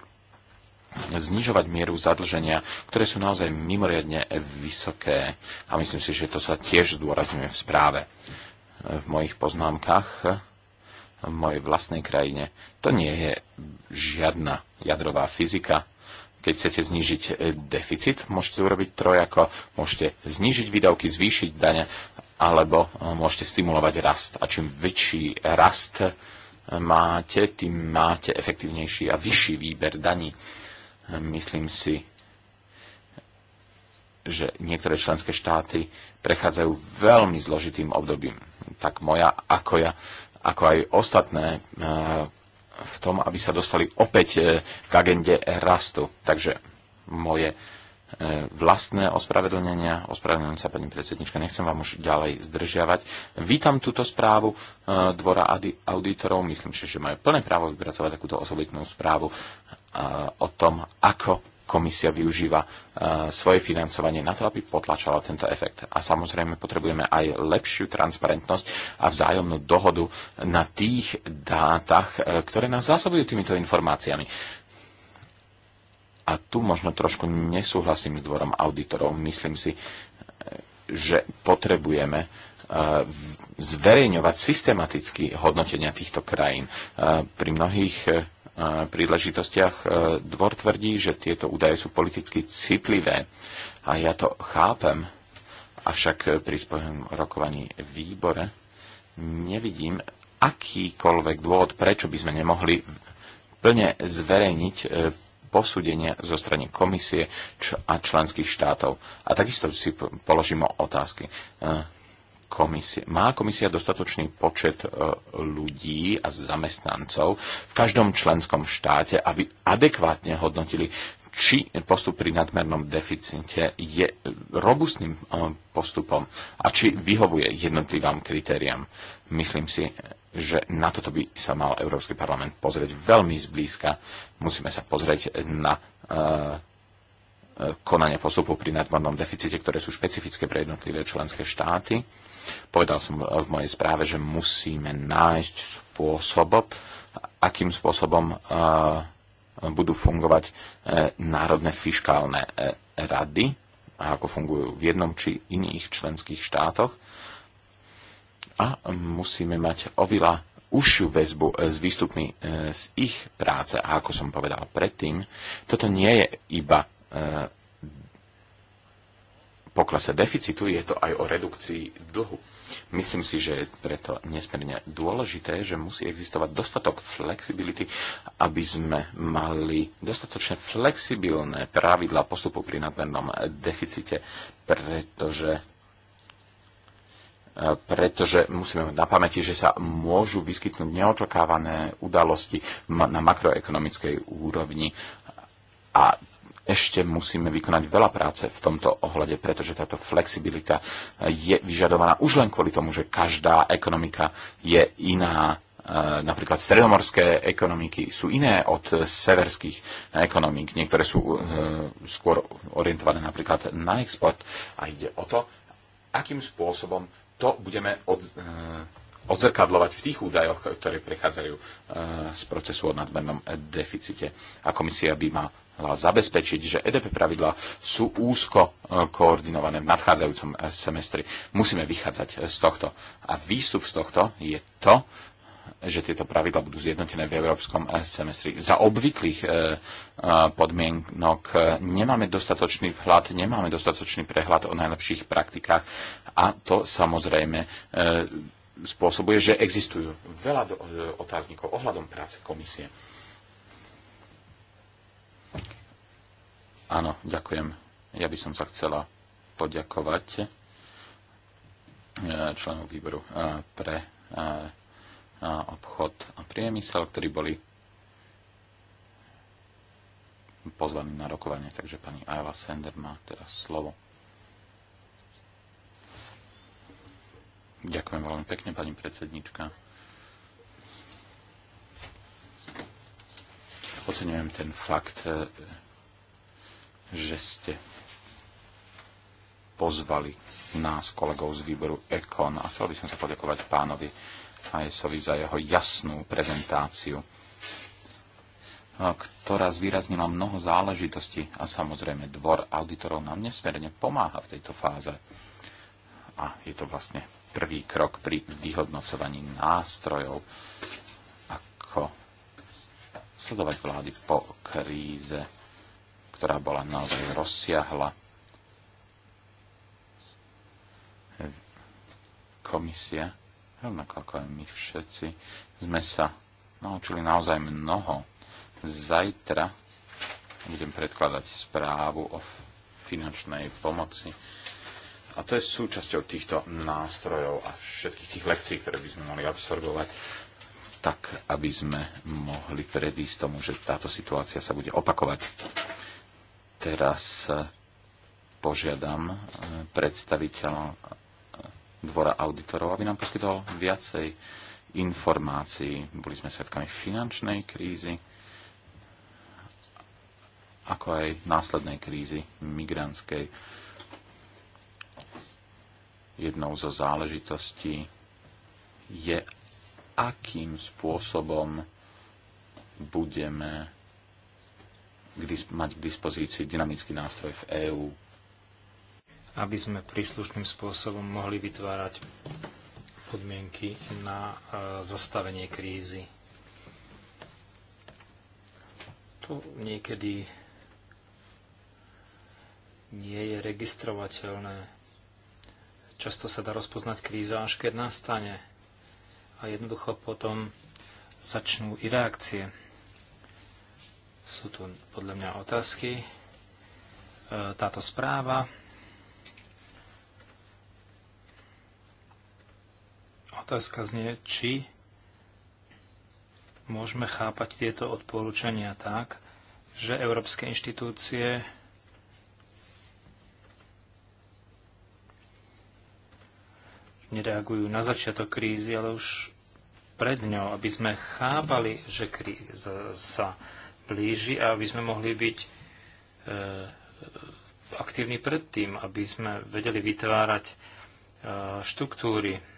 znižovať mieru zadlženia, ktoré sú naozaj mimoriadne vysoké. A myslím si, že to sa tiež zdôrazňuje v správe. V mojich poznámkach v mojej vlastnej krajine. To nie je žiadna jadrová fyzika. Keď chcete znížiť eh, deficit, môžete urobiť trojako. Môžete znížiť výdavky, zvýšiť dane, alebo eh, môžete stimulovať rast. A čím väčší rast eh, máte, tým máte efektívnejší a vyšší výber daní. Myslím si, že niektoré členské štáty prechádzajú veľmi zložitým obdobím. Tak moja, ako ja, ako aj ostatné e, v tom, aby sa dostali opäť e, k agende rastu. Takže moje E, vlastné ospravedlnenia. Ospravedlňujem sa, pani predsednička, nechcem vám už ďalej zdržiavať. Vítam túto správu e, Dvora auditorov. Myslím si, že majú plné právo vypracovať takúto osobitnú správu e, o tom, ako komisia využíva svoje financovanie na to, aby potlačala tento efekt. A samozrejme potrebujeme aj lepšiu transparentnosť a vzájomnú dohodu na tých dátach, ktoré nás zásobujú týmito informáciami a tu možno trošku nesúhlasím s dvorom auditorov. Myslím si, e, že potrebujeme e, zverejňovať systematicky hodnotenia týchto krajín. E, pri mnohých príležitostiach dvor tvrdí, že tieto údaje sú politicky citlivé. A ja to chápem, avšak pri spojom rokovaní výbore nevidím akýkoľvek dôvod, prečo by sme nemohli plne zverejniť posúdenia zo strany komisie a členských štátov. A takisto si položíme otázky. E, komisie. Má komisia dostatočný počet e, ľudí a zamestnancov v každom členskom štáte, aby adekvátne hodnotili, či postup pri nadmernom deficite je robustným e, postupom a či vyhovuje jednotlivým kritériám. Myslím si, že na toto by sa mal Európsky parlament pozrieť veľmi zblízka. Musíme sa pozrieť na eh, konanie postupu pri nadmernom deficite, ktoré sú špecifické pre jednotlivé členské štáty. Povedal som v mojej správe, že musíme nájsť spôsob, akým spôsobom eh, budú fungovať eh, národné fiškálne rady ako fungujú v jednom či iných členských štátoch a musíme mať oveľa užšiu väzbu e, s výstupmi e, z ich práce. A ako som povedal predtým, toto nie je iba e, poklase deficitu, je to aj o redukcii dlhu. Myslím si, že je preto nesmierne dôležité, že musí existovať dostatok flexibility, aby sme mali dostatočne flexibilné pravidla postupu pri nadmernom deficite, pretože pretože musíme mať na pamäti, že sa môžu vyskytnúť neočakávané udalosti na makroekonomickej úrovni a ešte musíme vykonať veľa práce v tomto ohľade, pretože táto flexibilita je vyžadovaná už len kvôli tomu, že každá ekonomika je iná. E, napríklad stredomorské ekonomiky sú iné od severských ekonomík. Niektoré sú e, skôr orientované napríklad na export. A ide o to, akým spôsobom to budeme od, e, odzrkadlovať v tých údajoch, ktoré prechádzajú e, z procesu o nadmernom deficite. A komisia by mala zabezpečiť, že EDP pravidlá sú úzko e, koordinované v nadchádzajúcom semestri. Musíme vychádzať z tohto. A výstup z tohto je to, že tieto pravidla budú zjednotené v európskom semestri. Za obvyklých e, e, podmienok e, nemáme dostatočný vhľad, nemáme dostatočný prehľad o najlepších praktikách a to samozrejme spôsobuje, že existujú veľa otáznikov ohľadom práce komisie. Áno, ďakujem. Ja by som sa chcela poďakovať členov výboru pre obchod a priemysel, ktorí boli pozvaní na rokovanie. Takže pani Ayla Sender má teraz slovo. Ďakujem veľmi pekne, pani predsednička. Oceňujem ten fakt, e, že ste pozvali nás, kolegov z výboru EKON a chcel by som sa poďakovať pánovi Fajesovi za jeho jasnú prezentáciu, ktorá zvýraznila mnoho záležitostí a samozrejme dvor auditorov nám nesmierne pomáha v tejto fáze. A je to vlastne prvý krok pri vyhodnocovaní nástrojov, ako sledovať vlády po kríze, ktorá bola naozaj rozsiahla. Komisia rovnako ako aj my všetci, sme sa naučili naozaj mnoho. Zajtra budem predkladať správu o finančnej pomoci. A to je súčasťou týchto nástrojov a všetkých tých lekcií, ktoré by sme mali absorbovať, tak aby sme mohli predísť tomu, že táto situácia sa bude opakovať. Teraz požiadam eh, predstaviteľa dvora auditorov, aby nám poskytoval viacej informácií. Boli sme svetkami finančnej krízy, ako aj následnej krízy migrantskej. Jednou zo záležitostí je, akým spôsobom budeme mať k dispozícii dynamický nástroj v EÚ aby sme príslušným spôsobom mohli vytvárať podmienky na e, zastavenie krízy. To niekedy nie je registrovateľné. Často sa dá rozpoznať kríza, až keď nastane. A jednoducho potom začnú i reakcie. Sú tu podľa mňa otázky. E, táto správa Otázka znie, či môžeme chápať tieto odporúčania tak, že európske inštitúcie nereagujú na začiatok krízy, ale už pred ňou, aby sme chápali, že kríza sa blíži a aby sme mohli byť e, aktívni predtým, aby sme vedeli vytvárať e, štruktúry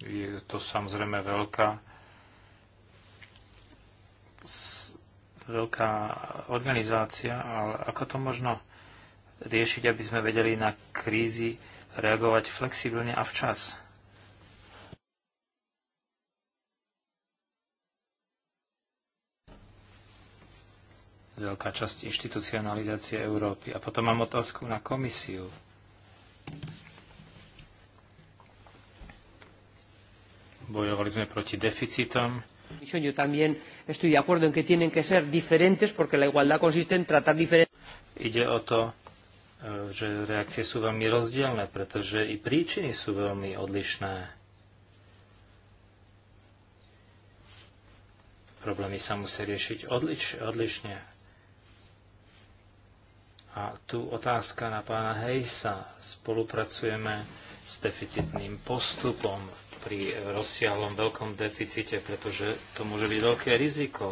je to samozrejme veľká veľká organizácia, ale ako to možno riešiť, aby sme vedeli na krízy reagovať flexibilne a včas? Veľká časť inštitucionalizácie Európy. A potom mám otázku na komisiu. Bojovali sme proti deficitom. Yo también estoy de acuerdo en que tienen que ser diferentes porque la igualdad consiste en tratar diferentes. Ide o to, e, že reakcie sú veľmi rozdielne, pretože i príčiny sú veľmi odlišné. Problémy sa musia riešiť odlič, odlišne. A tu otázka na pána Hejsa. Spolupracujeme s deficitným postupom pri rozsiahlom veľkom deficite, pretože to môže byť veľké riziko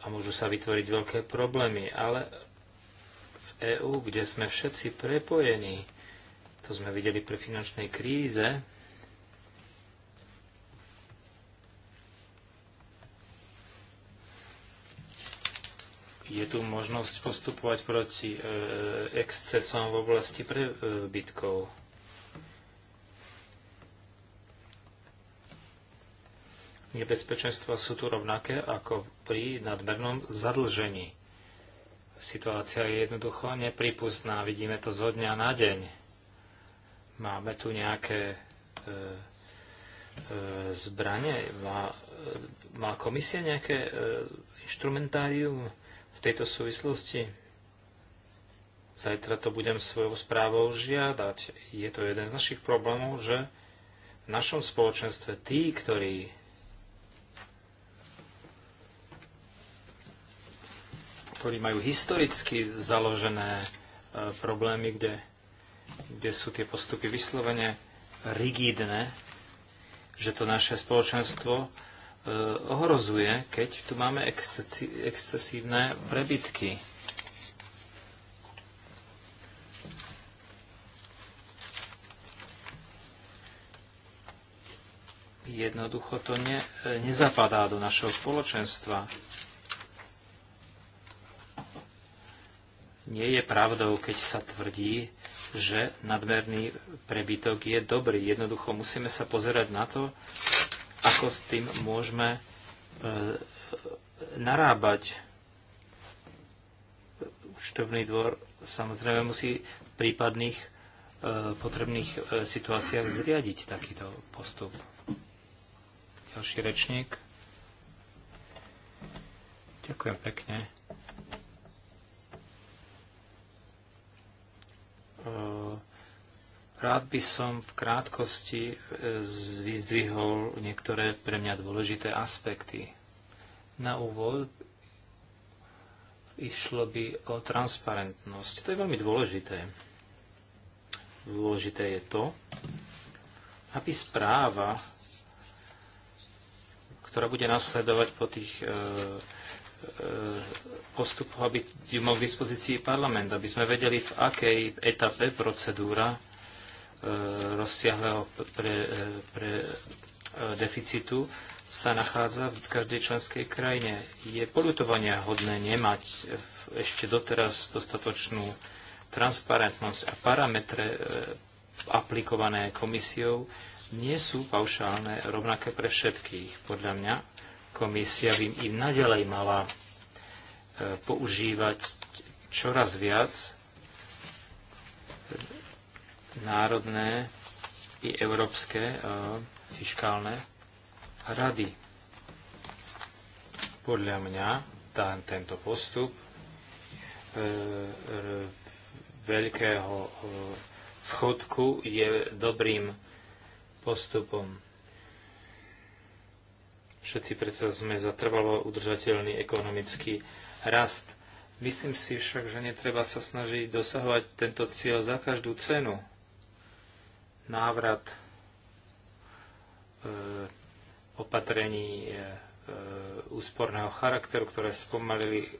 a môžu sa vytvoriť veľké problémy. Ale v EÚ, kde sme všetci prepojení, to sme videli pri finančnej kríze, je tu možnosť postupovať proti e, excesom v oblasti prebytkov. Nebezpečenstva sú tu rovnaké ako pri nadmernom zadlžení. Situácia je jednoducho nepripustná, vidíme to zo dňa na deň. Máme tu nejaké e, e, zbranie, má, e, má komisia nejaké e, inštrumentárium? v tejto súvislosti. Zajtra to budem svojou správou žiadať. Je to jeden z našich problémov, že v našom spoločenstve tí, ktorí ktorí majú historicky založené e, problémy, kde, kde sú tie postupy vyslovene rigidné, že to naše spoločenstvo Eh, ohrozuje, keď tu máme excesívne prebytky. Jednoducho to ne, eh, nezapadá do našeho spoločenstva. Nie je pravdou, keď sa tvrdí, že nadmerný prebytok je dobrý. Jednoducho musíme sa pozerať na to, ako s tým môžeme e, narábať. Účtovný dvor samozrejme musí v prípadných e, potrebných e, situáciách zriadiť takýto postup. Ďalší rečník. Ďakujem pekne. Uh Rád by som v krátkosti e, vyzdvihol niektoré pre mňa dôležité aspekty. Na úvod išlo by o transparentnosť. To je veľmi dôležité. Dôležité je to, aby správa, ktorá bude nasledovať po tých e, e postupoch, aby ju mal k dispozícii parlament, aby sme vedeli, v akej etape procedúra rozsiahleho pre, pre e, deficitu sa nachádza v každej členskej krajine. Je polutovania hodné nemať ešte doteraz dostatočnú transparentnosť a parametre e, aplikované komisiou nie sú paušálne rovnaké pre všetkých. Podľa mňa komisia by im nadalej mala e, používať čoraz viac národné i európske e, fiskálne rady. Podľa mňa tá, tento postup e, e, veľkého e, schodku je dobrým postupom. Všetci predsa sme zatrvalo udržateľný ekonomický rast. Myslím si však, že netreba sa snažiť dosahovať tento cieľ za každú cenu návrat e, opatrení e, e, úsporného charakteru, ktoré spomalili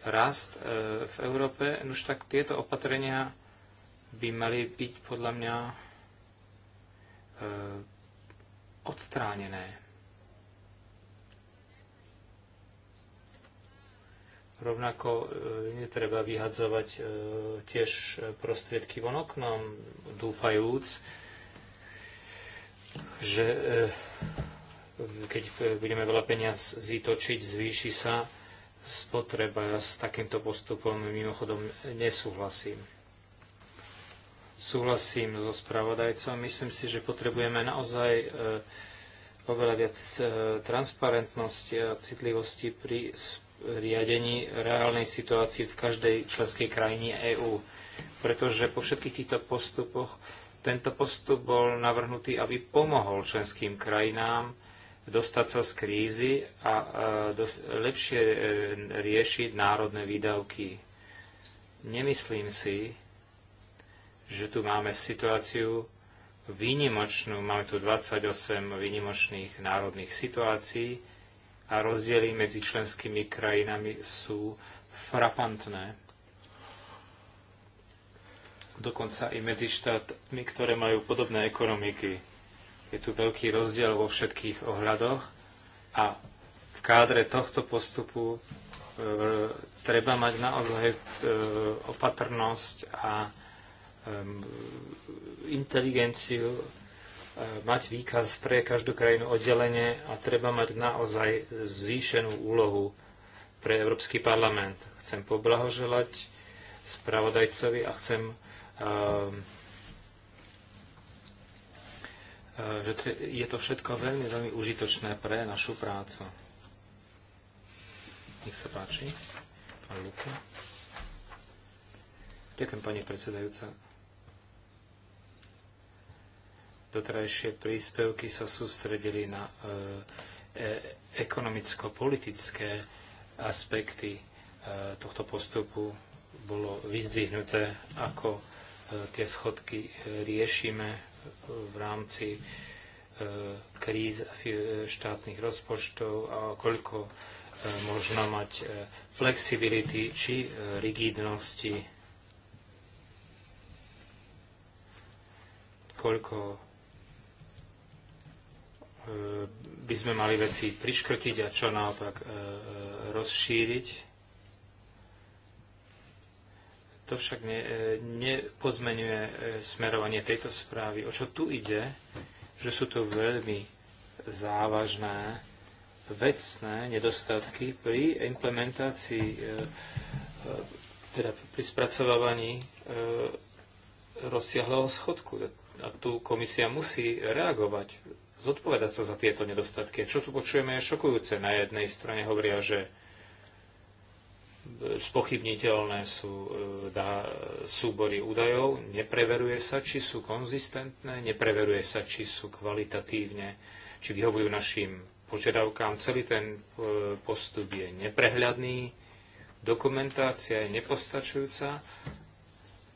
rast v Európe, už tak tieto opatrenia by mali byť podľa mňa odstránené. Rovnako e, netreba vyhadzovať e, tiež prostriedky von oknom, dúfajúc, že e, keď budeme veľa peniaz zítočiť, zvýši sa spotreba. Ja s takýmto postupom mimochodom nesúhlasím. Súhlasím so spravodajcom. Myslím si, že potrebujeme naozaj oveľa viac transparentnosti a citlivosti pri riadení reálnej situácii v každej členskej krajine EÚ. Pretože po všetkých týchto postupoch tento postup bol navrhnutý, aby pomohol členským krajinám dostať sa z krízy a lepšie e, riešiť národné výdavky. Nemyslím si, že tu máme situáciu výnimočnú, máme tu 28 výnimočných národných situácií, a rozdiely medzi členskými krajinami sú frapantné. Dokonca i medzi štátmi, ktoré majú podobné ekonomiky. Je tu veľký rozdiel vo všetkých ohľadoch a v kádre tohto postupu e, treba mať naozaj e, opatrnosť a inteligenciu E, mať výkaz pre každú krajinu oddelenie a treba mať naozaj zvýšenú úlohu pre Európsky parlament. Chcem poblahoželať spravodajcovi a chcem, e, e, že je to všetko veľmi, veľmi užitočné pre našu prácu. Nech sa páči. Pán Luka. Ďakujem, pani predsedajúca Doterajšie príspevky sa sústredili na e, e, ekonomicko-politické aspekty e, tohto postupu bolo vyzdvihnuté, ako tie schodky riešime v rámci kríz štátnych rozpočtov a koľko možno mať flexibility či rigidnosti, koľko E, by sme mali veci priškrtiť a čo naopak e, e, rozšíriť. To však ne, nepozmenuje smerovanie tejto správy. O čo tu ide, že sú to veľmi závažné vecné nedostatky pri implementácii, teda pri spracovávaní rozsiahleho schodku. A tu komisia musí reagovať zodpovedať sa za tieto nedostatky. Čo tu počujeme je šokujúce. Na jednej strane hovoria, že spochybniteľné sú e, dá, súbory údajov, nepreveruje sa, či sú konzistentné, nepreveruje sa, či sú kvalitatívne, či vyhovujú našim požiadavkám. Celý ten e, postup je neprehľadný, dokumentácia je nepostačujúca.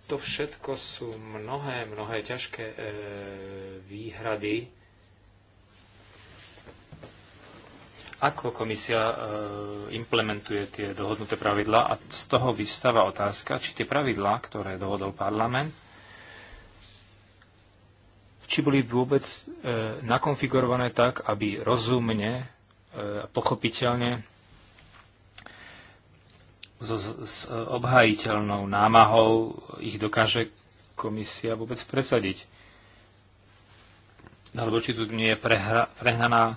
To všetko sú mnohé, mnohé ťažké e, výhrady, ako komisia e, implementuje tie dohodnuté pravidlá a z toho vystáva otázka, či tie pravidlá, ktoré dohodol parlament, či boli vôbec e, nakonfigurované tak, aby rozumne, e, pochopiteľne so, s obhajiteľnou námahou ich dokáže komisia vôbec presadiť. Alebo či tu nie je prehra, prehnaná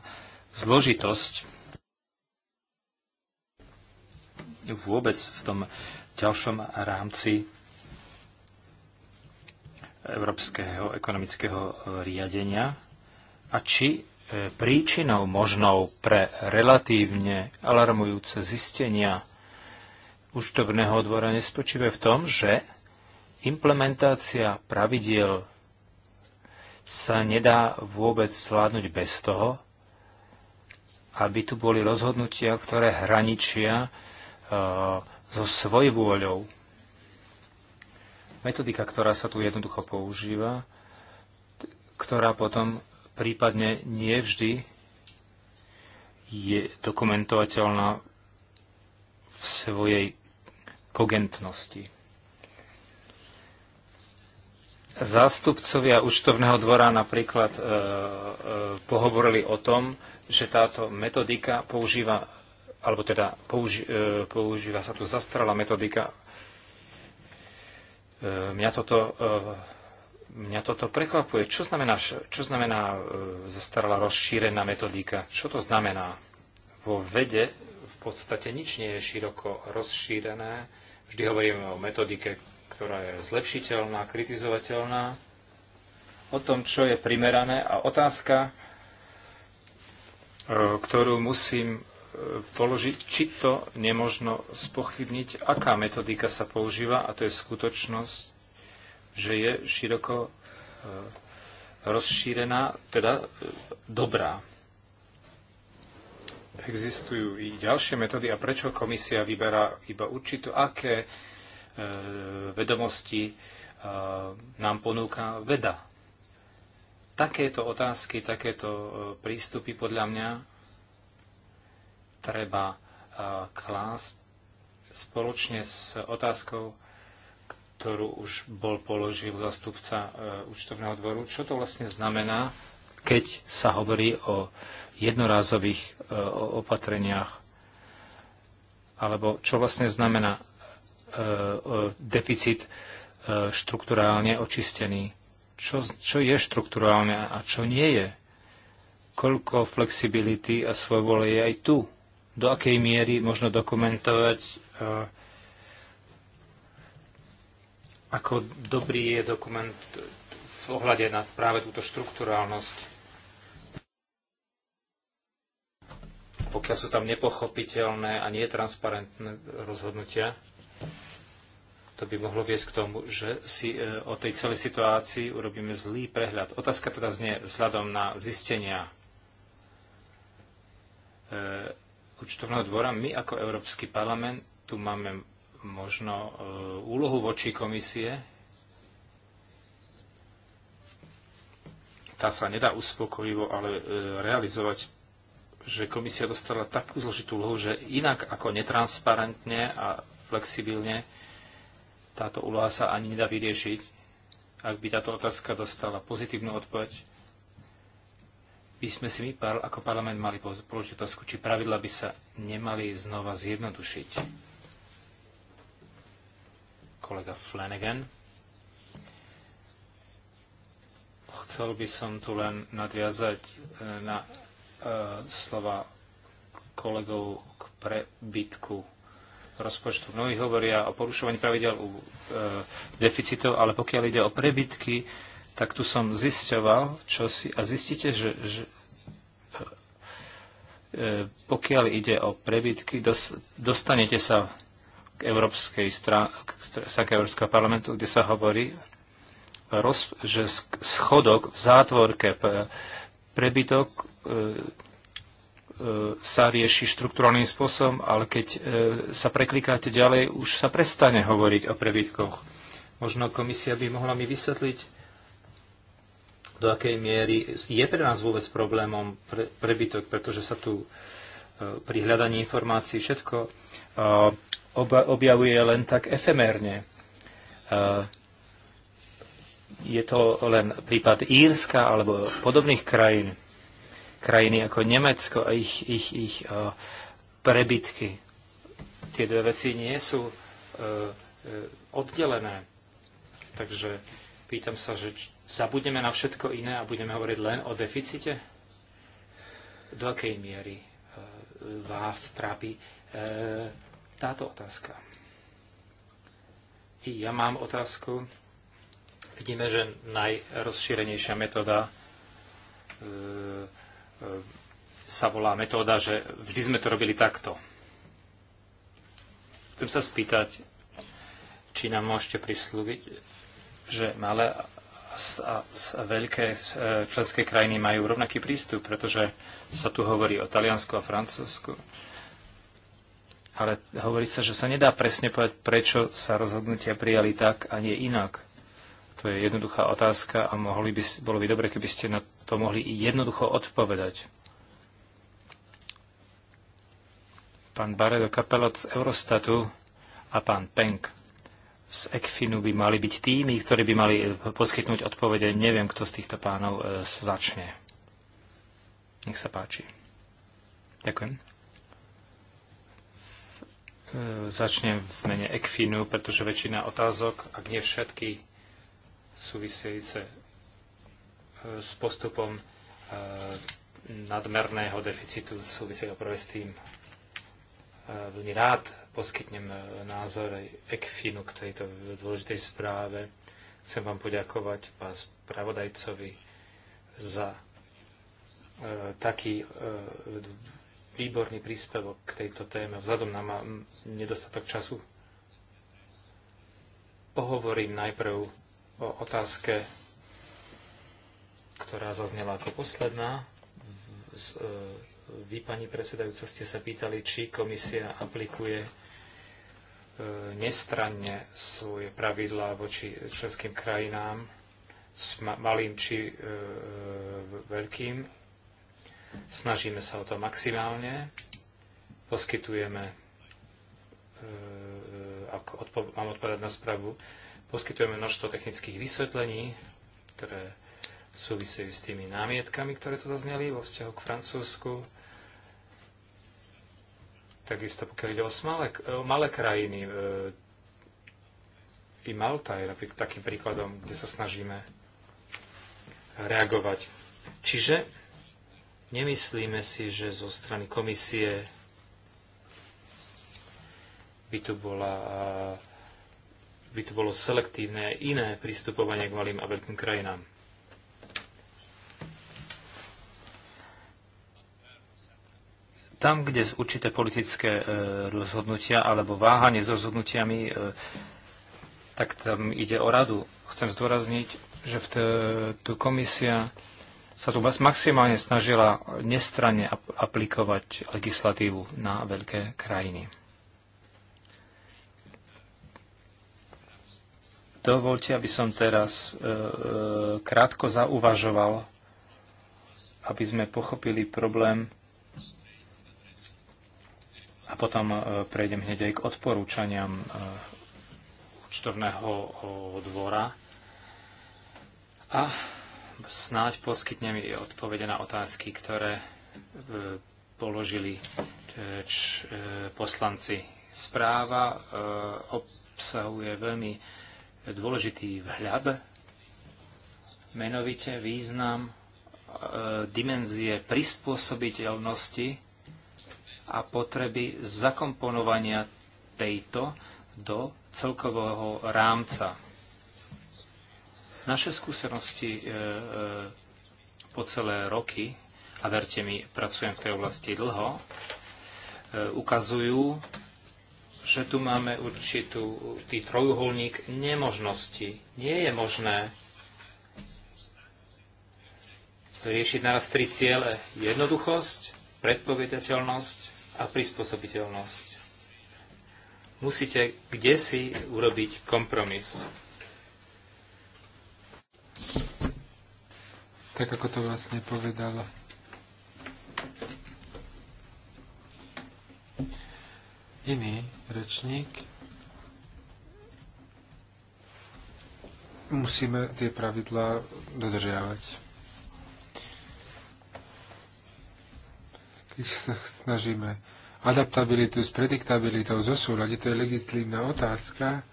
zložitosť vôbec v tom ďalšom rámci európskeho ekonomického e, riadenia a či e, príčinou možnou pre relatívne alarmujúce zistenia účtovného odvora nespočíva v tom, že implementácia pravidiel sa nedá vôbec zvládnuť bez toho, aby tu boli rozhodnutia, ktoré hraničia Uh, so vôľou. Metodika, ktorá sa tu jednoducho používa, ktorá potom prípadne nie vždy je dokumentovateľná v svojej kogentnosti. Zástupcovia účtovného dvora napríklad e, e, pohovorili o tom, že táto metodika používa alebo teda použi, e, používa sa tu zastrala metodika. E, mňa toto, e, mňa toto prekvapuje. Čo znamená, čo znamená zastrala rozšírená metodika? Čo to znamená? Vo vede v podstate nič nie je široko rozšírené. Vždy hovoríme o metodike, ktorá je zlepšiteľná, kritizovateľná, o tom, čo je primerané a otázka, ktorú musím položiť, či to nemožno spochybniť, aká metodika sa používa, a to je skutočnosť, že je široko e, rozšírená, teda e, dobrá. Existujú i ďalšie metódy a prečo komisia vyberá iba určitú, aké e, vedomosti nám ponúka veda. Takéto otázky, takéto prístupy podľa mňa treba e, klásť spoločne s otázkou, ktorú už bol položil zastupca e, účtovného dvoru. Čo to vlastne znamená, keď sa hovorí o jednorázových e, opatreniach? Alebo čo vlastne znamená deficit štrukturálne očistený? Čo, čo je štrukturálne a čo nie je? Koľko flexibility a svojvole je aj tu? do akej miery možno dokumentovať, eh, ako dobrý je dokument v ohľade na práve túto štruktúrálnosť. Pokiaľ sú tam nepochopiteľné a netransparentné rozhodnutia, to by mohlo viesť k tomu, že si eh, o tej celej situácii urobíme zlý prehľad. Otázka teda znie vzhľadom na zistenia eh, účtovného dvora, my ako Európsky parlament tu máme možno e, úlohu voči komisie. Tá sa nedá uspokojivo, ale e, realizovať, že komisia dostala takú zložitú úlohu, že inak ako netransparentne a flexibilne táto úloha sa ani nedá vyriešiť. Ak by táto otázka dostala pozitívnu odpoveď, by sme si my ako parlament mali položiť otázku, či pravidla by sa nemali znova zjednodušiť. Kolega Flanagan. Chcel by som tu len nadviazať e, na uh, slova kolegov k prebytku rozpočtu. Mnohí hovoria o porušovaní pravidel u uh, deficitov, ale pokiaľ ide o prebytky, tak tu som zisťoval, čo si, a zistíte, že, že e, pokiaľ ide o prebytky, dos, dostanete sa k Európskej strane, k Európskeho parlamentu, kde sa hovorí, roz, že schodok v zátvorke prebytok e, e, sa rieši štruktúrálnym spôsobom, ale keď sa preklikáte ďalej, už sa prestane hovoriť o prebytkoch. Možno komisia by mohla mi vysvetliť, do akej miery je pre nás vôbec problémom pre, prebytok, pretože sa tu e, pri hľadaní informácií všetko e, objavuje len tak efemérne. E, je to len prípad Írska alebo podobných krajín. Krajiny ako Nemecko a ich, ich, ich prebytky. Tie dve veci nie sú oddelené. Takže pýtam sa, že zabudneme na všetko iné a budeme hovoriť len o deficite? Do akej miery e, vás trápi e, táto otázka? I ja mám otázku. Vidíme, že najrozšírenejšia metóda e, sa volá metóda, že vždy sme to robili takto. Chcem sa spýtať, či nám môžete prislúbiť, že malé veľké e, členské krajiny majú rovnaký prístup, pretože sa tu hovorí o Taliansku a Francúzsku. Ale hovorí sa, že sa nedá presne povedať, prečo sa rozhodnutia prijali tak a nie inak. To je jednoduchá otázka a mohli by, bolo by dobre, keby ste na to mohli jednoducho odpovedať. Pán Baredo Kapelot z Eurostatu a pán Penk z ECFINu by mali byť tými, ktorí by mali eh, poskytnúť odpovede. Neviem, kto z týchto pánov eh, začne. Nech sa páči. Ďakujem. Eh, začnem v mene ECFINu, pretože väčšina otázok, ak nie všetky, súvisiace s postupom nadmerného deficitu súvisia práve s tým. Veľmi rád poskytnem e, názor aj ECFINu k tejto dôležitej správe. Chcem vám poďakovať, pán spravodajcovi, za e, taký e, výborný príspevok k tejto téme, vzhľadom na nedostatok času. Pohovorím najprv o otázke, ktorá zaznela ako posledná. E, vy, pani predsedajúca, ste sa pýtali, či komisia aplikuje nestranne svoje pravidlá voči členským krajinám, s malým či e, veľkým. Snažíme sa o to maximálne. Poskytujeme, e, e, ako odpo- mám odpovedať na spravu, poskytujeme množstvo technických vysvetlení, ktoré súvisejú s tými námietkami, ktoré tu zazneli vo vzťahu k Francúzsku Takisto pokiaľ ide o, smale, o malé krajiny, e, i Malta je napríklad takým príkladom, kde sa snažíme reagovať. Čiže nemyslíme si, že zo strany komisie by tu, bola, by tu bolo selektívne iné pristupovanie k malým a veľkým krajinám. tam, kde určité politické e, rozhodnutia alebo váhanie s rozhodnutiami, e, tak tam ide o radu. Chcem zdôrazniť, že v tu komisia sa tu maximálne snažila nestranne aplikovať legislatívu na veľké krajiny. Dovolte, aby som teraz e, krátko zauvažoval, aby sme pochopili problém a potom e, prejdem hneď aj k odporúčaniam e, účtovného dvora. A snáď poskytnem i odpovede na otázky, ktoré e, položili poslanci. Správa obsahuje veľmi dôležitý vhľad, menovite význam dimenzie prispôsobiteľnosti a potreby zakomponovania tejto do celkového rámca. Naše skúsenosti e, e, po celé roky, a verte mi, pracujem v tej oblasti dlho, e, ukazujú, že tu máme určitú tý trojuholník nemožnosti. Nie je možné riešiť naraz tri ciele. Jednoduchosť, predpovedateľnosť a prispôsobiteľnosť. Musíte kde si urobiť kompromis. Tak ako to vlastne povedala iný rečník, musíme tie pravidlá dodržiavať. keď sa snažíme adaptabilitu s prediktabilitou zosúľadiť, to je legitímna otázka,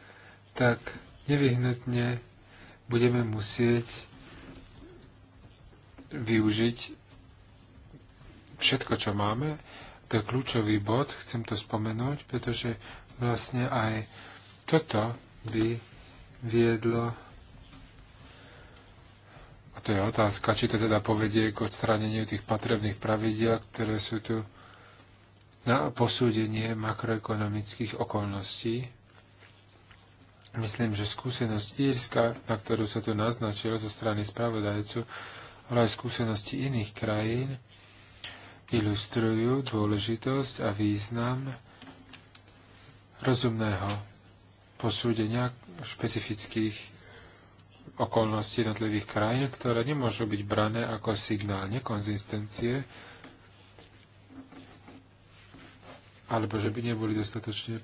tak nevyhnutne budeme musieť využiť všetko, čo máme. To je kľúčový bod, chcem to spomenúť, pretože vlastne aj toto by viedlo to je otázka, či to teda povedie k odstraneniu tých potrebných pravidiel, ktoré sú tu na posúdenie makroekonomických okolností. Myslím, že skúsenosť Írska, na ktorú sa tu naznačilo zo strany spravodajcu, ale aj skúsenosti iných krajín, ilustrujú dôležitosť a význam rozumného posúdenia špecifických okolnosti jednotlivých krajín, ktoré nemôžu byť brané ako signál nekonzistencie, alebo že by neboli dostatočne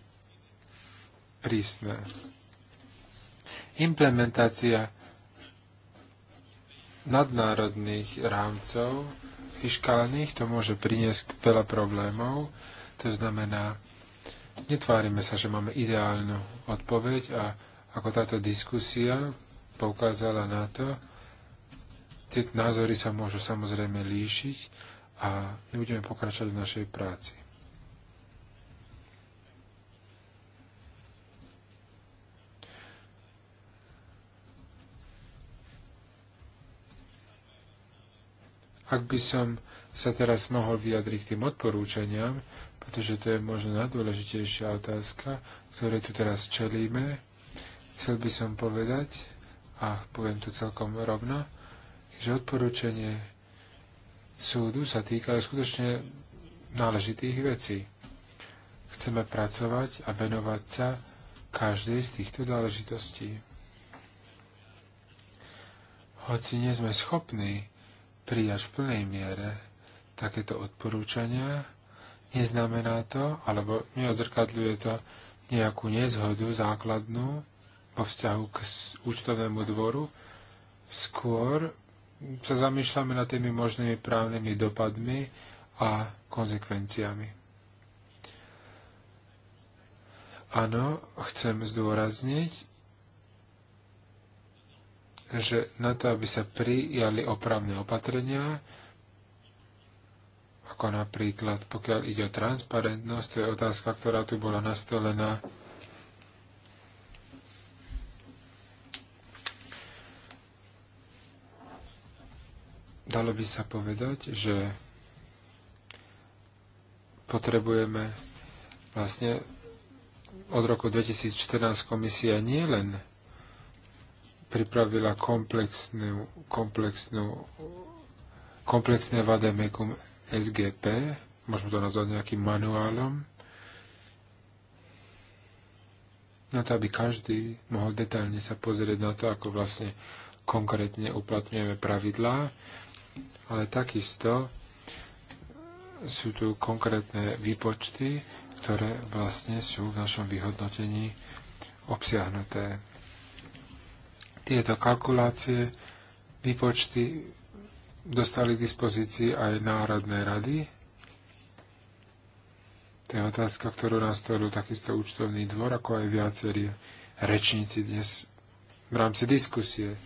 prísne. Implementácia nadnárodných rámcov fiskálnych to môže priniesť veľa problémov. To znamená, netvárime sa, že máme ideálnu odpoveď a ako táto diskusia poukázala na to, tie názory sa môžu samozrejme líšiť a my budeme pokračovať v našej práci. Ak by som sa teraz mohol vyjadriť k tým odporúčaniam, pretože to je možno najdôležitejšia otázka, ktoré tu teraz čelíme, chcel by som povedať, a poviem to celkom rovno, že odporúčanie súdu sa týka skutočne náležitých vecí. Chceme pracovať a venovať sa každej z týchto záležitostí. Hoci nie sme schopní prijať v plnej miere takéto odporúčania, neznamená to, alebo neozrkadľuje to nejakú nezhodu základnú po vzťahu k účtovnému dvoru. Skôr sa zamýšľame nad tými možnými právnymi dopadmi a konsekvenciami. Áno, chcem zdôrazniť, že na to, aby sa prijali opravné opatrenia, ako napríklad, pokiaľ ide o transparentnosť, to je otázka, ktorá tu bola nastolená, dalo by sa povedať, že potrebujeme vlastne od roku 2014 komisia nie len pripravila komplexnú, komplexnú, komplexné vademekum SGP, môžeme to nazvať nejakým manuálom, na to, aby každý mohol detailne sa pozrieť na to, ako vlastne konkrétne uplatňujeme pravidlá ale takisto sú tu konkrétne výpočty, ktoré vlastne sú v našom vyhodnotení obsiahnuté. Tieto kalkulácie, výpočty dostali k dispozícii aj Národné rady. To je otázka, ktorú nás stvoril takisto účtovný dvor, ako aj viacerí rečníci dnes v rámci diskusie.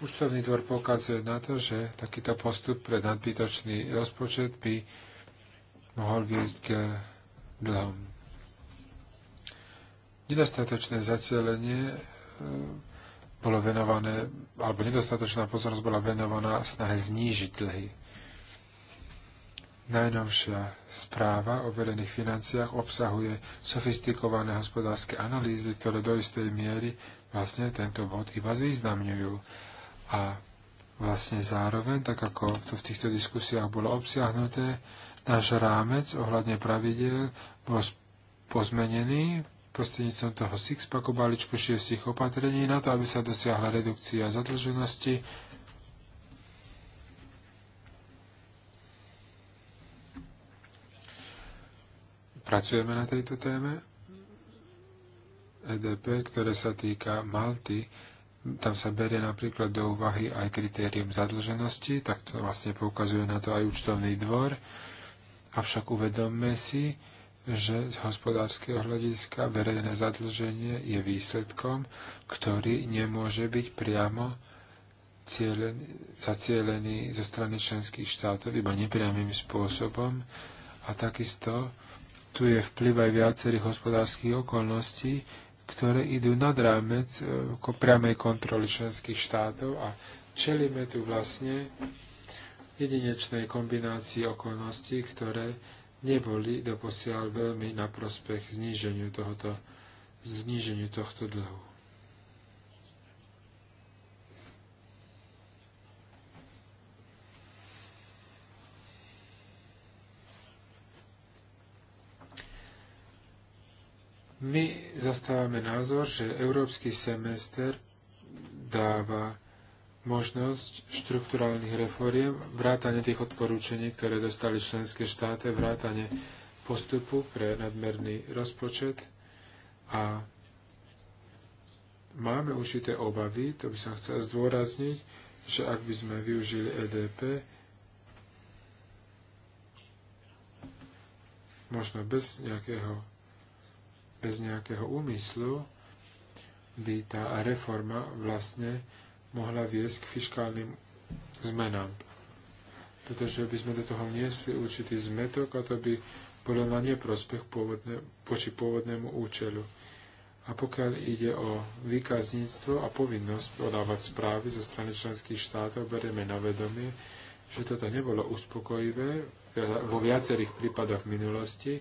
Účtovný dvor pokazuje na to, že takýto postup pre nadbytočný rozpočet by mohol viesť k dlhom. Nedostatočné zacielenie eh, bolo venované, alebo nedostatočná pozornosť bola venovaná snahe znížiť dlhy. Najnovšia správa o verejných financiách obsahuje sofistikované hospodárske analýzy, ktoré do istej miery vlastne tento bod iba zvýznamňujú. A vlastne zároveň, tak ako to v týchto diskusiách bolo obsiahnuté, náš rámec ohľadne pravidel bol pozmenený prostredníctvom toho six-packu balíčku šiestich opatrení na to, aby sa dosiahla redukcia zadlženosti Pracujeme na tejto téme. EDP, ktoré sa týka Malty, tam sa berie napríklad do úvahy aj kritérium zadlženosti, tak to vlastne poukazuje na to aj účtovný dvor. Avšak uvedomme si, že z hospodárskeho hľadiska verejné zadlženie je výsledkom, ktorý nemôže byť priamo cieľený, zacielený zo strany členských štátov iba nepriamým spôsobom a takisto tu je vplyv aj viacerých hospodárskych okolností, ktoré idú nad rámec e, priamej kontroly členských štátov a čelíme tu vlastne jedinečnej kombinácii okolností, ktoré neboli doposiaľ veľmi na prospech zníženiu tohoto zníženiu tohto dlhu. My zastávame názor, že európsky semester dáva možnosť štrukturálnych reforiem, vrátane tých odporúčení, ktoré dostali členské štáty, vrátane postupu pre nadmerný rozpočet a máme určité obavy, to by som chcel zdôrazniť, že ak by sme využili EDP, možno bez nejakého bez nejakého úmyslu by tá reforma vlastne mohla viesť k fiskálnym zmenám. Pretože by sme do toho vniesli určitý zmetok a to by bolo na neprospech pôvodne, poči pôvodnému účelu. A pokiaľ ide o výkazníctvo a povinnosť podávať správy zo strany členských štátov, berieme na vedomie, že toto nebolo uspokojivé vo viacerých prípadoch v minulosti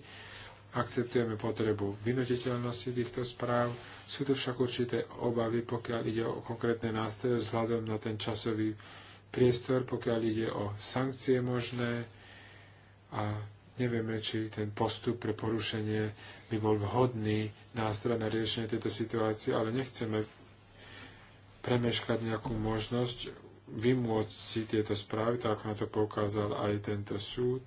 akceptujeme potrebu vynutiteľnosti týchto správ. Sú tu však určité obavy, pokiaľ ide o konkrétne nástroje vzhľadom na ten časový priestor, pokiaľ ide o sankcie možné a nevieme, či ten postup pre porušenie by bol vhodný nástroj na riešenie tejto situácie, ale nechceme premeškať nejakú možnosť vymôcť si tieto správy, tak ako na to poukázal aj tento súd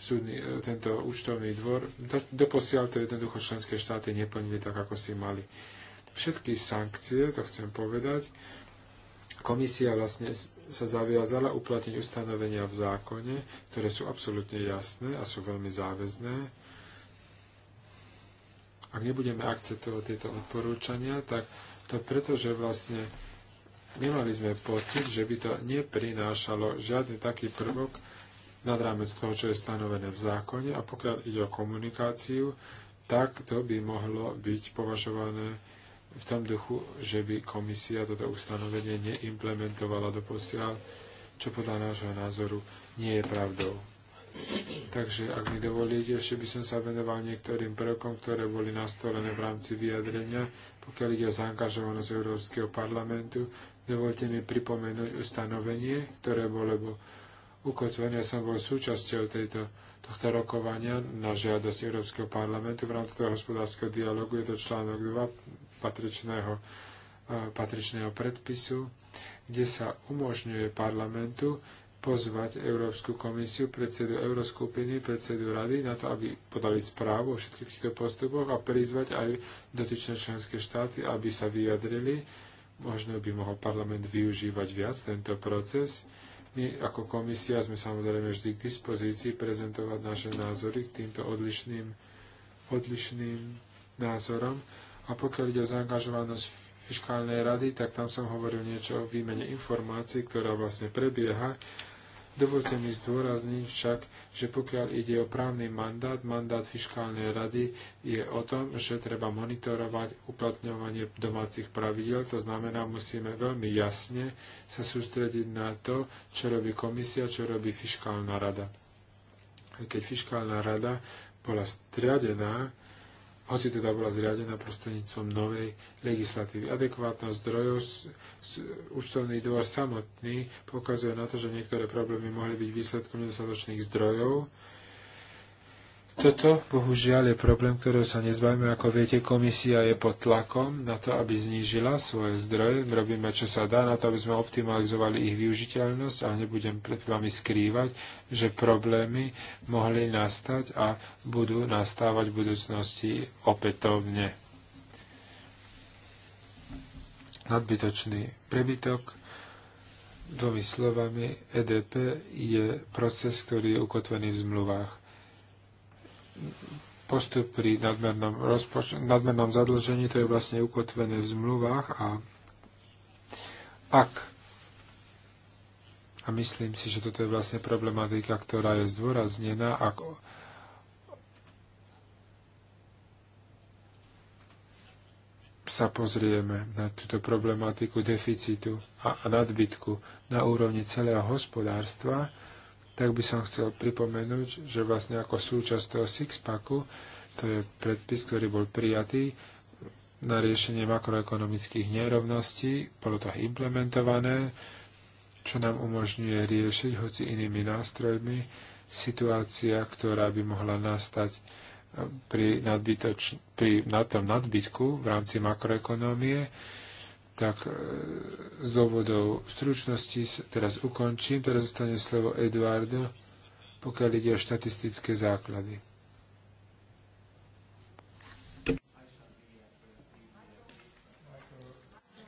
súdny, e, tento účtovný dvor. Doposiaľ to jednoducho členské štáty neplnili tak, ako si mali. Všetky sankcie, to chcem povedať, komisia vlastne sa zaviazala uplatniť ustanovenia v zákone, ktoré sú absolútne jasné a sú veľmi záväzné. Ak nebudeme akceptovať tieto odporúčania, tak to preto, že vlastne nemali sme pocit, že by to neprinášalo žiadny taký prvok, nad rámec toho, čo je stanovené v zákone a pokiaľ ide o komunikáciu, tak to by mohlo byť považované v tom duchu, že by komisia toto ustanovenie neimplementovala do posiaľ, čo podľa nášho názoru nie je pravdou. Takže ak mi dovolíte, ešte by som sa venoval niektorým prvkom, ktoré boli nastolené v rámci vyjadrenia, pokiaľ ide o zaangažovanosť Európskeho parlamentu. Dovolte mi pripomenúť ustanovenie, ktoré bolo Ukotvenia som bol súčasťou tejto, tohto rokovania na žiadosť Európskeho parlamentu v rámci toho hospodárskeho dialogu. Je to článok 2 patričného, e, patričného predpisu, kde sa umožňuje parlamentu pozvať Európsku komisiu, predsedu Euroskupiny, predsedu rady na to, aby podali správu o všetkých týchto postupoch a prizvať aj dotyčné členské štáty, aby sa vyjadrili. Možno by mohol parlament využívať viac tento proces my ako komisia sme samozrejme vždy k dispozícii prezentovať naše názory k týmto odlišným, odlišným názorom. A pokiaľ ide o zaangažovanosť fiskálnej rady, tak tam som hovoril niečo o výmene informácií, ktorá vlastne prebieha Dovolte mi zdôrazniť však, že pokiaľ ide o právny mandát, mandát fiskálnej rady je o tom, že treba monitorovať uplatňovanie domácich pravidel, to znamená, musíme veľmi jasne sa sústrediť na to, čo robí komisia, čo robí fiskálna rada. Keď fiskálna rada bola striadená, hoci teda bola zriadená prostredníctvom novej legislatívy. Adekvátnosť zdrojov, účtovný dvor samotný pokazuje na to, že niektoré problémy mohli byť výsledkom nedostatočných zdrojov, toto, bohužiaľ, je problém, ktorého sa nezbavíme. Ako viete, komisia je pod tlakom na to, aby znížila svoje zdroje. Robíme, čo sa dá, na to, aby sme optimalizovali ich využiteľnosť, ale nebudem pred vami skrývať, že problémy mohli nastať a budú nastávať v budúcnosti opätovne. Nadbytočný prebytok Dvomi slovami, EDP je proces, ktorý je ukotvený v zmluvách postup pri nadmernom, rozpoč- nadmernom zadlžení, to je vlastne ukotvené v zmluvách a ak a myslím si, že toto je vlastne problematika, ktorá je zdôraznená, ak sa pozrieme na túto problematiku deficitu a nadbytku na úrovni celého hospodárstva, tak by som chcel pripomenúť, že vlastne ako súčasť toho six-packu, to je predpis, ktorý bol prijatý na riešenie makroekonomických nerovností, bolo to implementované, čo nám umožňuje riešiť, hoci inými nástrojmi, situácia, ktorá by mohla nastať pri, nadbytoč, pri na tom nadbytku v rámci makroekonómie, tak e, z dôvodov stručnosti teraz ukončím. Teraz zostane slovo Eduardo, pokiaľ ide o štatistické základy.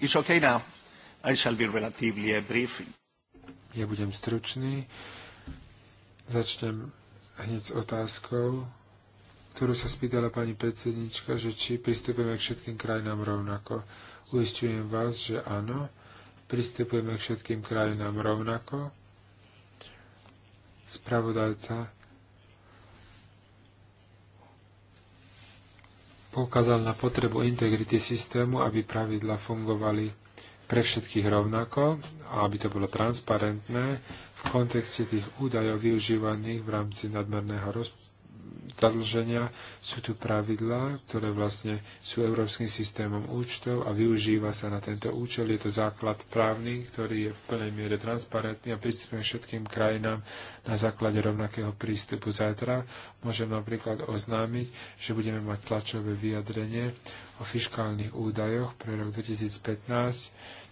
It's okay now. I shall be relatively brief. Ja budem stručný. Začnem hneď s otázkou, ktorú sa spýtala pani predsednička, že či pristupujeme k všetkým krajinám rovnako. Uistujem vás, že áno, pristupujeme k všetkým krajinám rovnako. Spravodajca poukázal na potrebu integrity systému, aby pravidla fungovali pre všetkých rovnako a aby to bolo transparentné v kontexte tých údajov využívaných v rámci nadmerného rozpočtu zadlženia. Sú tu pravidlá, ktoré vlastne sú európskym systémom účtov a využíva sa na tento účel. Je to základ právny, ktorý je v plnej miere transparentný a prístupný všetkým krajinám na základe rovnakého prístupu. Zajtra môžem napríklad oznámiť, že budeme mať tlačové vyjadrenie o fiškálnych údajoch pre rok 2015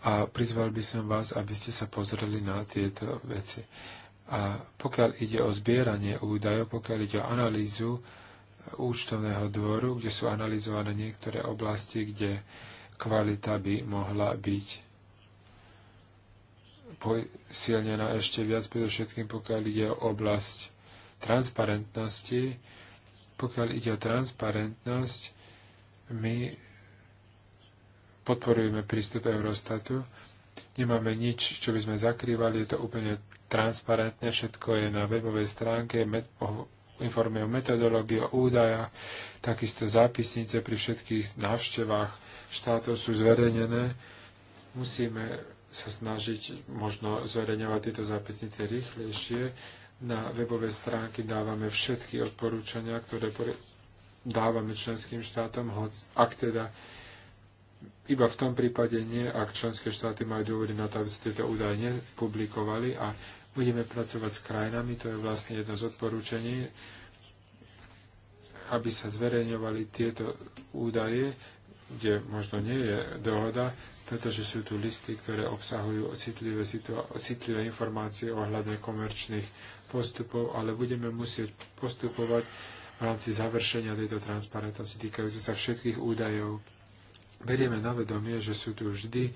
a prizval by som vás, aby ste sa pozreli na tieto veci. A pokiaľ ide o zbieranie údajov, pokiaľ ide o analýzu e, účtovného dvoru, kde sú analyzované niektoré oblasti, kde kvalita by mohla byť posilnená ešte viac, predovšetkým pokiaľ ide o oblasť transparentnosti. Pokiaľ ide o transparentnosť, my podporujeme prístup Eurostatu. Nemáme nič, čo by sme zakrývali, je to úplne Transparentne všetko je na webovej stránke, met, o, informuje o metodológii, o údajach, takisto zápisnice pri všetkých návštevách štátov sú zverejnené. Musíme sa snažiť možno zverejňovať tieto zápisnice rýchlejšie. Na webovej stránke dávame všetky odporúčania, ktoré dávame členským štátom, hoď, ak teda iba v tom prípade nie, ak členské štáty majú dôvody na to, aby sa tieto údaje nepublikovali a budeme pracovať s krajinami, to je vlastne jedno z odporúčení, aby sa zverejňovali tieto údaje, kde možno nie je dohoda, pretože sú tu listy, ktoré obsahujú citlivé, citlivé informácie ohľadne komerčných postupov, ale budeme musieť postupovať v rámci završenia tejto transparentnosti týkajúce sa všetkých údajov. Berieme na vedomie, že sú tu vždy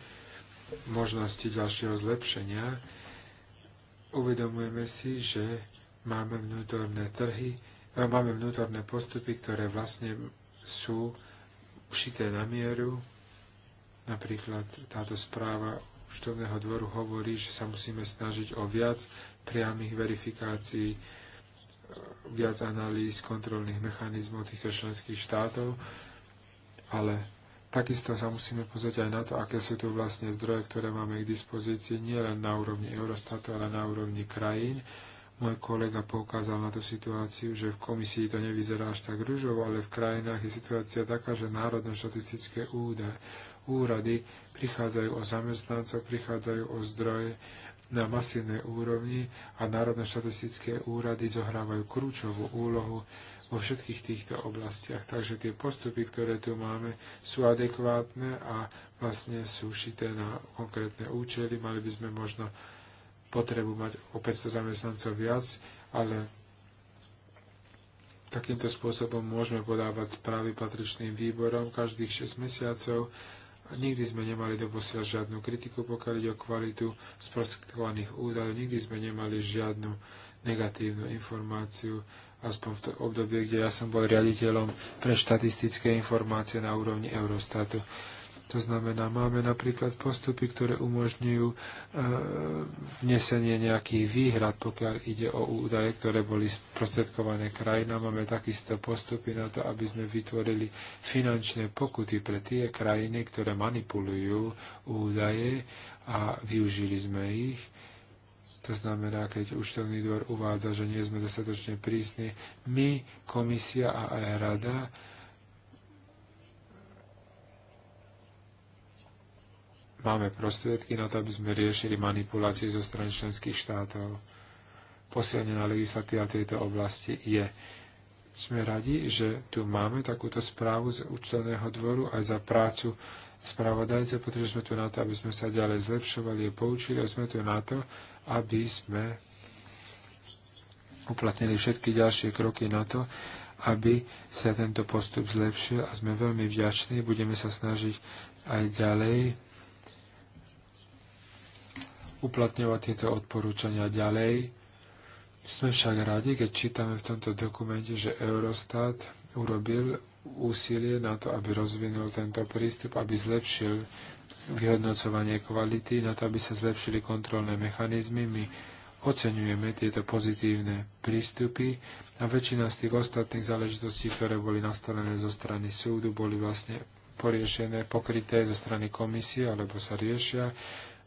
možnosti ďalšieho zlepšenia, uvedomujeme si, že máme vnútorné trhy, e, máme vnútorné postupy, ktoré vlastne sú ušité na mieru. Napríklad táto správa štovného dvoru hovorí, že sa musíme snažiť o viac priamých verifikácií, e, viac analýz, kontrolných mechanizmov týchto členských štátov, ale Takisto sa musíme pozrieť aj na to, aké sú tu vlastne zdroje, ktoré máme k dispozícii, nielen na úrovni Eurostatu, ale na úrovni krajín. Môj kolega poukázal na tú situáciu, že v komisii to nevyzerá až tak ružovo, ale v krajinách je situácia taká, že národné štatistické údaje, úrady prichádzajú o zamestnancov, prichádzajú o zdroje na masívnej úrovni a národné štatistické úrady zohrávajú kľúčovú úlohu vo všetkých týchto oblastiach. Takže tie postupy, ktoré tu máme, sú adekvátne a vlastne sú šité na konkrétne účely. Mali by sme možno potrebu mať o 500 zamestnancov viac, ale takýmto spôsobom môžeme podávať správy patričným výborom každých 6 mesiacov. Nikdy sme nemali doposiaľ žiadnu kritiku, pokiaľ ide o kvalitu sprostredkovaných údajov. Nikdy sme nemali žiadnu negatívnu informáciu aspoň v tom období, kde ja som bol riaditeľom pre štatistické informácie na úrovni Eurostatu. To znamená, máme napríklad postupy, ktoré umožňujú e, vnesenie nejakých výhrad, pokiaľ ide o údaje, ktoré boli sprostredkované krajina. Máme takisto postupy na to, aby sme vytvorili finančné pokuty pre tie krajiny, ktoré manipulujú údaje a využili sme ich to znamená, keď účtovný dvor uvádza, že nie sme dostatočne prísni, my, komisia a aj rada máme prostriedky na to, aby sme riešili manipulácie zo strany členských štátov. Posilnená legislatíva tejto oblasti je. Sme radi, že tu máme takúto správu z účtovného dvoru aj za prácu spravodajce, pretože sme tu na to, aby sme sa ďalej zlepšovali a poučili, a sme tu na to, aby sme uplatnili všetky ďalšie kroky na to, aby sa tento postup zlepšil a sme veľmi vďační. Budeme sa snažiť aj ďalej uplatňovať tieto odporúčania ďalej. Sme však radi, keď čítame v tomto dokumente, že Eurostat urobil úsilie na to, aby rozvinul tento prístup, aby zlepšil vyhodnocovanie kvality, na to, aby sa zlepšili kontrolné mechanizmy. My oceňujeme tieto pozitívne prístupy a väčšina z tých ostatných záležitostí, ktoré boli nastavené zo strany súdu, boli vlastne poriešené, pokryté zo strany komisie alebo sa riešia.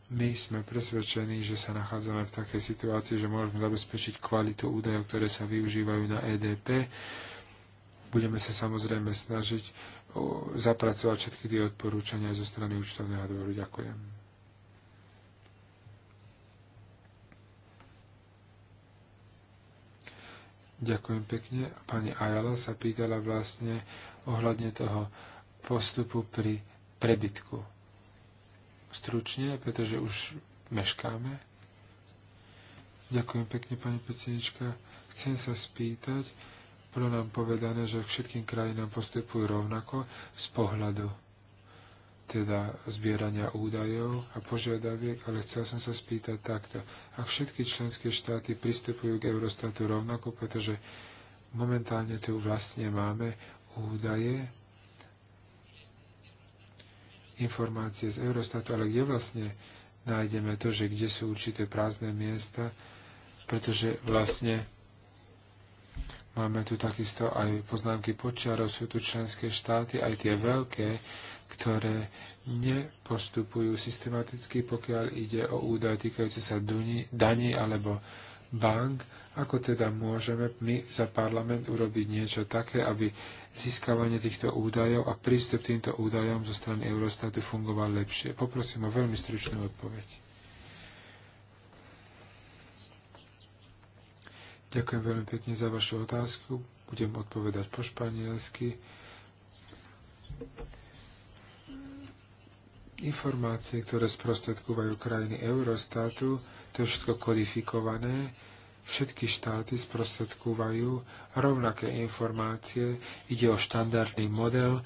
My sme presvedčení, že sa nachádzame v takej situácii, že môžeme zabezpečiť kvalitu údajov, ktoré sa využívajú na EDP. Budeme sa samozrejme snažiť zapracovať všetky tie odporúčania zo strany účtovného dvoru. Ďakujem. Ďakujem pekne. Pani Ajala sa pýtala vlastne ohľadne toho postupu pri prebytku. Stručne, pretože už meškáme. Ďakujem pekne, pani predsednička. Chcem sa spýtať, bolo nám povedané, že všetkým krajinám postupujú rovnako z pohľadu teda zbierania údajov a požiadaviek, ale chcel som sa spýtať takto. Ak všetky členské štáty pristupujú k Eurostatu rovnako, pretože momentálne tu vlastne máme údaje, informácie z Eurostatu, ale kde vlastne nájdeme to, že kde sú určité prázdne miesta, pretože vlastne Máme tu takisto aj poznámky počiarov, sú tu členské štáty, aj tie veľké, ktoré nepostupujú systematicky, pokiaľ ide o údaj týkajúce sa duni, daní alebo bank. Ako teda môžeme my za parlament urobiť niečo také, aby získavanie týchto údajov a prístup týmto údajom zo strany Eurostatu fungoval lepšie? Poprosím o veľmi stručnú odpoveď. Ďakujem veľmi pekne za vašu otázku. Budem odpovedať po španielsky. Informácie, ktoré sprostredkúvajú krajiny Eurostatu, to je všetko kodifikované. Všetky štáty sprostredkúvajú rovnaké informácie. Ide o štandardný model,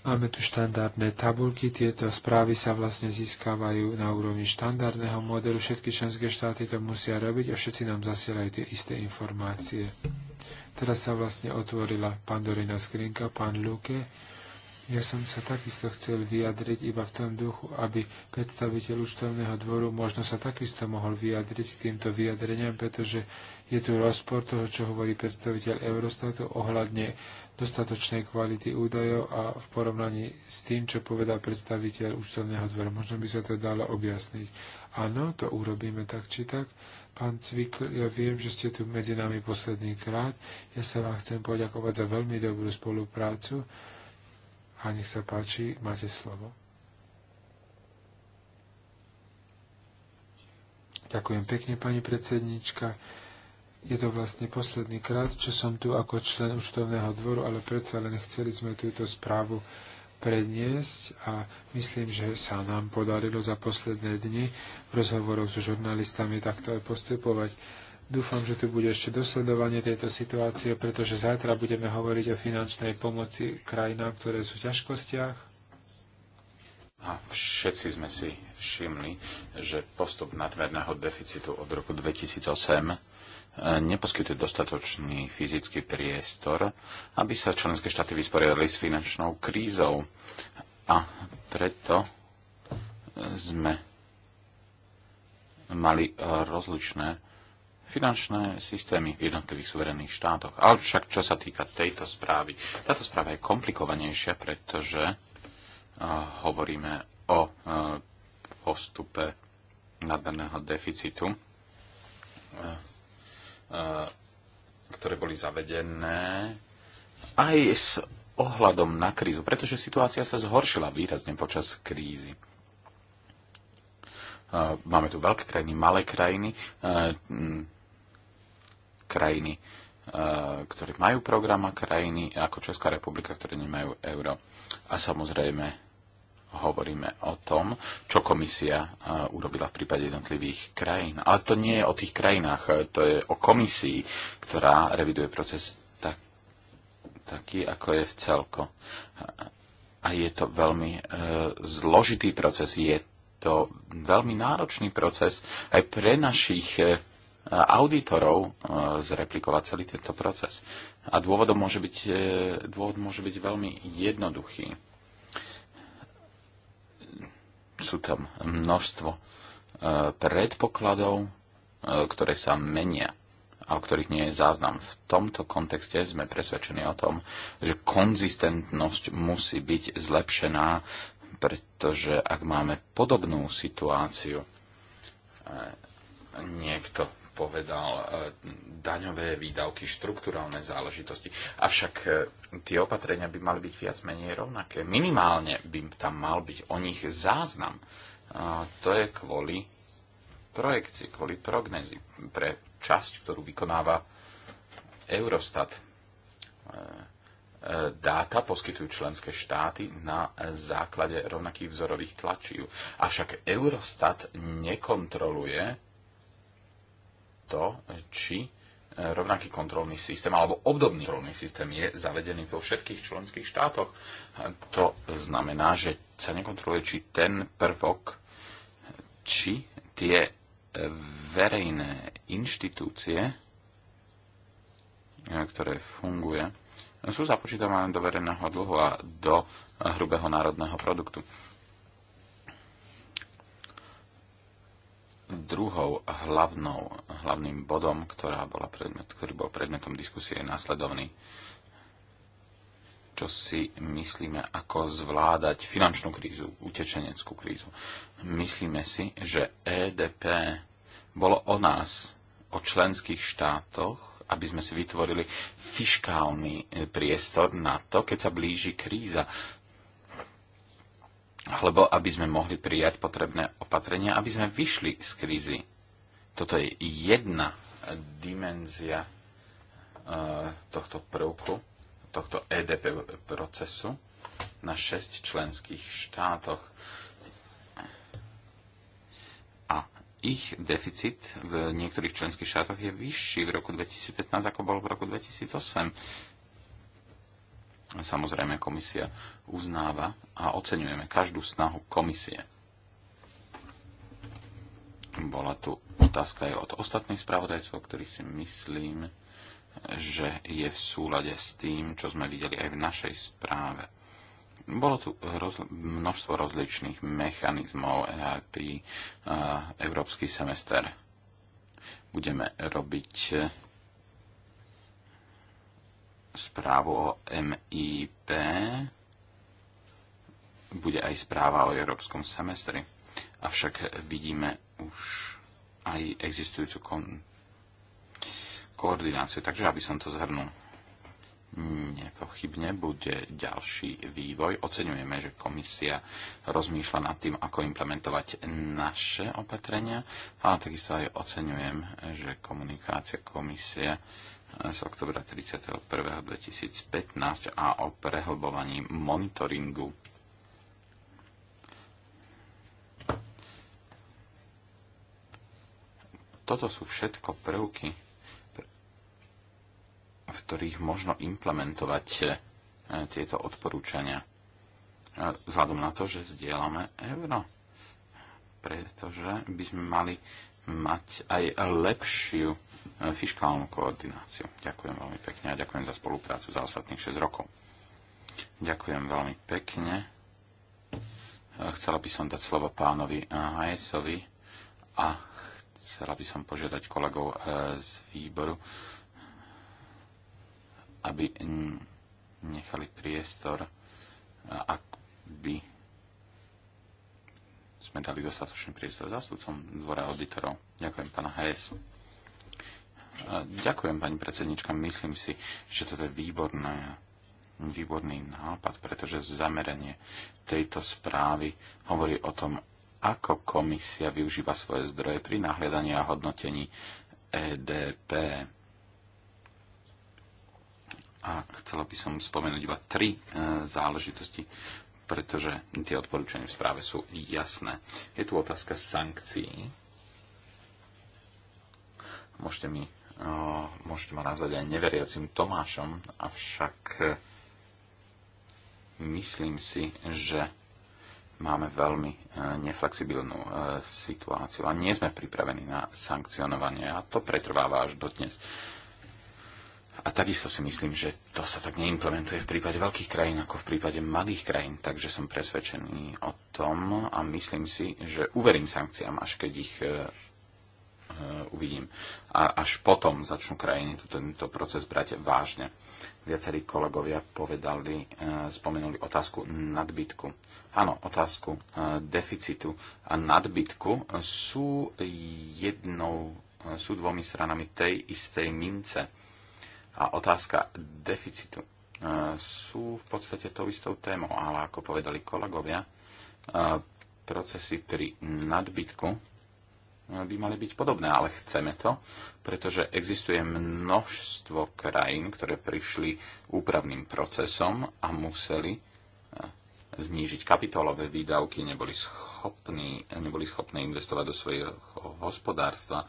Máme tu štandardné tabulky, tieto správy sa vlastne získavajú na úrovni štandardného modelu, všetky členské štáty to musia robiť a všetci nám zasielajú tie isté informácie. Teraz sa vlastne otvorila Pandorina skrinka, pán Luke. Ja som sa takisto chcel vyjadriť iba v tom duchu, aby predstaviteľ účtovného dvoru možno sa takisto mohol vyjadriť k týmto vyjadreniam, pretože je tu rozpor toho, čo hovorí predstaviteľ Eurostatu ohľadne dostatočnej kvality údajov a v porovnaní s tým, čo povedal predstaviteľ účtovného dvora. Možno by sa to dalo objasniť. Áno, to urobíme tak či tak. Pán Cvikl, ja viem, že ste tu medzi nami posledný krát. Ja sa vám chcem poďakovať za veľmi dobrú spoluprácu a nech sa páči, máte slovo. Ďakujem pekne, pani predsednička je to vlastne posledný krát, čo som tu ako člen účtovného dvoru, ale predsa len chceli sme túto správu predniesť a myslím, že sa nám podarilo za posledné dni v rozhovoroch so žurnalistami takto aj postupovať. Dúfam, že tu bude ešte dosledovanie tejto situácie, pretože zajtra budeme hovoriť o finančnej pomoci krajinám, ktoré sú v ťažkostiach. A všetci sme si všimli, že postup nadmerného deficitu od roku 2008 neposkytuje dostatočný fyzický priestor, aby sa členské štáty vysporiadali s finančnou krízou. A preto sme mali rozličné finančné systémy v jednotlivých suverených štátoch. Ale však čo sa týka tejto správy, táto správa je komplikovanejšia, pretože uh, hovoríme o uh, postupe nadmerného deficitu uh, Eh, ktoré boli zavedené aj s ohľadom na krízu, pretože situácia sa zhoršila výrazne počas krízy. Eh, máme tu veľké krajiny, malé krajiny, eh, krajiny, ktoré majú program a krajiny ako Česká republika, ktoré nemajú euro. A samozrejme hovoríme o tom, čo komisia e, urobila v prípade jednotlivých krajín. Ale to nie je o tých krajinách, e, to je o komisii, ktorá reviduje proces tak, taký, ako je v celko. A je to veľmi e, zložitý proces, je to veľmi náročný proces aj pre našich e, auditorov e, zreplikovať celý tento proces. A dôvod môže byť, e, dôvod môže byť veľmi jednoduchý sú tam množstvo e, predpokladov, e, ktoré sa menia a o ktorých nie je záznam. V tomto kontexte sme presvedčení o tom, že konzistentnosť musí byť zlepšená, pretože ak máme podobnú situáciu, e, niekto povedal, e, daňové výdavky, štruktúralné záležitosti. Avšak e, tie opatrenia by mali byť viac menej rovnaké. Minimálne by tam mal byť o nich záznam. To je kvôli projekcii, kvôli prognézi pre časť, ktorú vykonáva Eurostat. E, dáta poskytujú členské štáty na základe rovnakých vzorových tlačív. Avšak Eurostat nekontroluje to, či e, rovnaký kontrolný systém alebo obdobný kontrolný systém je zavedený vo všetkých členských štátoch. E, to znamená, že sa nekontroluje, či ten prvok, e, či tie verejné inštitúcie, ktoré funguje, sú započítavané do verejného dlhu a do hrubého národného produktu. druhou hlavnou, hlavným bodom, ktorá bola predmet, ktorý bol predmetom diskusie, je následovný. Čo si myslíme, ako zvládať finančnú krízu, utečeneckú krízu. Myslíme si, že EDP bolo o nás, o členských štátoch, aby sme si vytvorili fiškálny e, priestor na to, keď sa blíži kríza alebo aby sme mohli prijať potrebné opatrenia, aby sme vyšli z krízy. Toto je jedna dimenzia e, tohto prvku, tohto EDP procesu na šesť členských štátoch. A ich deficit v niektorých členských štátoch je vyšší v roku 2015, ako bol v roku 2008 Samozrejme, komisia uznáva a oceňujeme každú snahu komisie. Bola tu otázka aj od ostatných spravodajcov, ktorí si myslím, že je v súlade s tým, čo sme videli aj v našej správe. Bolo tu rozli- množstvo rozličných mechanizmov EIP, e, Európsky semester. Budeme robiť správu o MIP bude aj správa o európskom semestri. Avšak vidíme už aj existujúcu ko- koordináciu. Takže aby som to zhrnul, nepochybne bude ďalší vývoj. Oceňujeme, že komisia rozmýšľa nad tým, ako implementovať naše opatrenia, ale takisto aj oceňujem, že komunikácia komisie z oktobra 31. 2015 a o prehlbovaní monitoringu. Toto sú všetko prvky, v ktorých možno implementovať e, tieto odporúčania. E, vzhľadom na to, že zdieľame euro. Pretože by sme mali mať aj lepšiu fiškálnu koordináciu. Ďakujem veľmi pekne a ďakujem za spoluprácu za ostatných 6 rokov. Ďakujem veľmi pekne. Chcela by som dať slovo pánovi Hajesovi a chcela by som požiadať kolegov eh, z výboru, aby nechali priestor, eh, ak by sme dali dostatočný priestor Zastupcom dvora auditorov. Ďakujem pána Hajesu. Ďakujem, pani predsednička. Myslím si, že toto je výborné, výborný nápad, pretože zameranie tejto správy hovorí o tom, ako komisia využíva svoje zdroje pri nahľadaní a hodnotení EDP. A chcela by som spomenúť iba tri e, záležitosti, pretože tie odporúčania v správe sú jasné. Je tu otázka sankcií. Môžete mi No, môžete ma nazvať aj neveriacim Tomášom, avšak e, myslím si, že máme veľmi e, neflexibilnú e, situáciu a nie sme pripravení na sankcionovanie a to pretrváva až dodnes. A takisto si myslím, že to sa tak neimplementuje v prípade veľkých krajín ako v prípade malých krajín, takže som presvedčený o tom a myslím si, že uverím sankciám, až keď ich Eh, uvidím. A až potom začnú krajiny tento proces brať vážne. Viacerí kolegovia povedali, eh, spomenuli otázku nadbytku. Áno, otázku eh, deficitu a nadbytku sú jednou, sú dvomi stranami tej istej mince. A otázka deficitu sú v podstate tou istou témou, ale ako povedali kolegovia, procesy pri nadbytku by mali byť podobné, ale chceme to, pretože existuje množstvo krajín, ktoré prišli úpravným procesom a museli eh, znížiť kapitolové výdavky, neboli, schopní, neboli schopné investovať do svojho hospodárstva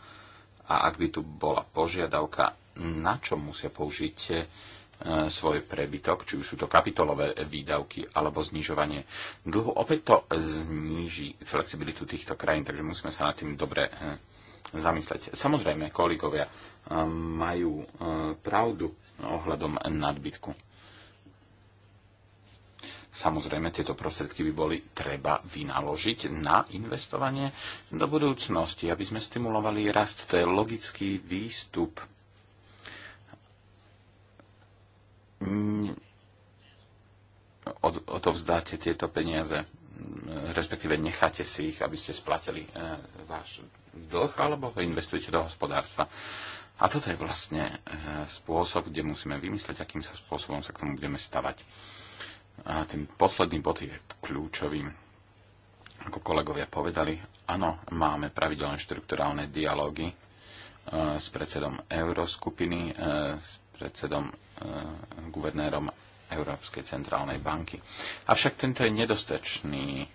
a ak by tu bola požiadavka, na čo musia použiť eh, E, svoj prebytok, či už sú to kapitolové výdavky alebo znižovanie dlhu. Opäť to zníži flexibilitu týchto krajín, takže musíme sa nad tým dobre e, zamyslieť. Samozrejme, kolegovia e, majú pravdu ohľadom nadbytku. Samozrejme, tieto prostriedky by boli treba vynaložiť na investovanie do budúcnosti, aby sme stimulovali rast. To je logický výstup Mm, o to vzdáte tieto peniaze, mm, respektíve necháte si ich, aby ste splatili eh, váš dlh, alebo ho investujete do hospodárstva. A toto je vlastne eh, spôsob, kde musíme vymyslieť, akým sa spôsobom sa k tomu budeme stavať. A ten posledný bod je kľúčovým. Ako kolegovia povedali, áno, máme pravidelné štrukturálne dialógy eh, s predsedom Euroskupiny, s predsedom, e, guvernérom Európskej centrálnej banky. Avšak tento je nedostačný,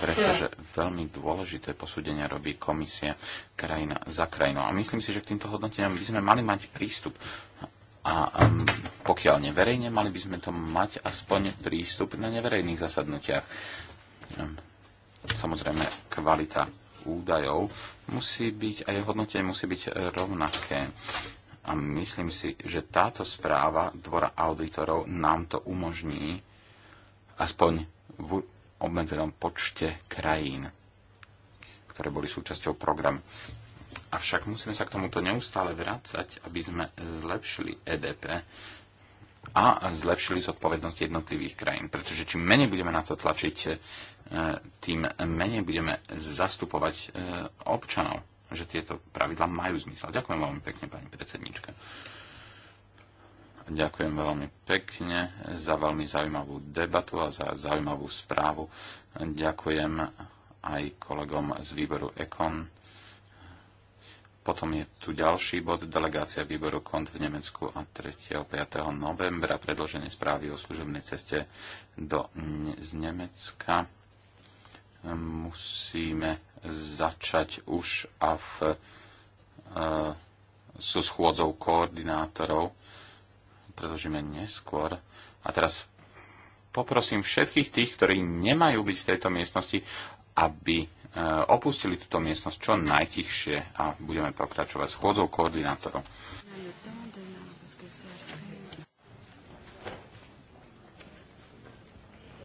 pretože veľmi dôležité posúdenia robí komisia krajina za krajinou. A myslím si, že k týmto hodnoteniam by sme mali mať prístup. A um, pokiaľ neverejne, mali by sme to mať aspoň prístup na neverejných zasadnutiach. Um, samozrejme, kvalita údajov musí byť, a jeho hodnotenie musí byť rovnaké. A myslím si, že táto správa Dvora auditorov nám to umožní aspoň v obmedzenom počte krajín, ktoré boli súčasťou programu. Avšak musíme sa k tomuto neustále vrácať, aby sme zlepšili EDP a zlepšili zodpovednosť jednotlivých krajín. Pretože čím menej budeme na to tlačiť, e, tým menej budeme zastupovať e, občanov že tieto pravidla majú zmysel. Ďakujem veľmi pekne, pani predsednička. Ďakujem veľmi pekne za veľmi zaujímavú debatu a za zaujímavú správu. Ďakujem aj kolegom z výboru EKON. Potom je tu ďalší bod, delegácia výboru KONT v Nemecku a 3. 5. novembra predloženie správy o služobnej ceste do, z Nemecka. Musíme začať už a v, e, so schôdzou koordinátorov. Predložíme neskôr. A teraz poprosím všetkých tých, ktorí nemajú byť v tejto miestnosti, aby e, opustili túto miestnosť čo najtichšie a budeme pokračovať schôdzou koordinátorov.